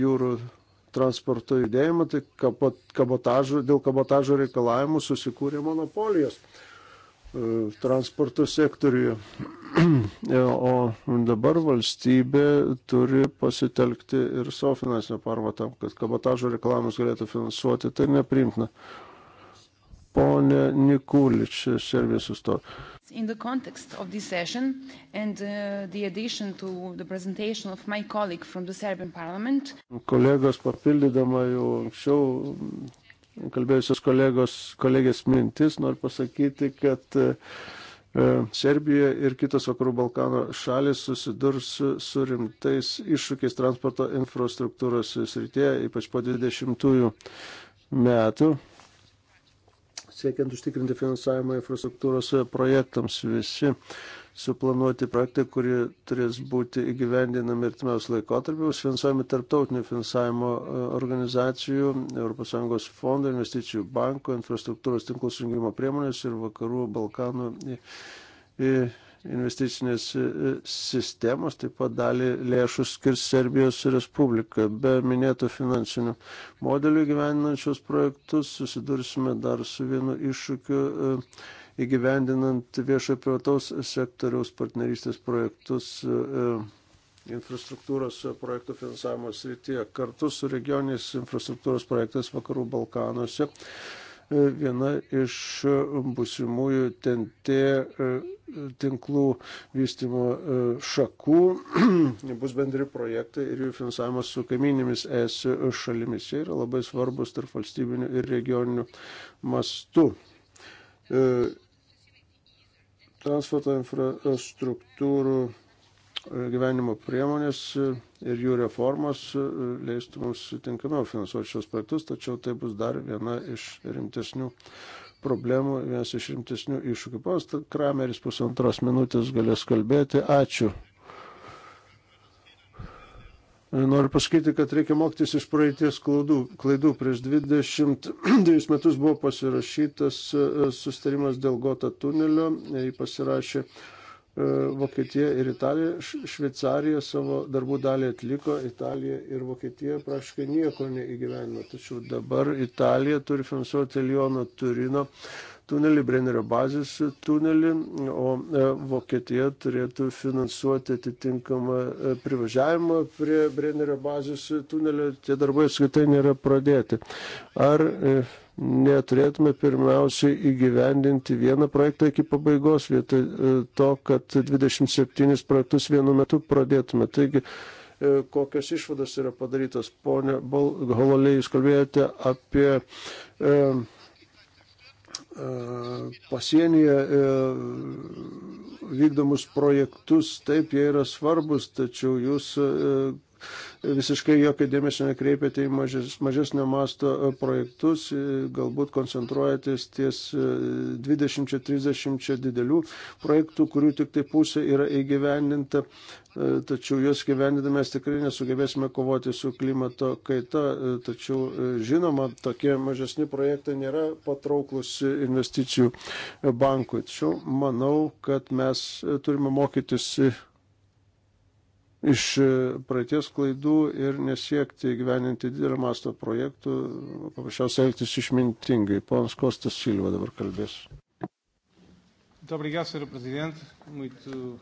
jūrų transporto judėjimą, tai kabotažo, dėl kabotažo reikalavimų susikūrė monopolijos e, transporto sektoriuje. E, o dabar valstybė turi pasitelkti ir savo finansinę paramą tam, kad kabotažo reikalavimus galėtų finansuoti. Tai neprimtina. Pone Nikulič, Serbijos istorija in the context of this session and uh, the addition to the presentation of my colleague from the Serbian Parliament. Kolegos papildydama jau anksčiau mm, kalbėjusios kolegos, kolegės mintis, noriu pasakyti, kad uh, Serbija ir kitos vakarų Balkano šalis susidurs su, su rimtais iššūkiais transporto infrastruktūros srityje, ypač po 20 metų siekiant užtikrinti finansavimą infrastruktūros projektams. Visi suplanuoti projektai, kurie turės būti įgyvendinami artimiausiu laikotarpiu, bus finansuojami tarptautinių finansavimo e, organizacijų, ES fondų, investicijų banko, infrastruktūros tinklų sujungimo priemonės ir vakarų Balkanų e, e, investicinės e, e, sistemos, taip pat dalį lėšų skirs Serbijos Respublika. Be minėto finansinių modelių gyveninančios projektus susidursime dar su vienu iššūkiu e, įgyvendinant viešo privataus sektoriaus partnerystės projektus infrastruktūros projektų finansavimo srityje kartu su regioniais infrastruktūros projektais Vakarų Balkanuose viena iš busimųjų TNT e, tinklų vystimo e, šakų bus bendri projektai ir jų finansavimas su kaiminėmis ES šalimis. Jie yra labai svarbus tarp valstybinių ir regioninių mastų. E, Transporto infrastruktūrų gyvenimo priemonės ir jų reformos leistų mums tinkamiau finansuoti šios projektus, tačiau tai bus dar viena iš rimtesnių problemų, vienas iš rimtesnių iššūkių. Pas Krameris pusantros minutės galės kalbėti. Ačiū. Noriu pasakyti, kad reikia mokytis iš praeities klaidų. klaidų. Prieš 22 metus buvo pasirašytas sustarimas dėl Gota tunelio, jį pasirašė E, Vokietija ir Italija. Šveicarija savo darbų dalį atliko, Italija ir Vokietija praktiškai nieko neįgyvenino. Tačiau dabar Italija turi finansuoti Liono Turino tunelį, Brennerio bazės tunelį, o e, Vokietija turėtų finansuoti atitinkamą e, privažiavimą prie Brennerio bazės tunelio. Tie darbai apskaitai nėra pradėti. Ar neturėtume pirmiausiai įgyvendinti vieną projektą iki pabaigos, vietoj e, to, kad 27 projektus vienu metu pradėtume. Taigi, e, kokios išvados yra padarytos. Pone Hololė, jūs kalbėjote apie e, e, pasienyje e, vykdomus projektus, taip jie yra svarbus, tačiau jūs e, visiškai jokio dėmesio nekreipiate į mažes, mažesnio masto e, projektus, e, galbūt koncentruojatės ties 20-30 e, didelių projektų, kurių tik tai pusė yra įgyvendinta, tačiau juos gyvendinami mes tikrai nesugebėsime kovoti su klimato kaita, tačiau žinoma, tokie mažesni projektai nėra patrauklus investicijų bankui. Tačiau manau, kad mes turime mokytis iš e, praeities klaidų ir nesiekti gyveninti didelio masto projektų, paprasčiausiai elgtis išmintingai. Ponas Kostas Silva dabar kalbės. Obrigado, senhor presidente. Muito.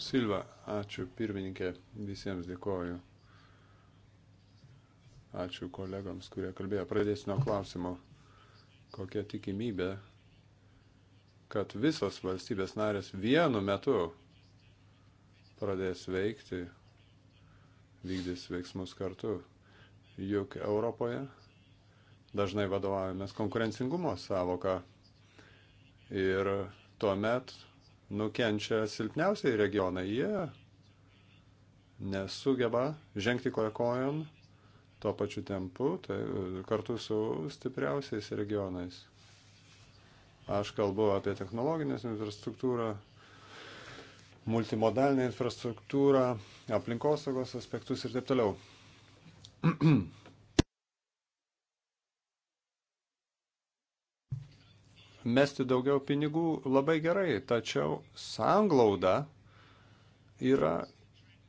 Silva, ačiū pirmininkė, visiems dėkoju. Ačiū kolegams, kurie kalbėjo. Pradėsiu nuo klausimo, kokia tikimybė, kad visos valstybės narės vienu metu pradės veikti, vykdys veiksmus kartu. Juk Europoje dažnai vadovaujamės konkurencingumo savoką ir tuomet nukenčia silpniausiai regionai. Jie nesugeba žengti koja kojon tuo pačiu tempu, tai kartu su stipriausiais regionais. Aš kalbu apie technologinės infrastruktūrą, multimodalinę infrastruktūrą, aplinkosaugos aspektus ir taip toliau. mesti daugiau pinigų labai gerai, tačiau sanglauda yra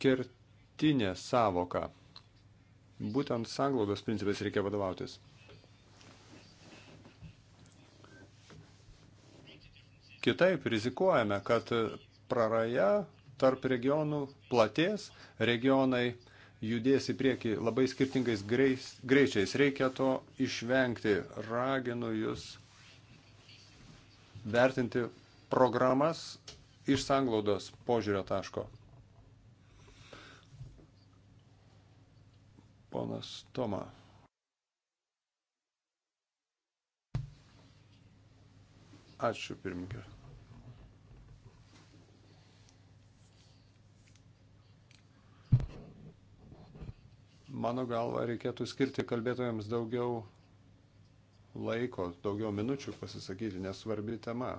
kertinė savoka. Būtent sanglaudos principais reikia vadovautis. Kitaip rizikuojame, kad praraja tarp regionų platės, regionai judės į priekį labai skirtingais greis, greičiais. Reikia to išvengti. Raginu jūs vertinti programas iš sanglaudos požiūrio taško. Ponas Toma. Ačiū pirmininkė. Mano galva, reikėtų skirti kalbėtojams daugiau laiko, daugiau minučių pasisakyti, nes svarbi tema.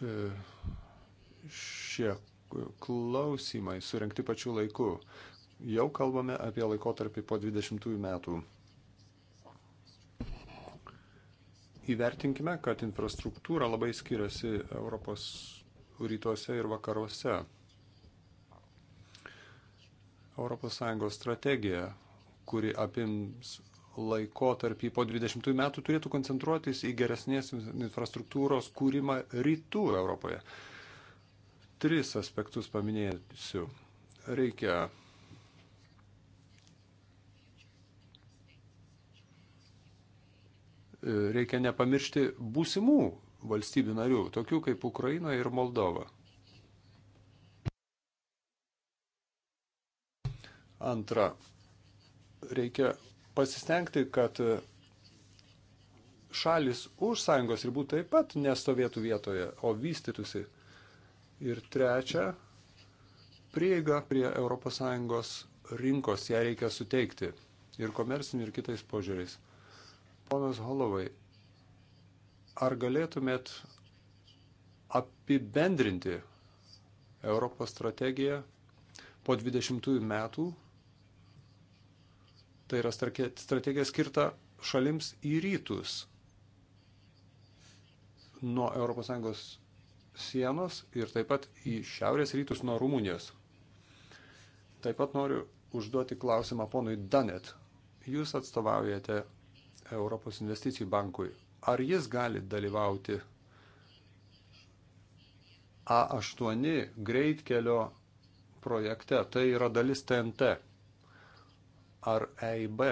E, šie klausimai surinkti pačiu laiku. Jau kalbame apie laikotarpį po 20 metų. Įvertinkime, kad infrastruktūra labai skiriasi Europos rytuose ir vakaruose. ES strategija, kuri apims laikotarpį po 20 metų, turėtų koncentruotis į geresnės infrastruktūros kūrimą rytų Europoje. Tris aspektus paminėsiu. Reikia reikia nepamiršti būsimų valstybių narių, tokių kaip Ukraina ir Moldova. Antra, reikia pasistengti, kad šalis už sąjungos ribų taip pat nestovėtų vietoje, o vystytųsi. Ir trečia, prieiga prie ES rinkos ją reikia suteikti ir komerciniu, ir kitais požiūriais. Ponas Holovai Ar galėtumėt apibendrinti Europos strategiją po 20 metų? Tai yra strategija skirta šalims į rytus nuo ES sienos ir taip pat į šiaurės rytus nuo Rumunijos. Taip pat noriu užduoti klausimą ponui Danet. Jūs atstovaujate Europos investicijų bankui ar jis gali dalyvauti A8 greitkelio projekte, tai yra dalis TNT. Ar EIB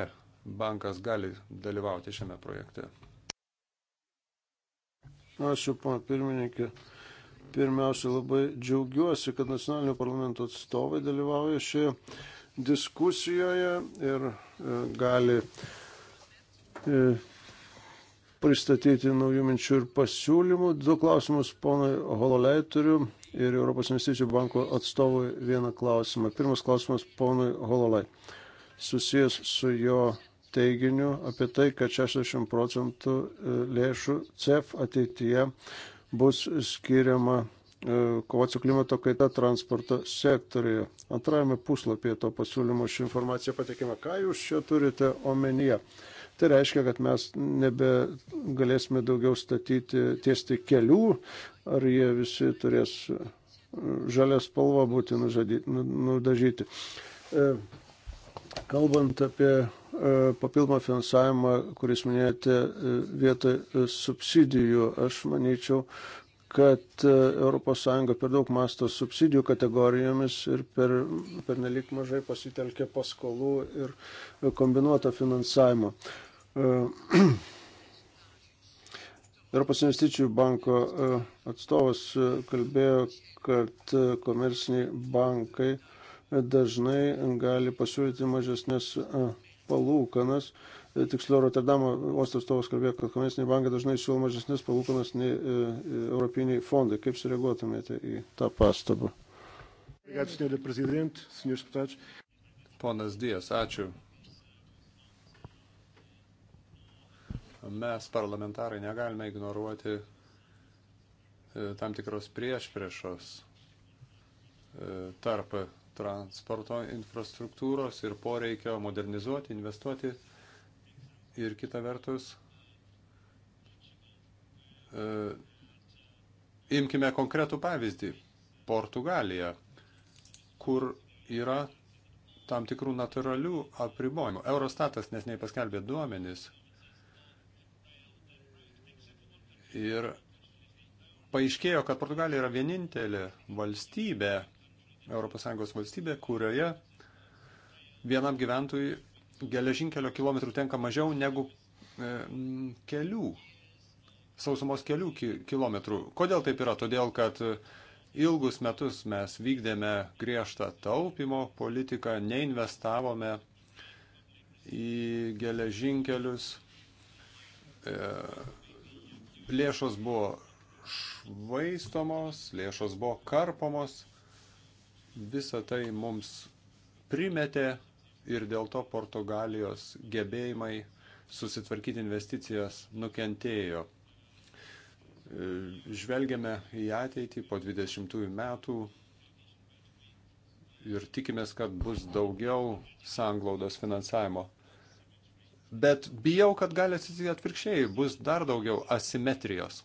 bankas gali dalyvauti šiame projekte? Ačiū, pana pirmininkė. Pirmiausia, labai džiaugiuosi, kad nacionalinio parlamento atstovai dalyvauja šioje diskusijoje ir e, gali e, pristatyti naujų minčių ir pasiūlymų. Du klausimus ponui Hololei turiu ir Europos investicijų banko atstovui vieną klausimą. Pirmas klausimas ponui Hololei susijęs su jo teiginiu apie tai, kad 60 procentų e, lėšų CEF ateityje bus skiriama e, kovot su klimato kaita transporto sektoriuje. Antrajame puslapyje to pasiūlymo ši informacija patikima. Ką jūs čia turite omenyje? Tai reiškia, kad mes nebegalėsime daugiau statyti, tiesti kelių, ar jie visi turės uh, žalę spalvą būti nu, nudažyti. E, kalbant apie e, papildomą finansavimą, kuris minėjote e, vietoj subsidijų, aš manyčiau, kad ES per daug masto subsidijų kategorijomis ir per, per nelik mažai pasitelkė paskolų ir kombinuoto finansavimo. Europos investicijų banko e, atstovas e, kalbėjo, kad e, komerciniai bankai dažnai gali pasiūlyti mažesnės palūkanas. Tiksliau, Rotterdamo uosto atstovas kalbėjo, kad komerciniai bankai dažnai siūlo mažesnės palūkanas nei europiniai fondai. Kaip sureaguotumėte į tą pastabą? Ponas Dijas, ačiū. mes parlamentarai negalime ignoruoti e, tam tikros priešpriešos e, tarp transporto infrastruktūros ir poreikio modernizuoti, investuoti ir kita vertus e, imkime konkretų pavyzdį - Portugalija, kur yra tam tikrų natūralių apribojimų. Eurostatas nesnei paskelbė duomenis, Ir paaiškėjo, kad Portugalija yra vienintelė valstybė, ES valstybė, kurioje vienam gyventojui geležinkelio kilometrų tenka mažiau negu e, kelių, sausumos kelių ki kilometrų. Kodėl taip yra? Todėl, kad ilgus metus mes vykdėme griežtą taupimo politiką, neinvestavome į geležinkelius. E, lėšos buvo švaistomos, lėšos buvo karpomos, visa tai mums primetė ir dėl to Portugalijos gebėjimai susitvarkyti investicijas nukentėjo. Žvelgiame į ateitį po 20 metų ir tikimės, kad bus daugiau sanglaudos finansavimo bet bijau, kad gali atsitikti atvirkščiai, bus dar daugiau asimetrijos.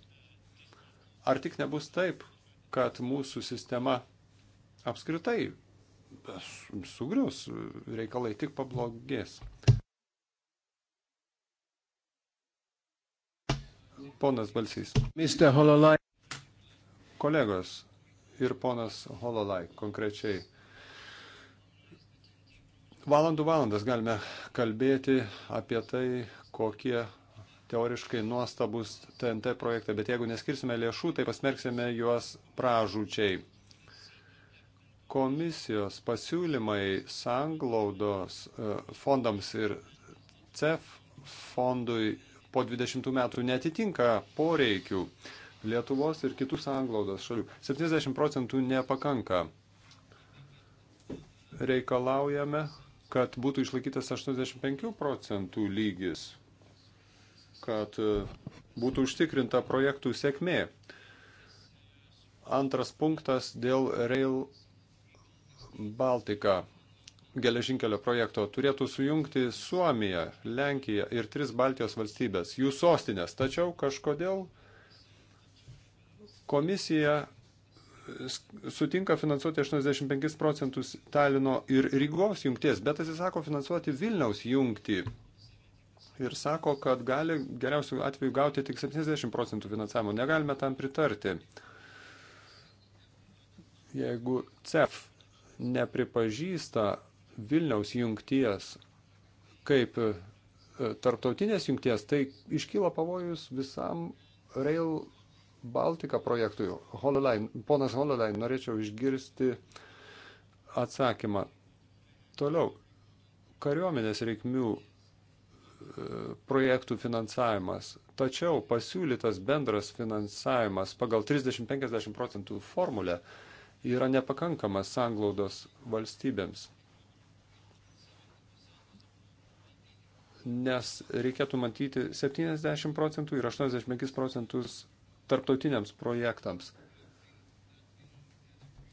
Ar tik nebus taip, kad mūsų sistema apskritai sugrius, reikalai tik pablogės. Ponas Balsys. Mr. Hololai. Kolegos ir ponas Hololai konkrečiai Valandų valandas galime kalbėti apie tai, kokie teoriškai nuostabus TNT projektai, bet jeigu neskirsime lėšų, tai pasmerksime juos pražūčiai. Komisijos pasiūlymai sanglaudos e, fondams ir CEF fondui po 20 metų netitinka poreikių Lietuvos ir kitų sanglaudos šalių. 70 procentų nepakanka reikalaujame kad būtų išlaikytas 85 procentų lygis, kad e, būtų užtikrinta projektų sėkmė. Antras punktas dėl Rail Baltica geležinkelio projekto turėtų sujungti Suomiją, Lenkiją ir tris Baltijos valstybės, jų sostinės. Tačiau kažkodėl komisija sutinka finansuoti 85 procentus Talino ir Rygos jungties, bet atsisako finansuoti Vilniaus jungtį. Ir sako, kad gali geriausių atveju gauti tik 70 procentų finansavimo. Negalime tam pritarti. Jeigu CEF nepripažįsta Vilniaus jungties kaip e, tarptautinės jungties, tai iškyla pavojus visam Rail Baltika projektui. Hololain, ponas Hololain, norėčiau išgirsti atsakymą. Toliau, kariuomenės reikmių e, projektų finansavimas. Tačiau pasiūlytas bendras finansavimas pagal 30-50 procentų formulę yra nepakankamas sanglaudos valstybėms. Nes reikėtų matyti 70 procentų ir 85 procentus tarptautiniams projektams.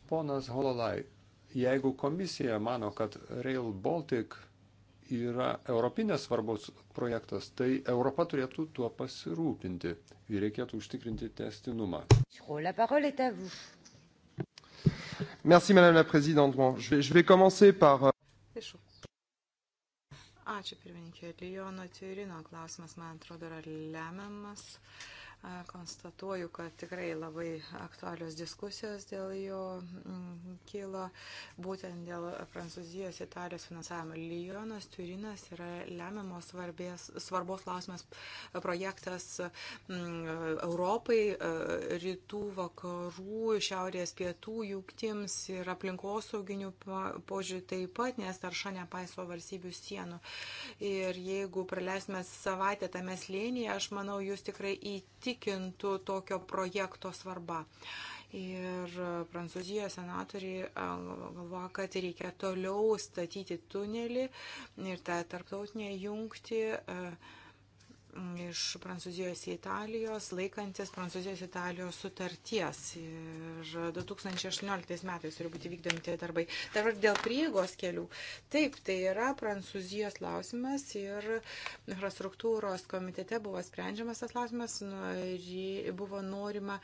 Ponas Hololai, jeigu komisija mano, kad Rail Baltic yra europinės svarbos projektas, tai Europa turėtų tuo pasirūpinti ir reikėtų užtikrinti testinumą. Merci, Madame la Présidente. Bon, je, vais, je vais commencer par. Euh, Ačiū pirmininkė. Lijono Tyrino klausimas, man atrodo, yra lemiamas. Uh, Konstatuoju, kad tikrai labai aktualios diskusijos dėl jo mm, kilo, būtent dėl Prancūzijos, Italijos finansavimo. Lyonas, Turinas yra lemiamos svarbės, svarbos klausimas projektas m, mm, Europai, e, rytų, vakarų, šiaurės, pietų jungtims ir aplinkosauginių požiūrį taip pat, nes tarša nepaiso valstybių sienų. Ir jeigu praleisime savaitę tame slėnyje, aš manau, jūs tikrai įtikinsite įtikintų tokio projekto svarba. Ir Prancūzijos senatoriai galvoja, kad reikia toliau statyti tunelį ir tą tarptautinę jungtį. Uh, iš Prancūzijos į Italijos, laikantis Prancūzijos-Italijos sutarties. Ir 2018 metais turi būti vykdomi tie darbai. Dabar dėl priegos kelių. Taip, tai yra Prancūzijos klausimas ir infrastruktūros komitete buvo sprendžiamas tas klausimas, buvo norima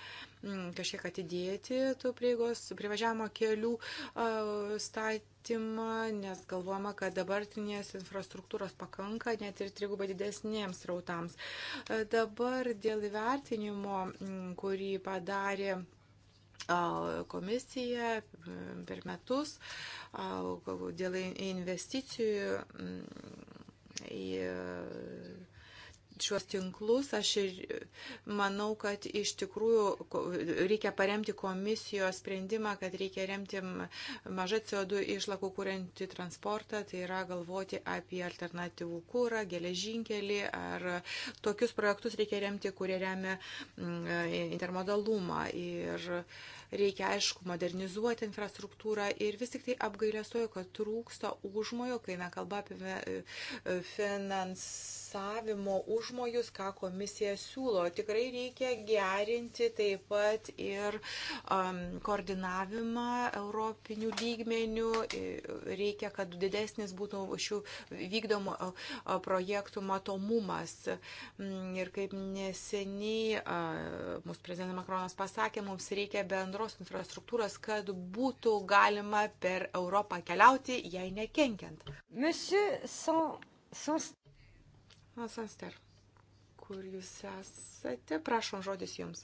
mm, kažkiek atidėti tų priegos privažiavimo kelių statymą pakeitimą, nes galvojama, kad dabartinės infrastruktūros pakanka net ir trigubai didesniems rautams. E, dabar dėl įvertinimo, kurį padarė komisija per metus dėl investicijų į šiuos tinklus, aš ir manau, kad iš tikrųjų reikia paremti komisijos sprendimą, kad reikia remti mažą CO2 išlakų kūrenti transportą, tai yra galvoti apie alternatyvų kūrą, geležinkelį ar tokius projektus reikia remti, kurie remia intermodalumą. Ir reikia, aišku, modernizuoti infrastruktūrą ir vis tik tai apgailėstoju, kad trūksta užmojo, kai nekalba apie e, e, finans kompensavimo užmojus, ką komisija siūlo. Tikrai reikia gerinti taip pat ir um, koordinavimą europinių lygmenių. Reikia, kad didesnis būtų šių vykdomų projektų matomumas. Mm, ir kaip neseniai uh, mūsų prezidentas Makronas pasakė, mums reikia bendros infrastruktūros, kad būtų galima per Europą keliauti, jei nekenkiant. Monsieur sans, sans... Asanster, kur jūs esate, prašom žodis jums.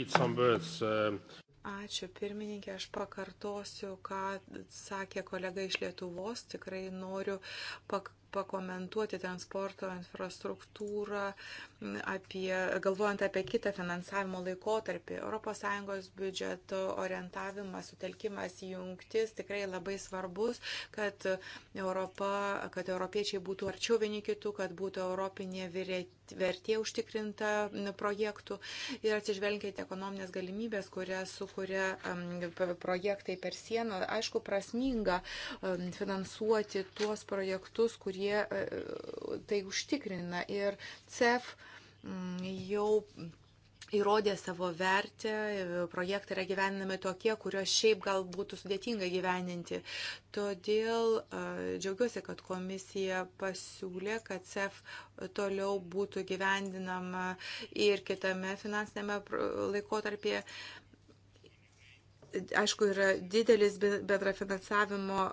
Uh, Ačiū pirmininkė, aš pakartosiu, ką sakė kolega iš Lietuvos, tikrai noriu pakartoti pakomentuoti transporto infrastruktūrą, apie, galvojant apie kitą finansavimo laikotarpį. ES biudžeto orientavimas, sutelkimas į jungtis tikrai labai svarbus, kad, Europa, kad europiečiai būtų arčiau vieni kitų, kad būtų europinė vertė užtikrinta projektų ir atsižvelgiant ekonominės galimybės, kurias sukuria projektai per sieną. Aišku, prasminga finansuoti tuos projektus, kurie jie e, tai užtikrina. Ir CEF mm, jau įrodė savo vertę, projektai yra gyvenami tokie, kuriuos šiaip gal būtų sudėtinga gyveninti. Todėl e, džiaugiuosi, kad komisija pasiūlė, kad CEF toliau būtų gyvendinama ir kitame finansinėme laikotarpėje aišku, yra didelis bendrafinansavimo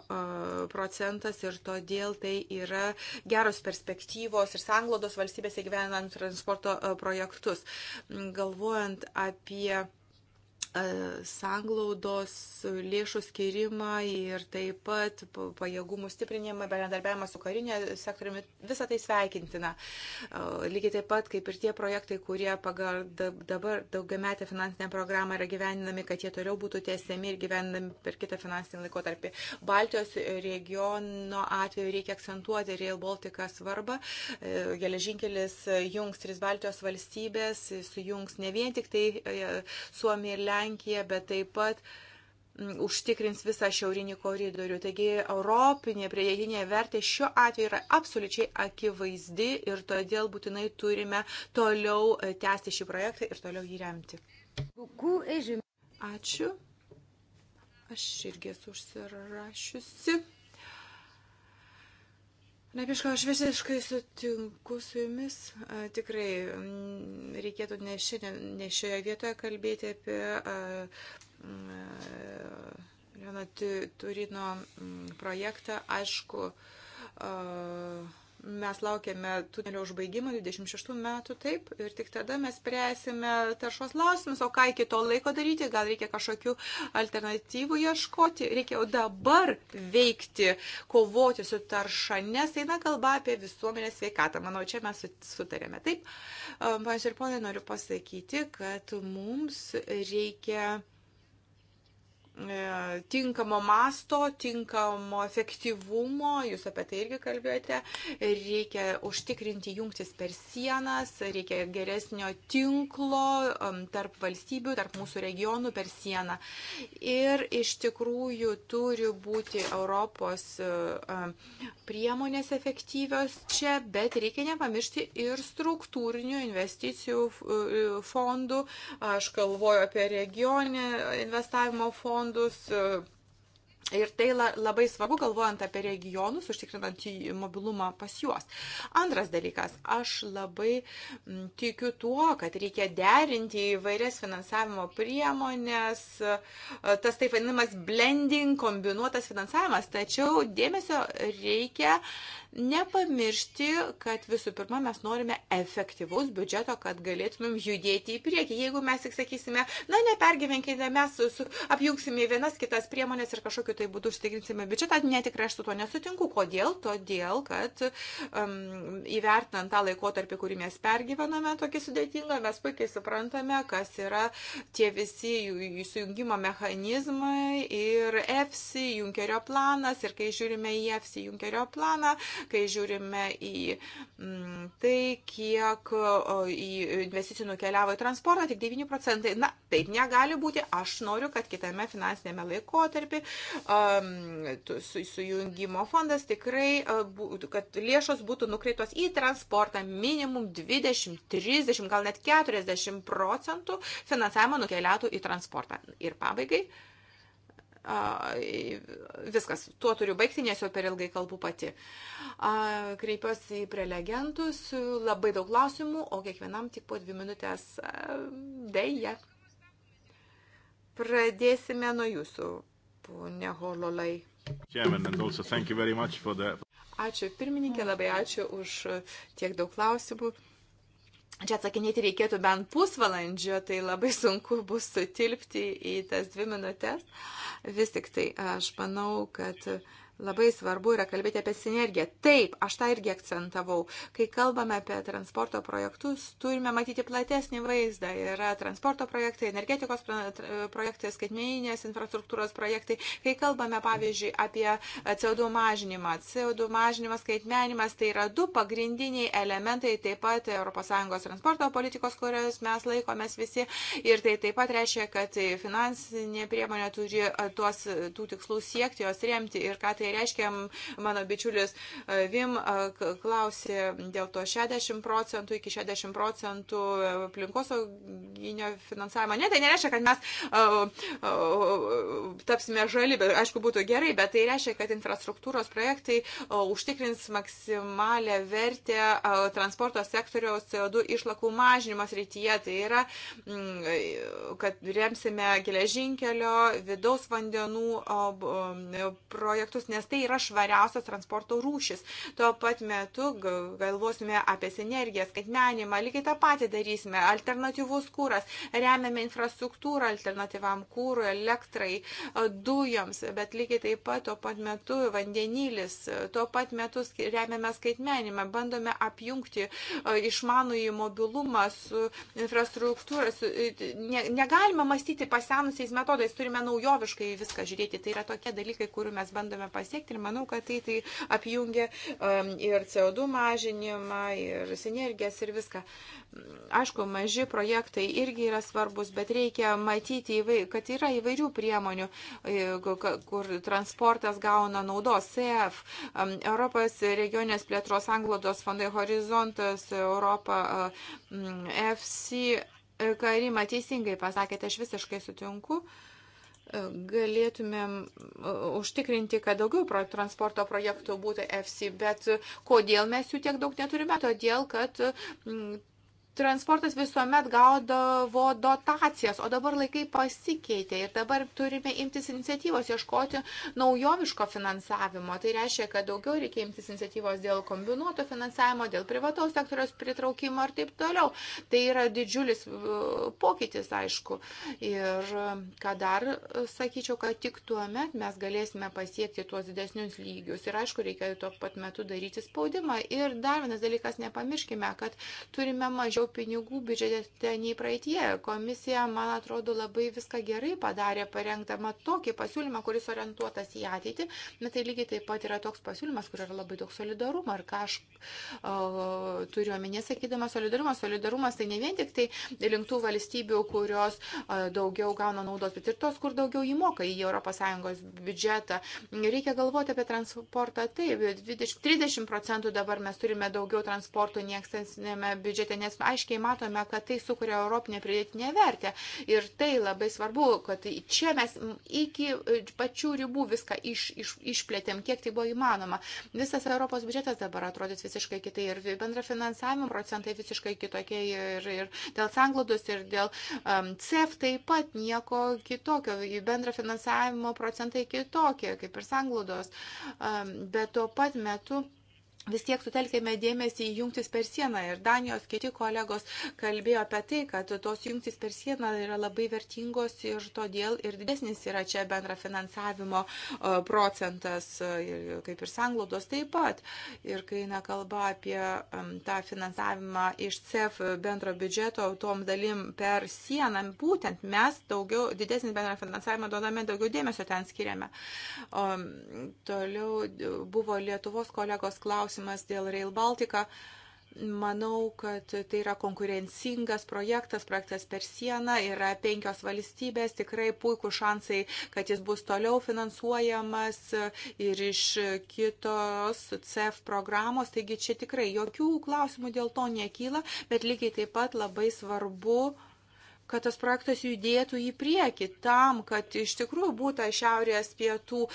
procentas ir todėl tai yra geros perspektyvos ir sanglodos valstybėse gyvenant transporto projektus. Galvojant apie E, sanglaudos lėšų skirimą ir taip pat pajėgumų stiprinimą, bendradarbiavimą su karinė sektoriumi, visą tai sveikintina. E, lygiai taip pat kaip ir tie projektai, kurie pagal dabar daugiametę finansinę programą yra gyveninami, kad jie toliau būtų tiesiami ir gyveninami per kitą finansinį laikotarpį. Baltijos regiono atveju reikia akcentuoti Rail Baltica svarbą. E, geležinkelis jungs tris Baltijos valstybės, sujungs ne vien tik tai Suomiją ir Lenkiją, Lenkiją, bet taip pat mm, užtikrins visą šiaurinį koridorių. Taigi europinė prieidinė vertė šiuo atveju yra absoliučiai akivaizdi ir todėl būtinai turime toliau e, tęsti šį projektą ir toliau jį remti. Ačiū. Aš irgi esu užsirašiusi. Nepiško, aš visiškai sutinku su jumis. A, tikrai m, mm, reikėtų ne, šiandien, ne šioje vietoje kalbėti apie a, mm, a, Leono Turino mm, projektą. Aišku, a, Mes laukiame tunelio užbaigimo 26 metų, taip, ir tik tada mes spręsime taršos klausimus, o ką iki to laiko daryti, gal reikia kažkokių alternatyvų ieškoti, reikia jau dabar veikti, kovoti su tarša, nes eina kalba apie visuomenės sveikatą. Manau, čia mes sutarėme. Taip, e, pažiūrėjau, ponai, noriu pasakyti, kad mums reikia E, tinkamo masto, tinkamo efektyvumo, jūs apie tai irgi kalbėjote, reikia užtikrinti jungtis per sienas, reikia geresnio tinklo um, tarp valstybių, tarp mūsų regionų per sieną. Ir iš tikrųjų turi būti Europos e, e, priemonės efektyvios čia, bet reikia nepamiršti ir struktūrinių investicijų fondų. Aš kalvoju apie regionį investavimo fondų fondus. Ir tai labai svarbu, galvojant apie regionus, užtikrinant jų mobilumą pas juos. Antras dalykas, aš labai tikiu tuo, kad reikia derinti įvairias finansavimo priemonės, e, tas taip vadinamas blending, kombinuotas finansavimas, tačiau dėmesio reikia uh, Nepamiršti, kad visų pirma mes norime efektyvaus biudžeto, kad galėtumėm judėti į priekį. Jeigu mes tik sakysime, na nepergyvenkite, mes su, su, apjungsime vienas kitas priemonės ir kažkokiu tai būdu užtikrinsime biudžetą, netikrai aš su to nesutinku. Kodėl? Todėl, kad um, įvertinant tą laikotarpį, kurį mes pergyvename, tokį sudėtingą, mes puikiai suprantame, kas yra tie visi jų sujungimo mechanizmai ir EFSI, Junkerio planas. Ir kai žiūrime į EFSI, Junkerio planą, kai žiūrime į mm, tai, kiek į investicijų nukeliavo į transportą, tik 9 procentai. Na, taip negali būti. Aš noriu, kad kitame finansinėme laikotarpį um, su, sujungimo fondas tikrai, kad lėšos būtų nukreitos į transportą minimum 20, 30, gal net 40 procentų finansavimo nukeliatų į transportą. Ir pabaigai viskas, tuo turiu baigti, nes jau per ilgai kalbu pati. Kreipiuosi į prelegentus, labai daug klausimų, o kiekvienam tik po dvi minutės dėja. Pradėsime nuo jūsų, ponė Hololai. Ačiū pirmininkė, labai ačiū už tiek daug klausimų. Čia atsakinėti reikėtų bent pusvalandžio, tai labai sunku bus sutilpti į tas dvi minutės. Vis tik tai aš manau, kad uh, Labai svarbu yra kalbėti apie sinergiją. Taip, aš tą irgi akcentavau. Kai kalbame apie transporto projektus, turime matyti platesnį vaizdą. Yra transporto projektai, energetikos projektai, skaitmeninės infrastruktūros projektai. Kai kalbame, pavyzdžiui, apie CO2 mažinimą, CO2 mažinimas, skaitmenimas, tai yra du pagrindiniai elementai taip pat ES transporto politikos, kurios mes laikomės visi. Ir tai taip pat reiškia, kad finansinė priemonė turi tuos, tų tikslų siekti, jos remti ir ką tai reiškia, mano bičiulis e, Vim e, klausė dėl to 60 procentų iki 60 procentų aplinkosauginio finansavimo. Ne, tai nereiškia, kad mes uh, uh, tapsime žali, bet aišku būtų gerai, bet tai reiškia, kad infrastruktūros projektai uh, užtikrins maksimalę vertę uh, transporto sektoriaus CO2 išlakų mažinimas rytyje. Tai yra, mm, kad remsime geležinkelio, vidaus vandenų uh, projektus, nes nes tai yra švariausias transporto rūšis. Tuo pat metu galvosime apie sinergiją, skaitmenimą, lygiai tą patį darysime. Alternatyvus kūras, remiame infrastruktūrą alternatyvam kūrui, elektrai, dujoms, bet lygiai taip pat tuo pat metu vandenilis, tuo pat metu remiame skaitmenimą, bandome apjungti išmanųjį mobilumą su infrastruktūra. Su, ne, negalima mąstyti pasenusiais metodais, turime naujoviškai viską žiūrėti. Tai yra tokie dalykai, kurių mes bandome pasiekti pasiekti ir manau, kad tai, tai apjungia um, ir CO2 mažinimą, ir sinergijas, ir viską. Aišku, maži projektai irgi yra svarbus, bet reikia matyti, kad yra įvairių priemonių, e, kur transportas gauna naudos. CF, um, Europos regionės plėtros anglodos fondai Horizontas, Europa, uh, mm, FC. E, Karima, teisingai pasakėte, aš visiškai sutinku. Uh, galėtumėm e, užtikrinti, kad daugiau transporto projektų būtų EFSI, bet kodėl mes jų tiek daug neturime? Todėl, kad transportas visuomet gaudavo dotacijas, o dabar laikai pasikeitė ir dabar turime imtis iniciatyvos, ieškoti naujoviško finansavimo. Tai reiškia, kad daugiau reikia imtis iniciatyvos dėl kombinuoto finansavimo, dėl privataus sektoriaus pritraukimo ir taip toliau. Tai yra didžiulis uh, pokytis, aišku. Ir um, ką dar uh, sakyčiau, kad tik tuo met mes galėsime pasiekti tuos didesnius lygius. Ir aišku, reikia tuo pat metu daryti spaudimą. Ir dar vienas dalykas, nepamirškime, kad turime mažiau pinigų biudžete nei praeitie. Komisija, man atrodo, labai viską gerai padarė, parengdama tokį pasiūlymą, kuris orientuotas į ateitį. Bet tai lygiai taip pat yra toks pasiūlymas, kur yra labai daug solidarumo. Ir ką aš o, turiu omenyje, sakydama solidarumą, solidarumas tai ne vien tik tai linktų valstybių, kurios o, daugiau gauna naudos, bet ir tos, kur daugiau įmoka į ES biudžetą. Reikia galvoti apie transportą. Taip, 20, 30 procentų dabar mes turime daugiau transporto nei ankstesnėme biudžete, nes aiškiai matome, kad tai sukuria Europinę pridėtinę vertę. Ir tai labai svarbu, kad čia mes iki pačių ribų viską iš, iš, išplėtėm, kiek tai buvo įmanoma. Visas Europos biudžetas dabar atrodys visiškai kitai ir bendra finansavimo procentai visiškai kitokie ir, ir dėl sanglodus ir dėl um, CEF taip pat nieko kitokio. Bendra finansavimo procentai kitokie, kaip ir sanglaudos. Um, bet tuo pat metu vis tiek sutelkėme dėmesį į jungtis per sieną ir Danijos kiti kolegos kalbėjo apie tai, kad tos jungtis per sieną yra labai vertingos ir todėl ir didesnis yra čia bendra finansavimo e, procentas, e, kaip ir sanglaudos taip pat. Ir kai eina kalba apie tą finansavimą iš CEF bendro biudžeto tom dalim per sieną, būtent mes daugiau, didesnį bendrą finansavimą duodame, daugiau dėmesio ten skiriame. O, toliau buvo Lietuvos kolegos klausimas klausimas dėl Rail Baltica. Manau, kad tai yra konkurencingas projektas, projektas per sieną, yra penkios valstybės, tikrai puikų šansai, kad jis bus toliau finansuojamas ir iš kitos CEF programos. Taigi čia tikrai jokių klausimų dėl to nekyla, bet lygiai taip pat labai svarbu uh, kad tas projektas judėtų į priekį tam, kad iš tikrųjų būtų šiaurės pietų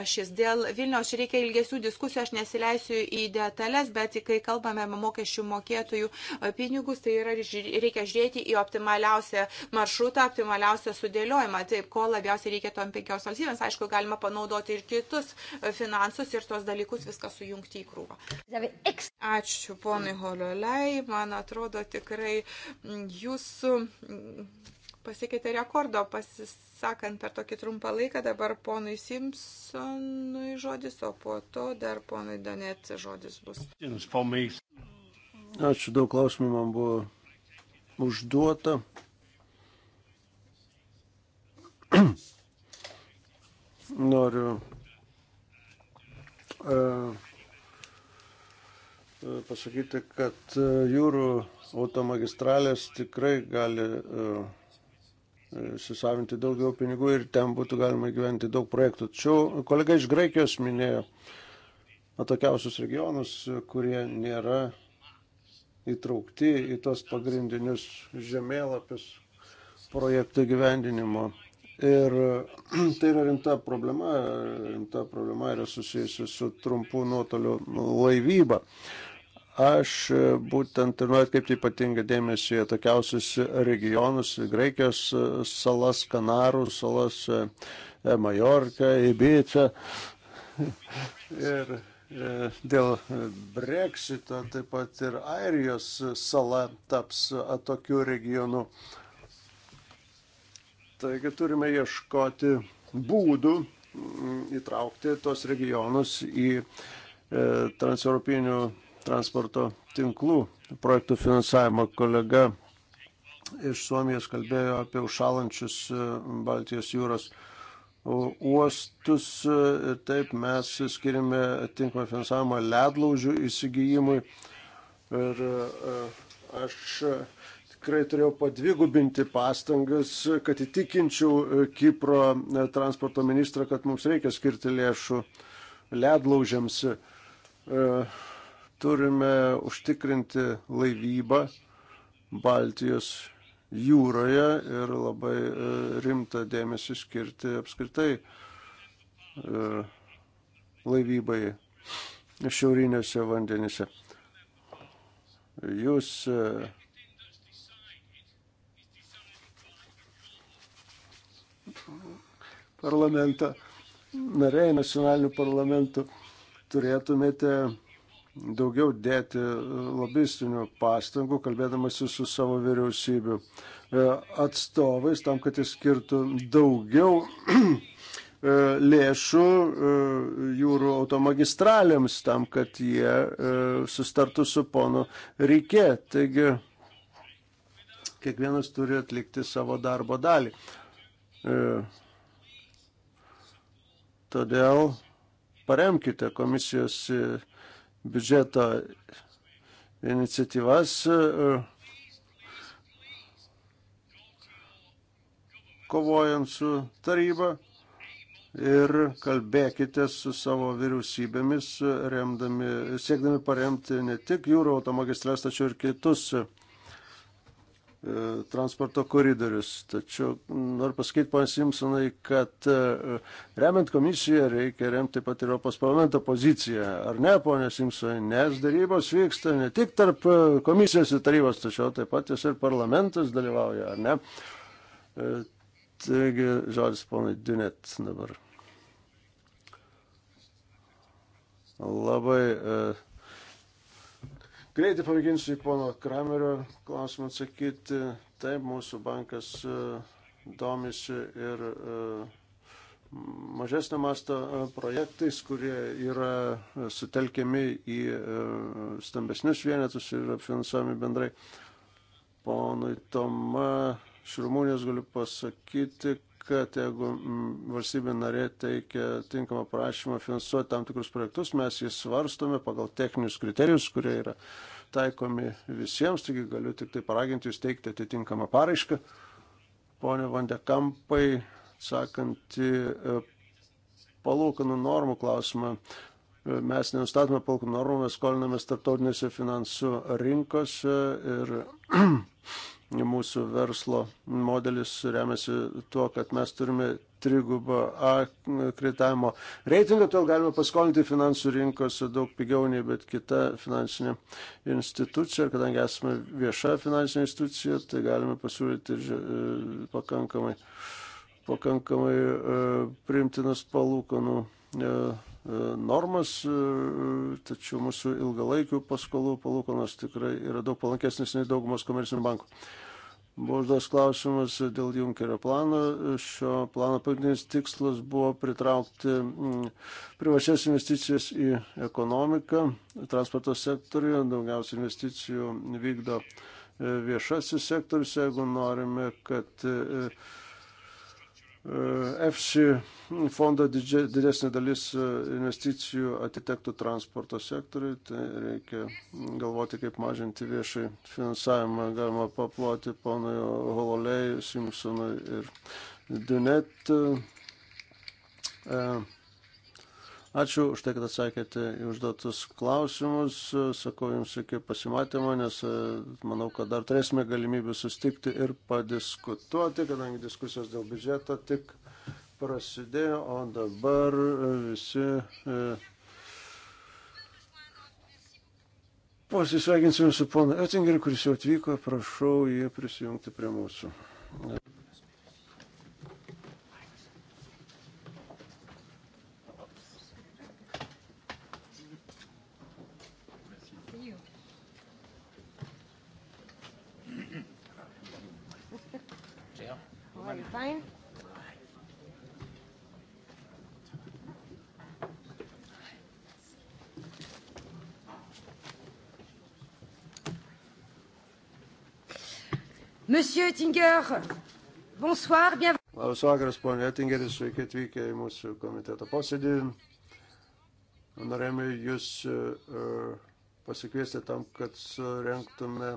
ašis. Dėl Vilniaus reikia ilgesių diskusijų, aš nesileisiu į detalės, bet kai kalbame mokesčių mokėtojų pinigus, tai yra, reikia žiūrėti į optimaliausią maršrutą, optimaliausią sudėliojimą. Taip, ko labiausiai reikia tom penkioms valstybėms, aišku, galima panaudoti ir kitus finansus ir tos dalykus viską sujungti į krūvą. Ačiū ponui Holiolei, man atrodo tikrai jūsų pasiekėte rekordo, pasisakant per tokį trumpą laiką, dabar ponui Simpsonui žodis, o po to dar ponui Donet žodis bus. Ačiū, daug klausimų man buvo užduota. Noriu uh, pasakyti, kad e, jūrų automagistralės tikrai gali e, e, susavinti daugiau pinigų ir ten būtų galima gyventi daug projektų. Tačiau kolega iš Graikijos minėjo atokiausius regionus, kurie nėra įtraukti į tos pagrindinius žemėlapius projektų gyvendinimo. Ir tai yra rimta problema, rimta problema yra susijusi su trumpų nuotolių laivyba. Aš e, būtent ir noriu atkreipti ypatingą dėmesį į atokiausius regionus - Graikijos e, salas, Kanarų salas, e, Majorką, Ibica. Ir dėl Brexito taip pat ir Airijos sala taps atokių regionų. Taigi turime ieškoti būdų įtraukti tos regionus į transeuropinių transporto tinklų projektų finansavimo. Kolega iš Suomijos kalbėjo apie užšalančius e, Baltijos jūros uostus. E, taip mes skiriame tinkamą finansavimą ledlaužių įsigijimui. Ir e, aš tikrai turėjau padvigubinti pastangas, kad įtikinčiau Kipro transporto ministrą, kad mums reikia skirti lėšų ledlaužiams. Uh, turime užtikrinti laivybą Baltijos jūroje ir labai e, rimtą dėmesį skirti apskritai e, laivybai šiaurinėse vandenyse. Jūs e, parlamento nariai nacionalinių parlamentų turėtumėte daugiau dėti e, lobistinių pastangų, kalbėdamasi su savo vyriausybių e, atstovais, tam, kad jis skirtų daugiau e, lėšų jūrų automagistralėms, tam, kad jie sustartų su ponu Rykė. Taigi, kiekvienas turi atlikti savo darbo dalį. Todėl paremkite komisijos biudžeto iniciatyvas. E, kovojant su taryba ir kalbėkite su savo vyriausybėmis, remdami, siekdami paremti ne tik jūro automagistrės, tačiau ir kitus E, transporto koridorius. Tačiau noriu pasakyti, pan Simpsonai, kad e, remiant komisiją reikia remti taip pat ir Europos parlamento poziciją. Ar ne, ponė Simpsonai, nes darybos vyksta ne tik tarp e, komisijos ir tarybos, tačiau taip pat jis ir parlamentas dalyvauja, ar ne? Taigi, žodis ponai Dunet dabar. Labai uh, Greitai pamėginsiu į pono Kramerio klausimą atsakyti. Taip, mūsų bankas e, domisi ir e, mažesnio masto e, projektais, kurie yra sutelkiami į stambesnius vienetus ir finansuojami bendrai. Ponui Toma iš Rumunijos galiu pasakyti, kad jeigu mm, valstybė narė teikia tinkamą prašymą finansuoti tam tikrus projektus, mes jį svarstome pagal techninius kriterijus, kurie yra taikomi visiems, taigi galiu tik tai paraginti jūs teikti atitinkamą paraišką. Pone Vandekampai, sakant, e, palūkanų normų klausimą, e, mes nenustatome palūkanų normų, mes skolinamės tarptautinėse finansų rinkose ir mūsų verslo modelis remiasi tuo, kad mes turime trigubą A kreditavimo reitingą, todėl galime paskolinti finansų rinkose daug pigiau nei bet kita finansinė institucija. Kadangi esame vieša finansinė institucija, tai galime pasiūlyti e, pakankamai, pakankamai e, priimtinas palūkanų. Nu, E, normas, e, tačiau mūsų ilgalaikių paskolų palūkanos tikrai yra daug palankesnis nei daugumos komercinių bankų. Buvo užduos klausimas dėl Junkerio plano. Šio plano pagrindinis tikslas buvo pritraukti privačias investicijas į ekonomiką, transporto sektoriuje, daugiausiai investicijų vykdo e, viešasis sektorius, jeigu norime, kad EFSI fondo didesnė dalis e, investicijų atitektų transporto sektoriui, tai reikia galvoti, kaip mažinti viešai finansavimą. Galima paploti ponui Hololei, Simpsonui ir Dunet. E, Ačiū už tai, kad atsakėte į užduotus klausimus. Sakau Jums iki pasimatymo, nes e, manau, kad dar turėsime galimybę sustikti ir padiskutuoti, kadangi diskusijos dėl biudžeto tik prasidėjo, o dabar e, visi e, pasisveikinsime su ponu Ettingeriu, kuris jau atvyko. Prašau jį prisijungti prie mūsų. sein. Monsieur Tinger, bonsoir, bienvenue. Labas vakaras, ponė Ettingeris, sveiki atvykę į mūsų komiteto posėdį. Norėjome jūs e, e, pasikviesti tam, kad surenktume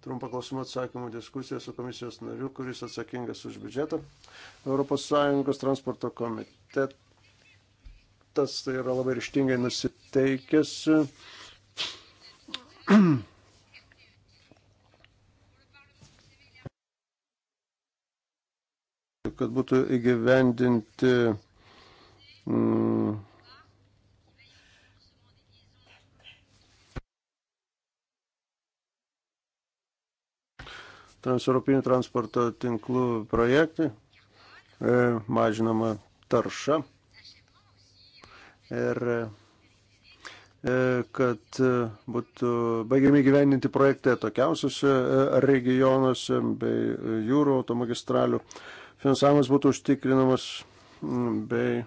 trumpą klausimą atsakymų diskusiją su komisijos nariu, kuris atsakingas už biudžetą. ES transporto komitetas tai yra labai ryštingai nusiteikęs. kad būtų įgyvendinti mm, transeuropinių transporto tinklų projektai, e, mažinama tarša ir e, kad būtų baigiami gyveninti projektai tokiausiuose e, regionuose bei jūrų automagistralių finansavimas būtų užtikrinamas bei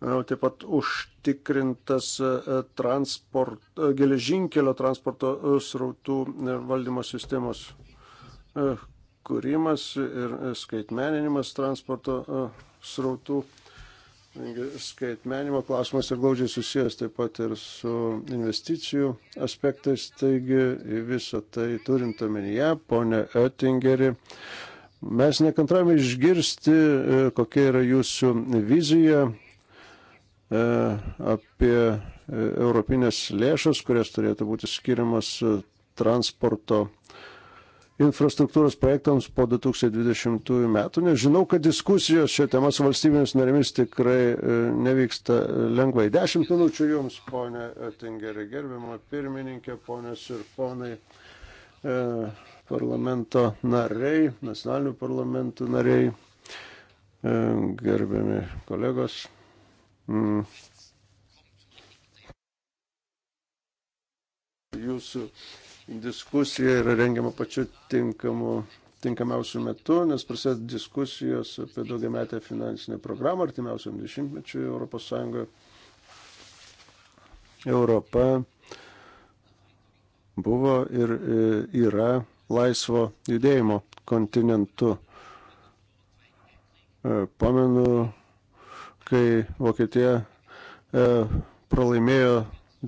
Manau, taip pat užtikrintas e, e, transport, e, geležinkelio transporto srautų valdymo sistemos kūrimas ir skaitmeninimas transporto srautų. Skaitmenimo klausimas ir glaudžiai susijęs taip pat ir su investicijų aspektais. Taigi visą tai turint omenyje, ponė Oettingeri, mes nekantravome išgirsti, kokia yra jūsų vizija E, apie e, europinės lėšas, kurias turėtų būti skiriamas e, transporto infrastruktūros projektams po 2020 metų. Nežinau, kad diskusijos šią temą su valstybėmis narėmis tikrai nevyksta lengvai. Dešimt minučių jums, ponė Tingerė, gerbimo pirmininkė, ponės ir ponai, e, parlamento nariai, nacionalinių parlamentų nariai, e, gerbiami kolegos mm, jūsų diskusija yra rengiama pačiu tinkamu, tinkamiausiu metu, nes prasideda diskusijos apie daugiametę finansinę programą artimiausiam dešimtmečiu Europos Sąjungoje. Europa buvo ir e, yra laisvo judėjimo kontinentu. E, pamenu, kai Vokietija e, pralaimėjo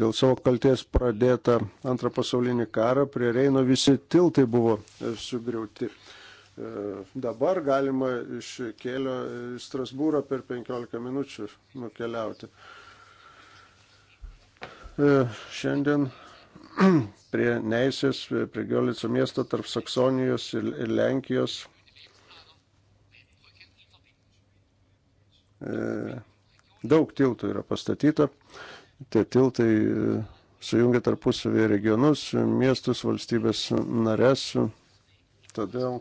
dėl savo kalties pradėtą antrą pasaulinį karą, prie Reino visi tiltai buvo e, sugriauti. E, dabar galima iš kėlio į Strasbūrą per 15 minučių nukeliauti. E, šiandien prie Neisės, prie Giolico miesto tarp Saksonijos ir Lenkijos E, daug tiltų yra pastatyta. Tie tiltai e, sujungia tarpusavėje regionus, miestus, valstybės narės. Todėl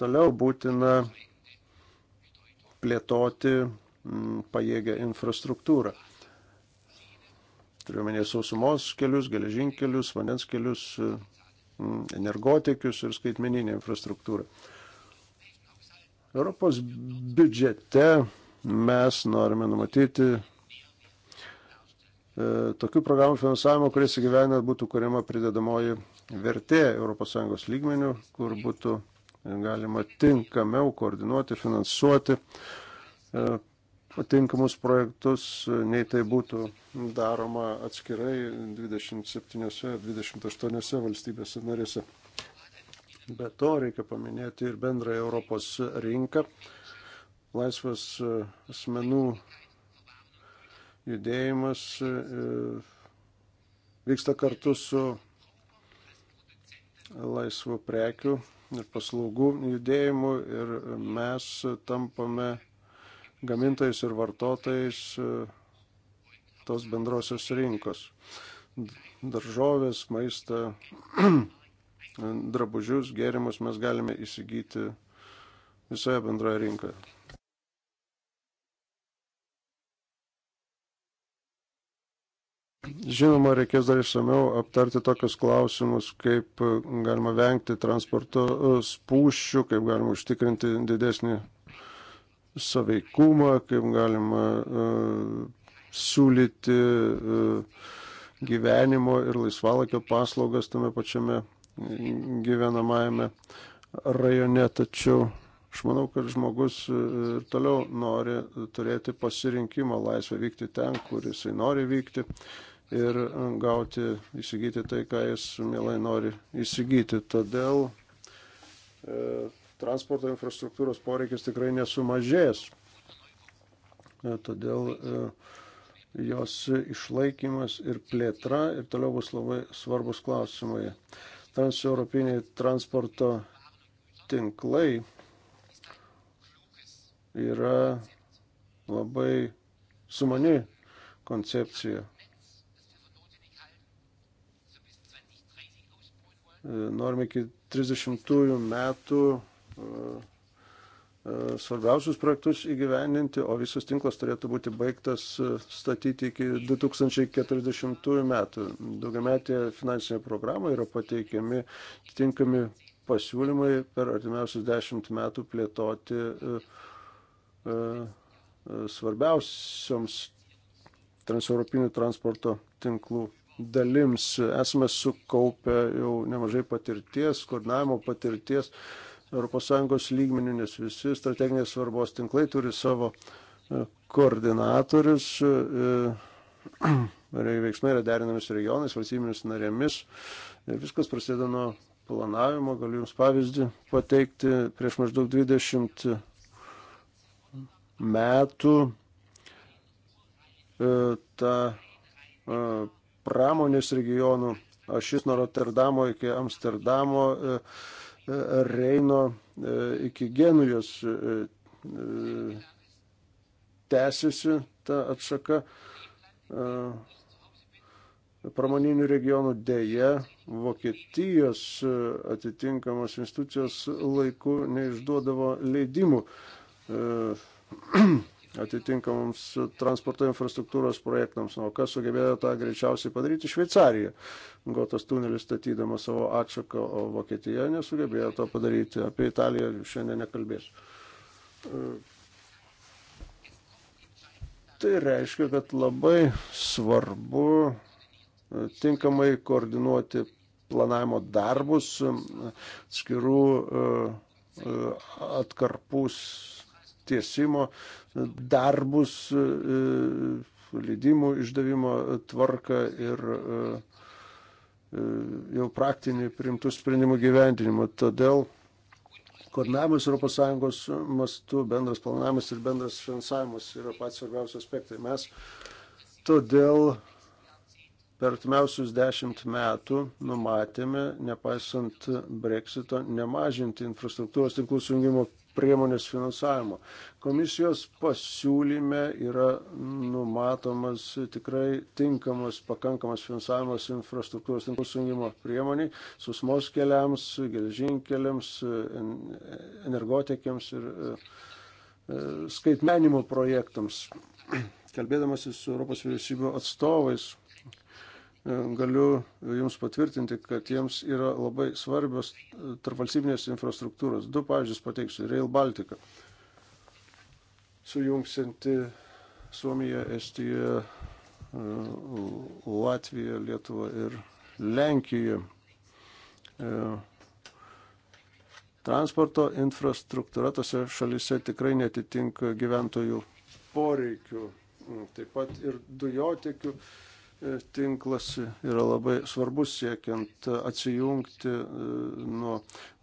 toliau būtina plėtoti pajėgę infrastruktūrą. Turiuomenė sausumos kelius, geležinkelius, vandens kelius, e, energotikius ir skaitmeninę infrastruktūrą. Europos biudžete Mes norime numatyti e, tokių programų finansavimo, kuris įgyvenant būtų kuriama pridedamoji vertė ES lygmenių, kur būtų galima tinkamiau koordinuoti, finansuoti patinkamus e, projektus, nei tai būtų daroma atskirai 27-28 valstybėse narėse. Be to reikia paminėti ir bendrą Europos rinką, laisvas e, asmenų judėjimas e, vyksta kartu su laisvu prekių ir paslaugų judėjimu ir mes tampame gamintojais ir vartotojais e, tos bendrosios rinkos. Daržovės, maistą, drabužius, gėrimus mes galime įsigyti visoje bendroje rinkoje. Žinoma, reikės dar išsameu aptarti tokius klausimus, kaip galima vengti transporto e, spūščių, kaip galima užtikrinti didesnį saveikumą, kaip galima uh, siūlyti uh, gyvenimo ir laisvalakio paslaugas tame pačiame gyvenamajame rajone. Tačiau Aš manau, kad žmogus ir toliau nori turėti pasirinkimo laisvę vykti ten, kur jisai nori vykti, ir e, gauti, įsigyti tai, ką jis mielai nori įsigyti. Todėl e, transporto infrastruktūros poreikis tikrai nesumažės. E, todėl e, jos išlaikymas ir plėtra ir toliau bus labai svarbus klausimai. Transeuropiniai transporto tinklai yra labai sumani koncepcija E, norime iki 30 metų e, e, svarbiausius projektus įgyvendinti, o visas tinklas turėtų būti baigtas statyti iki 2040 metų. Daugiametėje finansinėje programoje yra pateikiami tinkami pasiūlymai per artimiausius 10 metų plėtoti svarbiausioms transeuropinių transporto tinklų dalims. Esame sukaupę jau nemažai patirties, koordinavimo patirties ES lygmenių, nes visi strateginės svarbos tinklai turi savo e, koordinatorius. E, veiksmai yra derinami su regionais, valstybėmis narėmis. Ir viskas prasideda nuo planavimo. Galiu Jums pavyzdį pateikti. Prieš maždaug 20 metų e, tą pramonės regionų ašis nuo Rotterdamo iki Amsterdamo, e, e, Reino e, iki Genujos tęsiasi ta atšaka pramoninių regionų dėje Vokietijos atitinkamos institucijos laiku neišduodavo leidimų atitinkamams transporto infrastruktūros projektams. Na, o kas sugebėjo tą greičiausiai padaryti? Šveicarija. Gotas tunelis statydama savo atšaką, o Vokietija nesugebėjo to padaryti. Apie Italiją šiandien nekalbėsiu. Tai reiškia, kad labai svarbu e, tinkamai koordinuoti planavimo darbus skirų e, e, atkarpus tiesimo darbus, e, leidimų išdavimo tvarką ir e, e, jau praktinį priimtų sprendimų gyvendinimą. Todėl koordinavimas ES mastu, bendras planavimas ir bendras finansavimas yra pats svarbiausi aspektai. Mes todėl per artimiausius dešimt metų numatėme, nepaisant breksito, nemažinti infrastruktūros tinklų sujungimo priemonės finansavimo. Komisijos pasiūlyme yra numatomas tikrai tinkamas, pakankamas finansavimas infrastruktūros tinklų sujungimo priemoniai, susmos keliams, geležinkeliams, energotikiams ir e, e, skaitmenimo projektams. Kalbėdamasis su Europos vyriausybių atstovais, E, galiu Jums patvirtinti, kad jiems yra labai svarbios e, tarpvalstybinės infrastruktūros. Du pavyzdžius pateiksiu. Rail Baltica, sujungsinti Suomiją, Estiją, e, Latviją, Lietuvą ir Lenkiją. Transporto infrastruktūra tose šalise tikrai netitinka gyventojų poreikių, taip pat ir dujotekių tinklas yra labai svarbus siekiant atsijungti e, nuo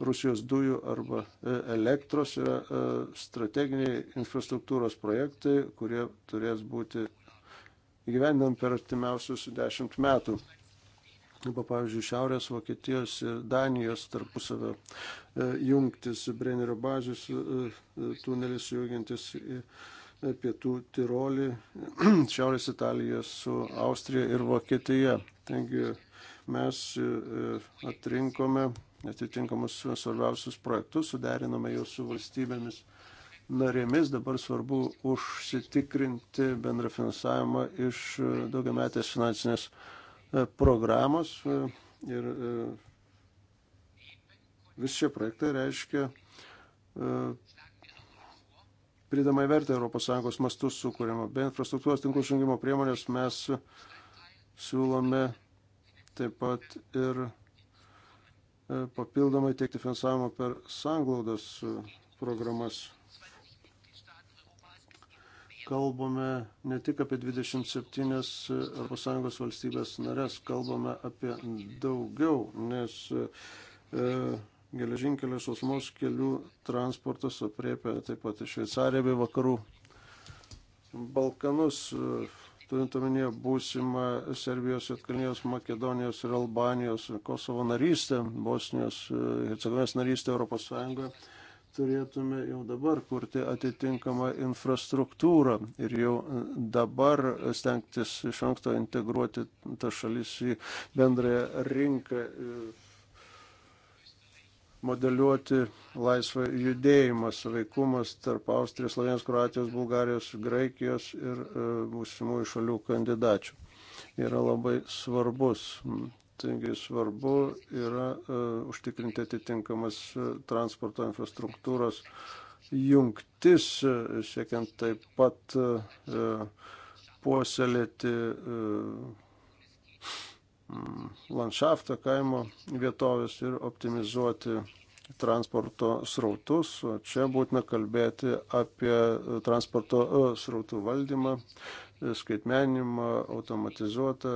Rusijos dujų arba e, elektros. Yra e, strateginiai infrastruktūros projektai, kurie turės būti įgyvendinami per artimiausius dešimt metų. Arba, pavyzdžiui, Šiaurės Vokietijos ir Danijos tarpusavio jungtis, Brennerio bazės tunelis jungiantis į pietų Tirolį, Šiaurės Italiją su Austrija ir Vokietija. Taigi mes e, e, atrinkome atitinkamus svarbiausius projektus, suderinome juos su valstybėmis narėmis. Dabar svarbu užsitikrinti bendrą finansavimą iš e, daugiametės finansinės programos. Ir visi šie projektai reiškia pridamą vertę ES mastus sukūrimo. Be infrastruktūros tinklų šungimo priemonės mes siūlome taip pat ir e, papildomai teikti finansavimą per sanglaudos e, programas. Kalbame ne tik apie 27 e, ES valstybės narės, kalbame apie daugiau, nes e, geležinkelio sausumos kelių transportas apriepia taip pat ir Šveicariją bei vakarų Balkanus, turint omenyje būsimą Serbijos, Jotkalnijos, Makedonijos ir Albanijos, Kosovo narystę, Bosnijos, e, Hercegovinės narystę Europos Sąjungoje, turėtume jau dabar kurti atitinkamą infrastruktūrą ir jau dabar stengtis iš anksto integruoti tą šalis į bendrąją rinką. Ir modeliuoti laisvą judėjimą, suveikumas tarp Austrijos, Slovenijos, Kroatijos, Bulgarijos, Graikijos ir e, būsimųjų šalių kandidačių yra labai svarbus. Taigi svarbu yra uh, užtikrinti atitinkamas uh, transporto infrastruktūros jungtis, uh, siekiant taip pat uh, puoselėti uh, Mm, landšaftą, kaimo vietovės ir optimizuoti transporto srautus. Čia būtina kalbėti apie e, transporto e, srautų valdymą, e, skaitmenimą, automatizuotą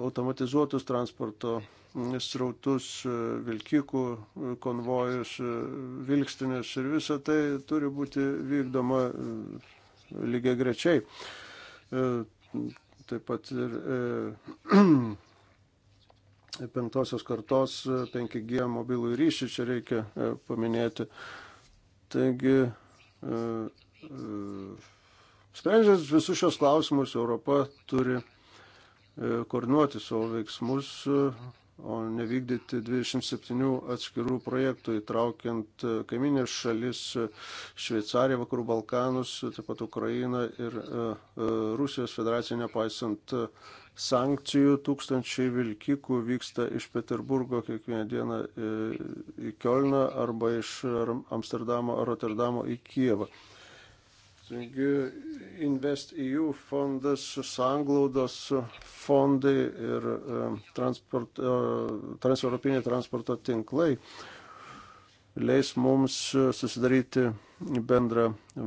automatizuotus transporto mm, srautus, vilkikų konvojus, vilkstinės ir visa tai turi būti vykdoma lygiai grečiai taip pat ir e, penktosios kartos 5G e, mobilų ryšį čia reikia e, paminėti. Taigi, e, e, sprendžiant visus šios klausimus, Europa turi e, koordinuoti savo veiksmus. E, o nevykdyti 27 atskirų projektų, įtraukiant e, kaiminės šalis e, Šveicariją, Vakarų Balkanus, e, taip pat Ukrainą ir Rusijos federaciją, nepaisant sankcijų. Tūkstančiai vilkikų vyksta iš Petirburgo kiekvieną dieną į Kielną arba iš Amsterdamo ar Rotterdamo į Kievą. Taigi InvestEU fondas, sanglaudos fondai ir e, transport, e, transeuropiniai transporto tinklai leis mums susidaryti bendrą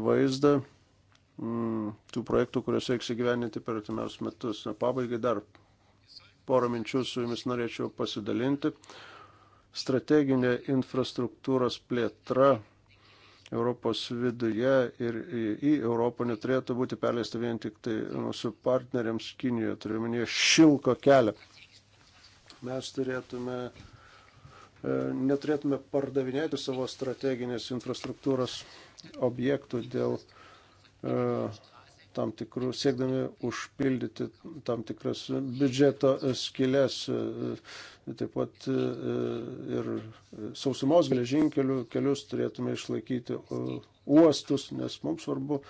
vaizdą mm, tų projektų, kuriuos reiks įgyveninti per artimiausius metus. Na, pabaigai dar porą minčių su jumis norėčiau pasidalinti. Strateginė infrastruktūros plėtra Europos viduje ir į Europą neturėtų būti perleista vien tik tai mūsų partneriams Kinijoje, turiu minėję šilko kelią. Mes turėtume e, neturėtume pardavinėti savo strateginės infrastruktūros objektų dėl uh, tam tikrų, siekdami užpildyti tam tikras biudžeto skilės, e, taip pat e, ir sausumos geležinkelių kelius turėtume išlaikyti uostus, nes mums svarbu e,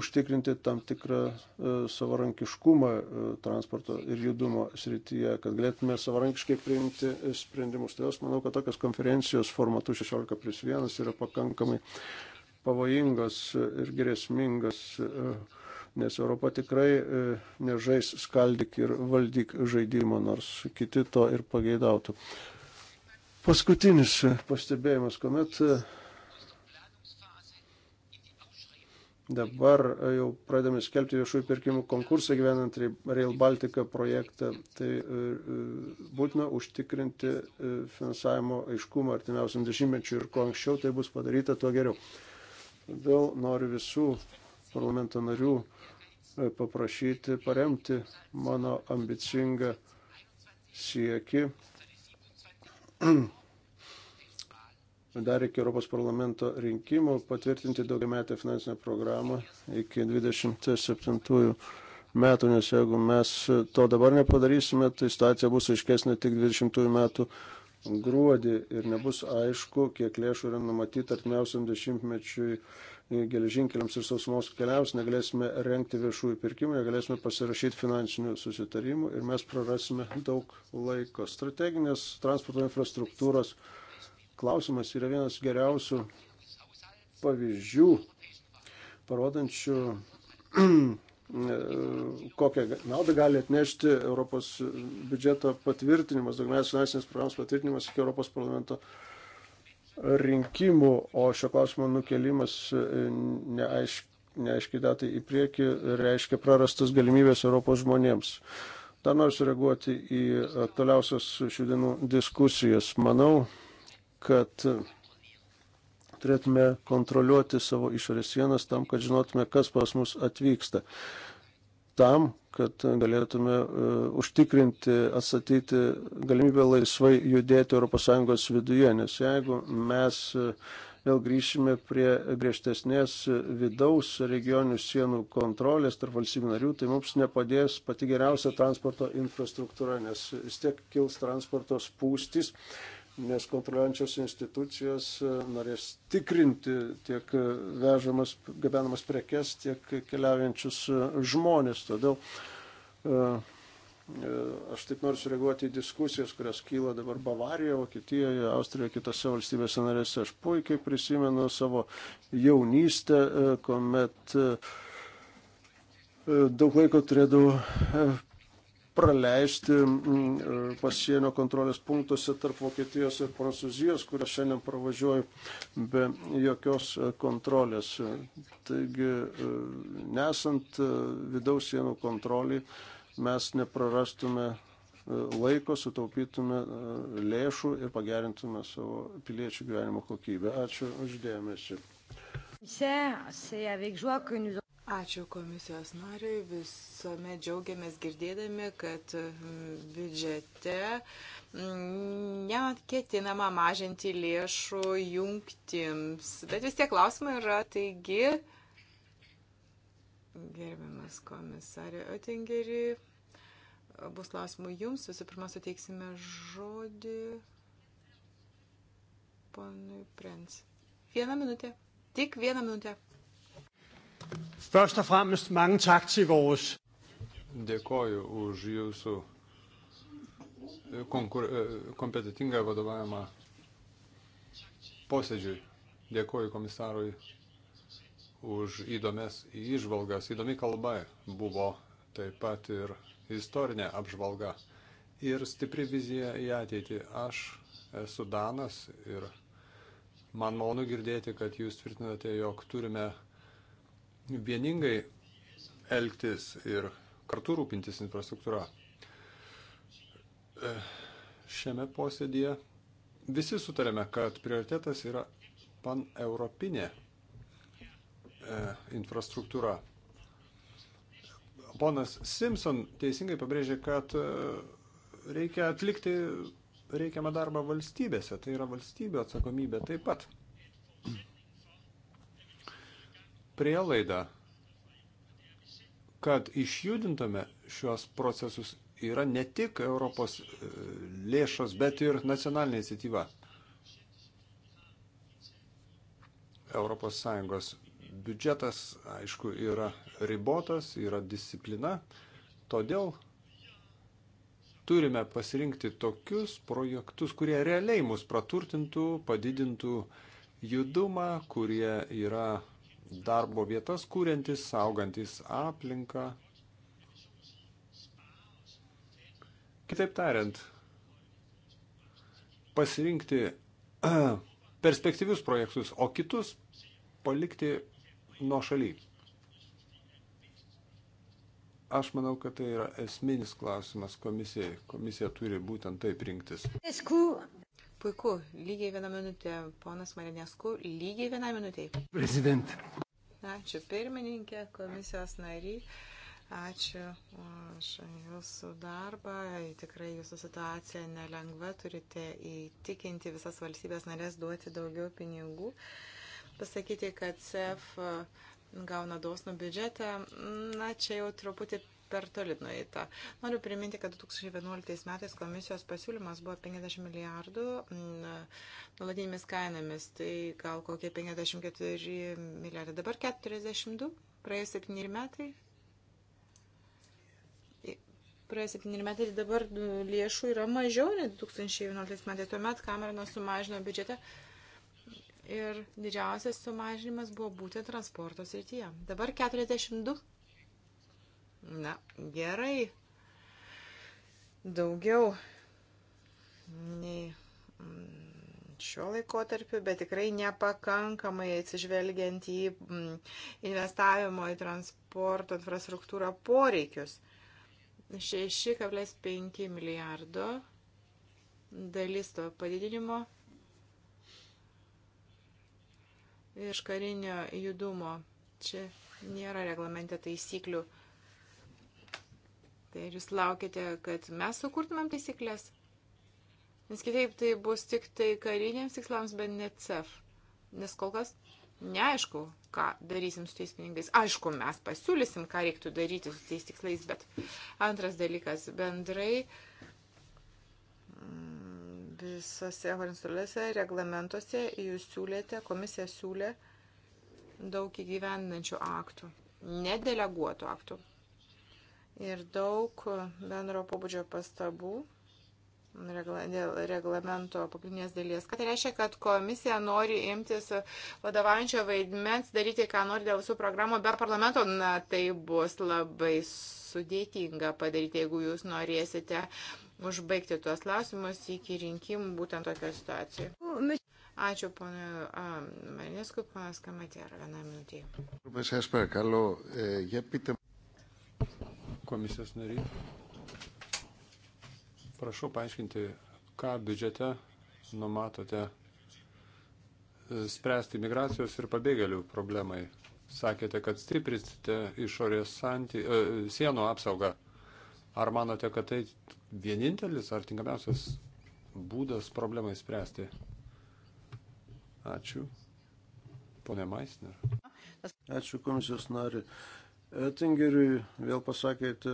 užtikrinti tam tikrą savarankiškumą transporto ir judumo srityje, kad galėtume savarankiškai priimti sprendimus. Tai aš manau, kad tokios konferencijos formatu 16 plus 1 yra pakankamai uh, pavojingas ir grėsmingas, e, nes Europa tikrai e, nežais skaldyk ir valdyk žaidimo, nors kiti to ir pageidautų. Paskutinis pastebėjimas, kuomet e, dabar jau pradėme skelbti viešųjų pirkimų konkursą gyvenant Rail Baltica projektą, tai būtina užtikrinti finansavimo aiškumą artimiausiam dešimtmečiu ir kuo anksčiau tai bus padaryta, tuo geriau. Todėl noriu visų parlamento narių e, paprašyti paremti mano ambicingą sieki dar iki Europos parlamento rinkimų patvirtinti daugiametę finansinę programą iki 27 metų, nes jeigu mes to dabar nepadarysime, tai situacija bus aiškesnė tik 20 metų gruodį ir nebus aišku, kiek lėšų yra numatyta artimiausiam dešimtmečiui e, geležinkeliams ir sausumos keliaus, negalėsime renkti viešųjų pirkimų, negalėsime pasirašyti finansinių susitarimų ir mes prarasime daug laiko. Strateginės transporto infrastruktūros klausimas yra vienas geriausių pavyzdžių, parodančių E, kokią naudą gali atnešti Europos biudžeto patvirtinimas, daugumės finansinės programos patvirtinimas iki Europos parlamento rinkimų, o šio klausimo nukelimas e, neaiškiai neaiški datai į priekį reiškia prarastas galimybės Europos žmonėms. Dar noriu sureaguoti į aktualiausias šių dienų diskusijas. Manau, kad turėtume kontroliuoti savo išorės sienas tam, kad žinotume, kas pas mus atvyksta. Tam, kad galėtume uh, užtikrinti, atstatyti galimybę laisvai judėti ES viduje, nes jeigu mes uh, vėl grįšime prie griežtesnės e, vidaus regionių sienų kontrolės tarp valstybių narių, tai mums nepadės pati geriausia transporto infrastruktūra, nes vis tiek kils transporto spūstis nes kontroliuojančios institucijos e, norės tikrinti tiek e, vežamas, gabenamas prekes, tiek keliaujančius e, žmonės. Todėl aš taip noriu sureaguoti į diskusijas, kurios kyla dabar Bavarijoje, Vokietijoje, Austrijoje, kitose valstybėse narėse. Aš puikiai prisimenu savo jaunystę, kuomet daug laiko turėdavau praleisti mm, e, pasienio kontrolės punktuose tarp Vokietijos ir Prancūzijos, kurią šiandien pravažiuoju be jokios e, kontrolės. Taigi, e, nesant vidaus sienų kontroliai, mes neprarastume laiko, sutaupytume lėšų ir pagerintume savo piliečių gyvenimo kokybę. Ačiū uždėmesi. Ačiū komisijos nariui. Visuomet džiaugiamės girdėdami, kad mm, biudžete mm, neketinama mažinti lėšų jungtims. Bet vis tiek klausimai yra, taigi, gerbiamas komisarė Otingeri, bus klausimų jums. Visų pirma, suteiksime žodį ponui Prens. Vieną minutę. Tik vieną minutę. Først og fremmest mange tak til vores. Dėkoju už jūsų e, konkur... E, kompetitingą vadovavimą posėdžiui. Dėkoju komisarui už įdomias įžvalgas. Įdomi kalba buvo taip pat ir istorinė apžvalga ir stipri vizija į ateitį. Aš esu Danas ir man malonu girdėti, kad jūs tvirtinate, jog turime vieningai elgtis ir kartu rūpintis infrastruktūra. E, šiame posėdėje visi sutarėme, kad prioritetas yra paneuropinė e, infrastruktūra. Ponas Simpson teisingai pabrėžė, kad e, reikia atlikti reikiamą darbą valstybėse, tai yra valstybių atsakomybė taip pat prielaida, kad išjudintume šios procesus yra ne tik Europos e, lėšos, bet ir nacionalinė iniciatyva. Europos Sąjungos biudžetas, aišku, yra ribotas, yra disciplina, todėl turime pasirinkti tokius projektus, kurie realiai mus praturtintų, padidintų judumą, kurie yra darbo vietas kūriantis, saugantis aplinką. Kitaip tariant, pasirinkti perspektyvius projektus, o kitus palikti nuo šaly. Aš manau, kad tai yra esminis klausimas komisijai. Komisija turi būtent taip rinktis. Puiku, lygiai vieną minutę, ponas Marinesku, lygiai vieną minutę. Prezident, Ačiū pirmininkė, komisijos nariai. Ačiū už jūsų darbą. Tikrai jūsų situacija nelengva. Turite įtikinti visas valstybės narės duoti daugiau pinigų. Pasakyti, kad CEF gauna dosnų biudžetą, na čia jau truputį per toli nueita. Noriu priminti, kad 2011 metais komisijos pasiūlymas buvo 50 milijardų mm, nuolatinėmis kainomis, tai gal kokie 54 milijardai, dabar 42, praėjus 7 metai. Praėjus 7 metai tai dabar mm, lėšų yra mažiau nei 2011 metai. Tuomet Kameronas sumažino biudžetą ir didžiausias sumažinimas buvo būtent transporto srityje. Dabar 42 Na, gerai. Daugiau nei mm, šio laikotarpiu, bet tikrai nepakankamai atsižvelgiant į mm, investavimo į transporto infrastruktūrą poreikius. 6,5 milijardo dalis to padidinimo iš karinio judumo. Čia nėra reglamente taisyklių. Tai jūs laukite, kad mes sukurtumėm taisyklės? Nes kitaip tai bus tik tai kariniams tikslams, bet ne CEF. Nes kol kas neaišku, ką darysim su tais pinigais. Aišku, mes pasiūlysim, ką reiktų daryti su tais tikslais, bet antras dalykas bendrai mm, visose varinsuliuose reglamentuose jūs siūlėte, komisija siūlė daug įgyvendinančių aktų, nedeleguotų aktų ir daug bendro pobūdžio pastabų dėl reglamento pagrindinės dalies. Kad tai reiškia, kad komisija nori imtis vadovaujančio vaidmens, daryti, ką nori dėl visų programų be parlamento, na tai bus labai sudėtinga padaryti, jeigu jūs norėsite užbaigti tuos klausimus iki rinkimų būtent tokio situacijoje. Ačiū, ponui Marineskui, ponas Kamatėra, vieną minutį komisijos nariai. Prašau paaiškinti, ką biudžete numatote e, spręsti migracijos ir pabėgėlių problemai. Sakėte, kad stiprinsite išorės santy, e, sienų apsaugą. Ar manote, kad tai vienintelis ar tinkamiausias būdas problemai spręsti? Ačiū. Pone Maisner. Ačiū komisijos nariui. Ettingeriui vėl pasakėte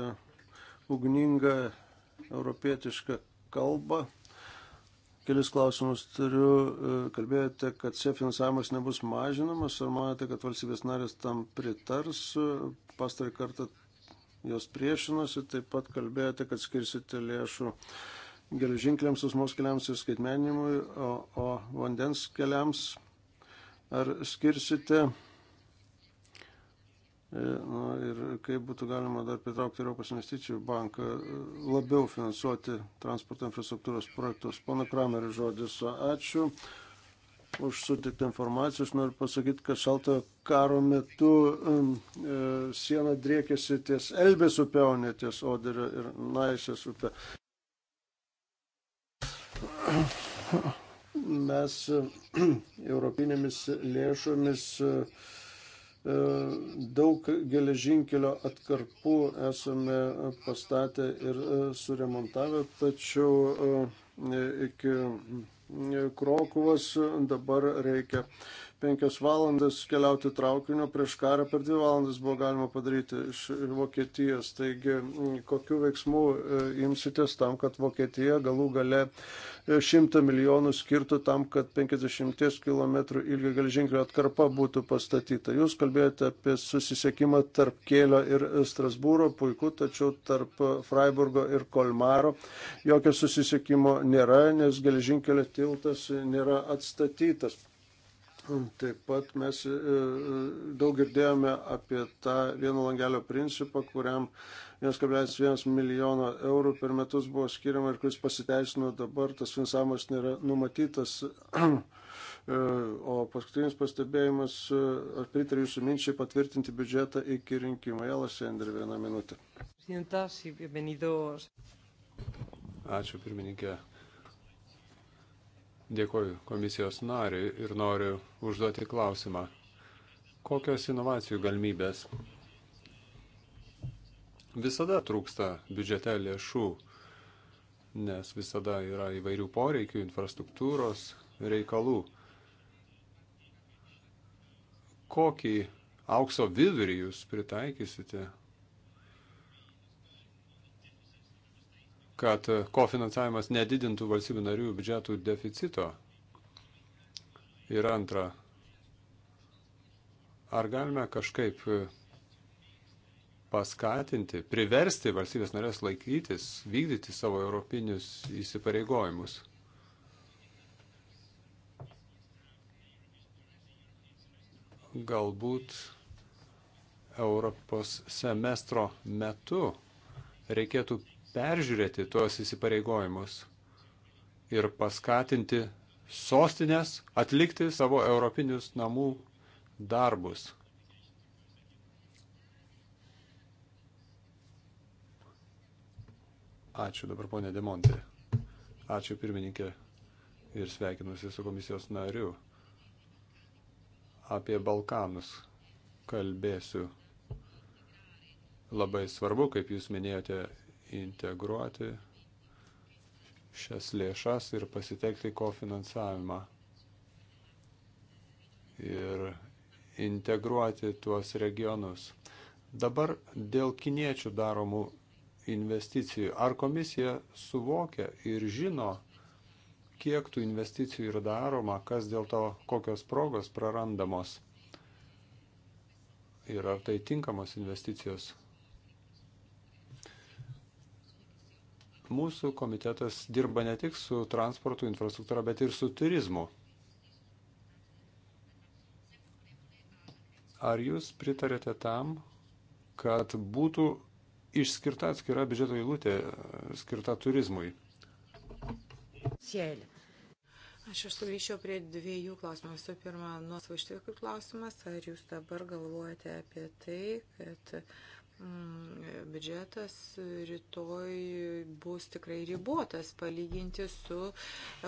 ugningą europietišką kalbą. Kelis klausimus turiu. E, kalbėjote, kad čia finansavimas nebus mažinamas. Ar manote, kad valstybės narės tam pritars? Pastarį kartą jos priešinosi. Taip pat kalbėjote, kad skirsite lėšų geležinkeliams, susmos keliams ir skaitmeninimui, o, o vandens keliams. Ar skirsite E, na, ir kaip būtų galima dar pritraukti Europos investicijų banką, e, labiau finansuoti transporto infrastruktūros projektus. Pana Kramerį žodis, ačiū už sutiktą informaciją. Aš noriu pasakyti, kad šaltojo karo metu um, e, siena driekėsi ties Elbės upe, o ne ties Oderio ir Naisės upe. Mes europinėmis lėšomis uh, E, daug geležinkelio atkarpų esame pastatę ir e, suremontavę, tačiau e, iki Krokuvos dabar reikia penkias valandas keliauti traukiniu, prieš karą per dvi valandas buvo galima padaryti iš Vokietijos. Taigi, kokiu veiksmu e, imsitės tam, kad Vokietija galų gale e, šimtą milijonų skirtų tam, kad 50 km ilgio geležinkelio atkarpa būtų pastatyta. Jūs kalbėjote apie susisiekimą tarp Kėlio ir Strasbūro, puiku, tačiau tarp Freiburgo ir Kolmaro jokio susisiekimo nėra, nes geležinkelio tiltas nėra atstatytas. Mm, taip pat mes e, e, daug girdėjome apie tą vieno langelio principą, kuriam 1,1 milijono eurų per metus buvo skiriama ir kuris pasiteisino dabar, tas finansavimas nėra numatytas. E, o paskutinis pastebėjimas, ar pritariu jūsų minčiai patvirtinti biudžetą iki rinkimų. Jelas Sender, vieną minutę. Ačiū pirmininkė. Dėkoju komisijos nariui ir noriu užduoti klausimą. Kokios inovacijų galimybės? Visada trūksta biudžete lėšų, nes visada yra įvairių poreikių, infrastruktūros, reikalų. Kokį aukso vidurį jūs pritaikysite kad kofinansavimas nedidintų valstybių narių biudžetų deficito. Ir antra, ar galime kažkaip paskatinti, priversti valstybės narės laikytis, vykdyti savo europinius įsipareigojimus? Galbūt Europos semestro metu reikėtų peržiūrėti tuos įsipareigojimus ir paskatinti sostinės atlikti savo europinius namų darbus. Ačiū dabar ponė Demontė. Ačiū pirmininkė ir sveikinusi su komisijos nariu. Apie Balkanus kalbėsiu. Labai svarbu, kaip jūs minėjote, integruoti šias lėšas ir pasitekti kofinansavimą. Ir integruoti tuos regionus. Dabar dėl kiniečių daromų investicijų. Ar komisija suvokia ir žino, kiek tų investicijų yra daroma, kas dėl to, kokios progos prarandamos ir ar tai tinkamos investicijos? Mūsų komitetas dirba ne tik su transportu, infrastruktūra, bet ir su turizmu. Ar jūs pritarėte tam, kad būtų išskirta atskira biudžeto eilutė skirta turizmui? Sėlė. Aš aš sugrįžčiau prie dviejų klausimų. Visų pirma, nuosvaištikų klausimas. Ar jūs dabar galvojate apie tai, kad uh, Mm, biudžetas rytoj bus tikrai ribotas palyginti su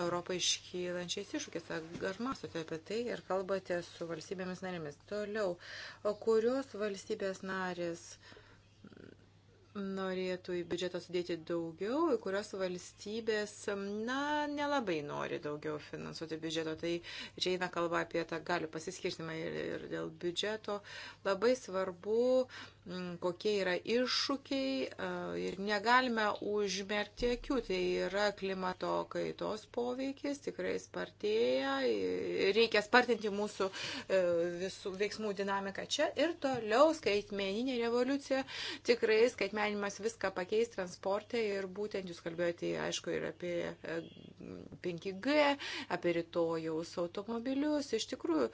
Europą iškylančiais iššūkiais. Ar mastote apie tai ir kalbate su valstybėmis narėmis? Toliau, o kurios valstybės narės norėtų į biudžetą sudėti daugiau, į kurios valstybės, na, nelabai nori daugiau finansuoti biudžeto. Tai čia eina kalba apie tą galių pasiskirstimą ir, ir dėl biudžeto. Labai svarbu Mm, kokie yra iššūkiai ir negalime užmerkti akių. Tai yra klimato kaitos poveikis, tikrai spartėja, reikia spartinti mūsų e, visų veiksmų dinamiką čia ir toliau skaitmeninė revoliucija, tikrai skaitmenimas viską pakeis transporte ir būtent jūs kalbėjote, aišku, ir apie 5G, e, apie rytojaus automobilius. Iš tikrųjų,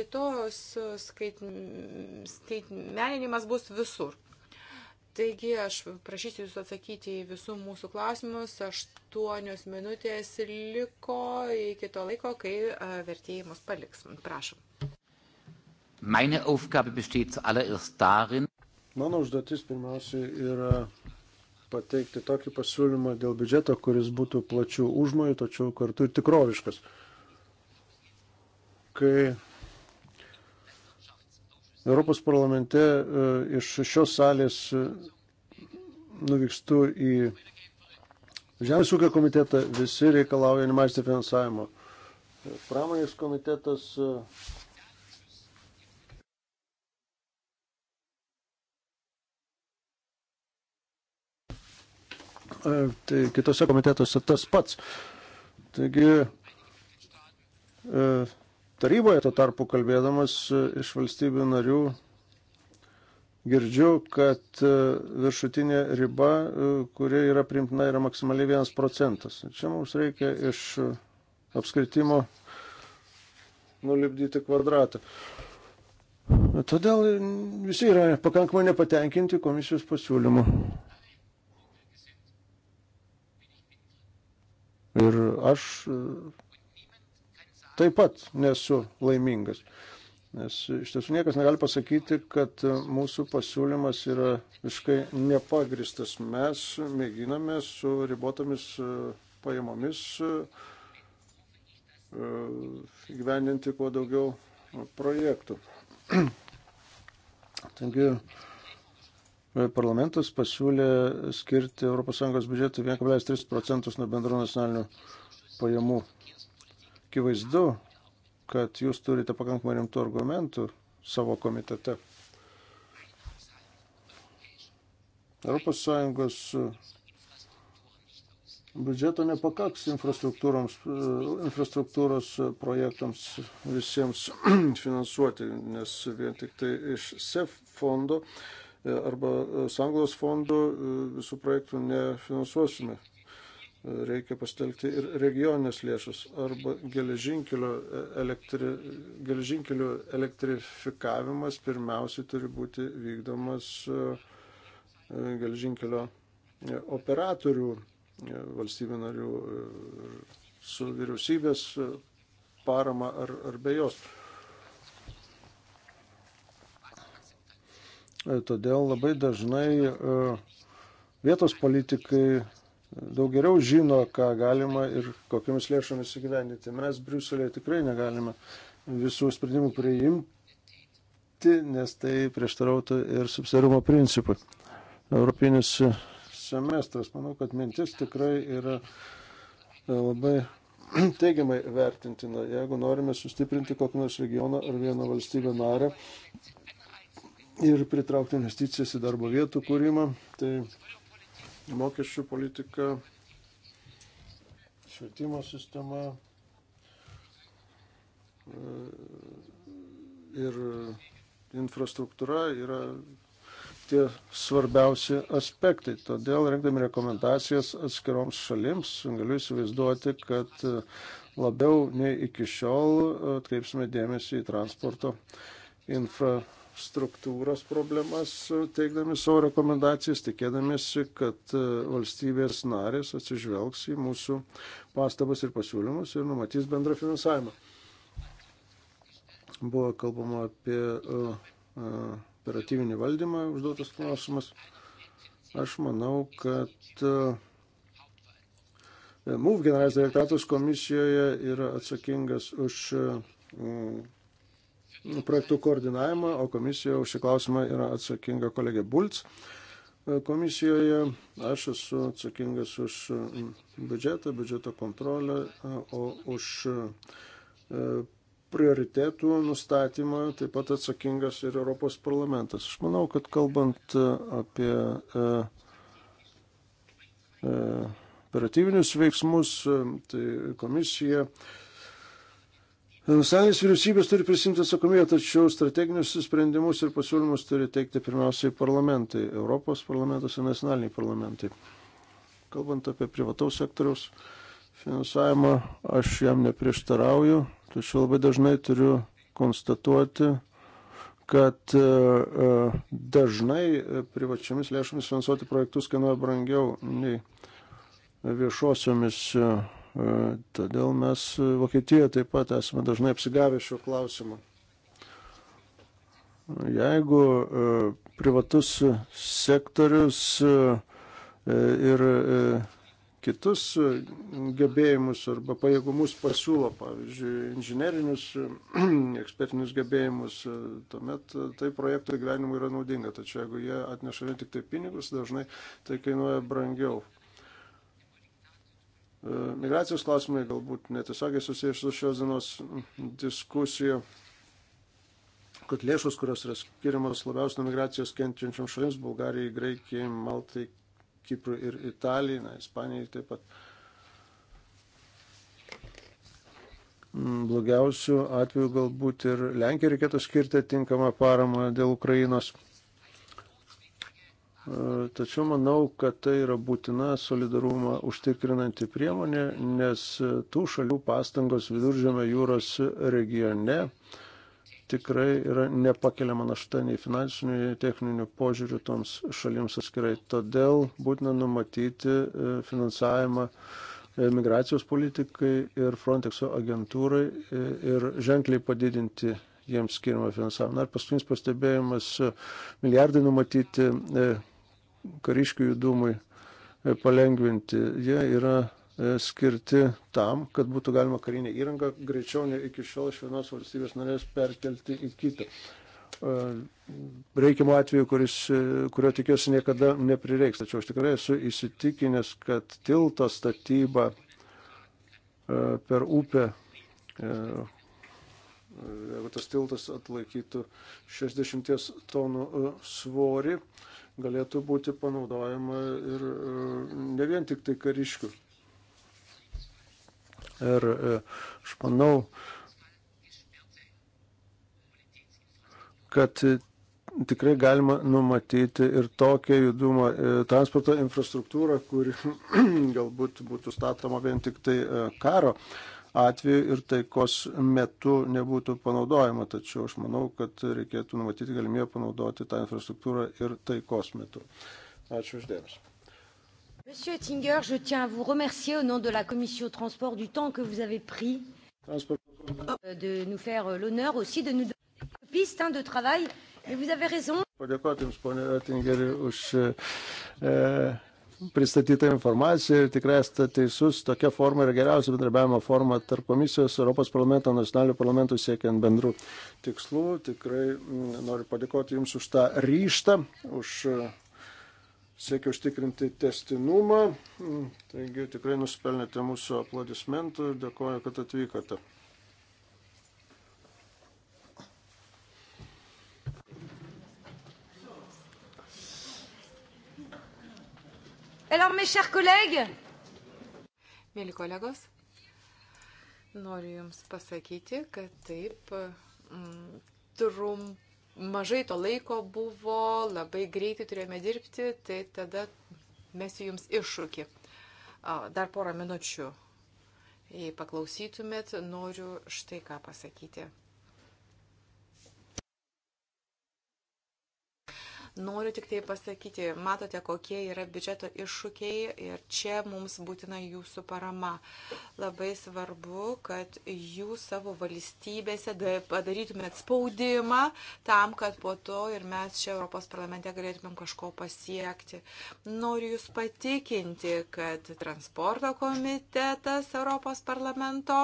rytojus e, skaitmeninimas bus jos visur. Taigi aš prašysiu Jūsų atsakyti į visų mūsų klausimus. Aštuonios minutės liko iki to laiko, kai e, vertėjai mus paliks. Prašom. Meine Aufgabe besteht zuallererst darin. Mano užduotis pirmiausia yra pateikti tokį pasiūlymą dėl biudžeto, kuris būtų plačių užmojų, tačiau kartu ir tikroviškas. Kai Europos parlamente e, iš šios salės e, nuvykstu į Žemės ūkio komitetą, visi reikalauja animacinio finansavimo. E, pramonės komitetas tai kitose komitetuose tas pats. Taigi Taryboje to tarpu kalbėdamas e, iš valstybių narių girdžiu, kad e, viršutinė riba, e, kuri yra primtina, yra maksimaliai 1 procentas. Čia mums reikia iš apskritimo nulipdyti kvadratą. Todėl visi yra pakankamai nepatenkinti komisijos pasiūlymu. Ir aš taip pat nesu laimingas. Nes iš tiesų niekas negali pasakyti, kad mūsų pasiūlymas yra visiškai nepagristas. Mes mėginame su ribotomis e, pajamomis e, gyveninti kuo daugiau projektų. Taigi e, parlamentas pasiūlė skirti ES biudžetui 1,3 procentus nuo bendro nacionalinių pajamų Akivaizdu, kad jūs turite pakankamai rimtų argumentų savo komitete. Europos Sąjungos uh, biudžeto nepakaks uh, infrastruktūros uh, projektams visiems finansuoti, nes vien tik tai iš SEF fondo arba Sanglos fondo visų projektų nefinansuosime reikia pastelgti ir regioninės lėšas arba geležinkelio, elektri, geležinkelio elektrifikavimas pirmiausiai turi būti vykdomas e, geležinkelio e, operatorių e, valstybių narių su vyriausybės parama ar, ar be jos. Todėl labai dažnai vietos politikai daug geriau žino, ką galima ir kokiamis lėšomis įgyvendinti. Mes Briuselėje tikrai negalime visų sprendimų priimti, nes tai prieštarautų ir subsidarumo principui. Europinis semestras, manau, kad mintis tikrai yra e, labai teigiamai vertintina. Jeigu norime sustiprinti kokį nors regioną ar vieną valstybę narę ir pritraukti investicijas į darbo vietų kūrimą, tai mokesčių politika, švietimo sistema e, ir infrastruktūra yra tie svarbiausi aspektai. Todėl, rengdami rekomendacijas atskiroms šalims, galiu įsivaizduoti, kad labiau nei iki šiol atkreipsime dėmesį į transporto infrastruktūrą struktūros problemas, e, teikdami savo rekomendacijas, tikėdamėsi, kad e, valstybės narės atsižvelgs į mūsų pastabas ir pasiūlymus ir numatys bendrą finansavimą. Buvo kalbama apie e, operatyvinį valdymą, užduotas klausimas. Aš manau, kad MUV generalinis direktoratas komisijoje yra atsakingas už projektų koordinavimą, o komisija už šį klausimą yra atsakinga kolegė Bulc. Komisijoje aš esu atsakingas už biudžetą, biudžeto kontrolę, o už e, prioritėtų nustatymą taip pat atsakingas ir Europos parlamentas. Aš manau, kad kalbant apie e, e, operatyvinius veiksmus, tai komisija Nacionalinės vyriausybės turi prisimti atsakomybę, tačiau strateginius sprendimus ir pasiūlymus turi teikti pirmiausiai parlamentai, Europos parlamentas ir nacionaliniai parlamentai. Kalbant apie privataus sektoriaus finansavimą, aš jam neprieštarauju, tačiau labai dažnai turiu konstatuoti, kad e, e, dažnai e, privačiomis lėšomis finansuoti projektus kainuoja brangiau nei viešosiomis E, todėl mes e, Vokietijoje taip pat esame dažnai apsigavę šiuo klausimu. Jeigu e, privatus sektorius ir kitus gebėjimus arba pajėgumus pasiūlo, pavyzdžiui, inžinerinius, ekspertinius gebėjimus, tuomet tai projekto gyvenimui yra naudinga. Tačiau jeigu jie atneša vien tik tai pinigus, dažnai tai kainuoja brangiau. E, migracijos klausimai galbūt netiesiogiai susijęs su šios dienos diskusija, kad lėšus, kurios yra skiriamos labiausiai nuo migracijos kenčiančiam šalims - Bulgarijai, Graikijai, Maltai, Kiprui ir Italijai, na, Ispanijai taip pat. Mm, blogiausių atvejų galbūt ir Lenkija reikėtų skirti atinkamą paramą dėl Ukrainos. Tačiau manau, kad tai yra būtina solidarumą užtikrinanti priemonė, nes tų šalių pastangos viduržėme jūros regione tikrai yra nepakeliama našta nei finansinių, nei techninių požiūrių toms šalims atskirai. Todėl būtina numatyti e, finansavimą e, migracijos politikai ir Frontexo agentūrai e, ir ženkliai padidinti jiems skiriamą finansavimą. Na ir paskutinis pastebėjimas - milijardai numatyti kariškių judumui e, palengvinti. Jie yra e, skirti tam, kad būtų galima karinę įrangą greičiau nei iki šiol iš vienos valstybės narės perkelti į kitą. E, Reikimo atveju, kuris, kurio tikiuosi niekada neprireiks. Tačiau aš tikrai esu įsitikinęs, kad tilto statyba per upę, jeigu tas tiltas atlaikytų 60 tonų svorį, galėtų būti panaudojama ir e, ne vien tik tai kariškių. Ir e, aš manau, kad e, tikrai galima numatyti ir tokią judumo transporto infrastruktūrą, kuri galbūt būtų statoma vien tik tai karo atveju ir taikos metu nebūtų panaudojama, tačiau aš manau, kad reikėtų numatyti galimybę panaudoti tą infrastruktūrą ir taikos metu. Ačiū uždėmesi. Monsieur Oettinger, je tiens à vous remercier au nom de la Commission transport du temps que vous avez pris euh, de nous faire euh, l'honneur aussi de nous donner une piste hein, de travail. Et vous avez raison. Padėkoti Jums, ponė Oettingeri, už e, pristatyta informacija ir tikrai esate teisus, tokia forma yra geriausia bendrabiavimo forma tarp komisijos, Europos parlamento, nacionalinių parlamentų siekiant bendrų tikslų. Tikrai mm, noriu padėkoti Jums už tą ryštą, už e, siekia užtikrinti testinumą. Mm, taigi tikrai nusipelnėte mūsų aplodismentų ir dėkoju, kad atvykote. Alors, mes chers collègues. Mėly kolegos, noriu Jums pasakyti, kad taip mm, trum, mažai to laiko buvo, labai greitai turėjome dirbti, tai tada mesiu Jums iššūkį. Dar porą minučių. Jei paklausytumėt, noriu štai ką pasakyti. Noriu tik tai pasakyti, matote, kokie yra biudžeto iššūkiai ir čia mums būtina jūsų parama. Labai svarbu, kad jūs savo valstybėse padarytumėt spaudimą tam, kad po to ir mes čia Europos parlamente galėtumėm kažko pasiekti. Noriu jūs patikinti, kad transporto komitetas Europos parlamento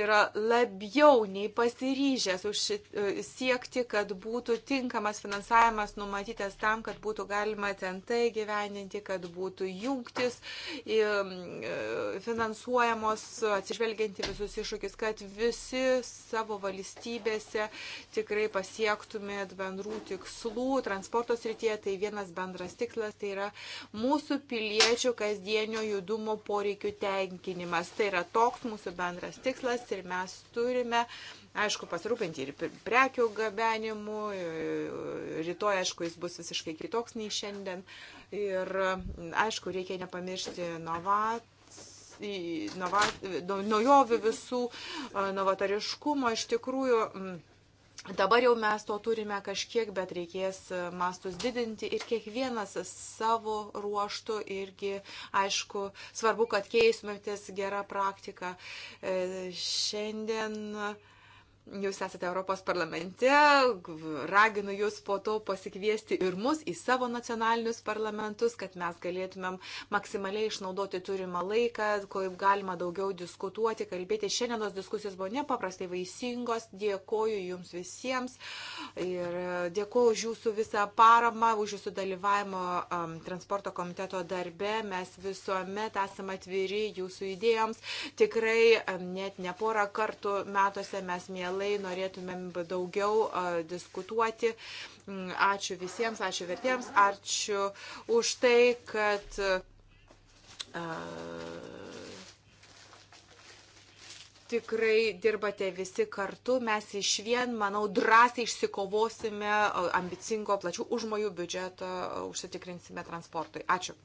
yra labiau nei pasiryžęs užsit, e, siekti, kad būtų tinkamas finansavimas numatytas tam, kad būtų galima ten tai gyveninti, kad būtų jungtis e, finansuojamos, atsižvelgianti visus iššūkis, kad visi savo valstybėse tikrai pasiektumėt bendrų tikslų. Transporto srityje tai vienas bendras tikslas, tai yra mūsų piliečių kasdienio judumo poreikių tenkinimas. Tai yra toks mūsų bendras bendras tikslas ir mes turime, aišku, pasirūpinti ir prekių gabenimu, e, rytoj, aišku, jis bus visiškai kitoks nei šiandien ir, aišku, reikia nepamiršti novatų nu, naujovių visų, e, novatariškumo, iš tikrųjų Dabar jau mes to turime kažkiek, bet reikės e, mastus didinti ir kiekvienas savo ruoštų irgi, aišku, svarbu, kad keistumėtės gerą praktiką. E, šiandien jūs esate Europos parlamente, raginu jūs po to pasikviesti ir mus į savo nacionalinius parlamentus, kad mes galėtumėm maksimaliai išnaudoti turimą laiką, ko galima daugiau diskutuoti, kalbėti. Šiandienos diskusijos buvo nepaprastai vaisingos. Dėkoju jums visiems ir dėkoju už jūsų visą paramą, už jūsų dalyvavimo um, transporto komiteto darbe. Mes visuomet esame atviri jūsų idėjoms. Tikrai um, net ne porą kartų metuose mes mielai mielai norėtumėm daugiau diskutuoti. Mm, ačiū visiems, ačiū vertėjams, ačiū už tai, kad tikrai dirbate visi kartu. Mes iš vien, manau, drąsiai išsikovosime ambicingo plačių užmojų biudžetą, užsitikrinsime transportui. Ačiū.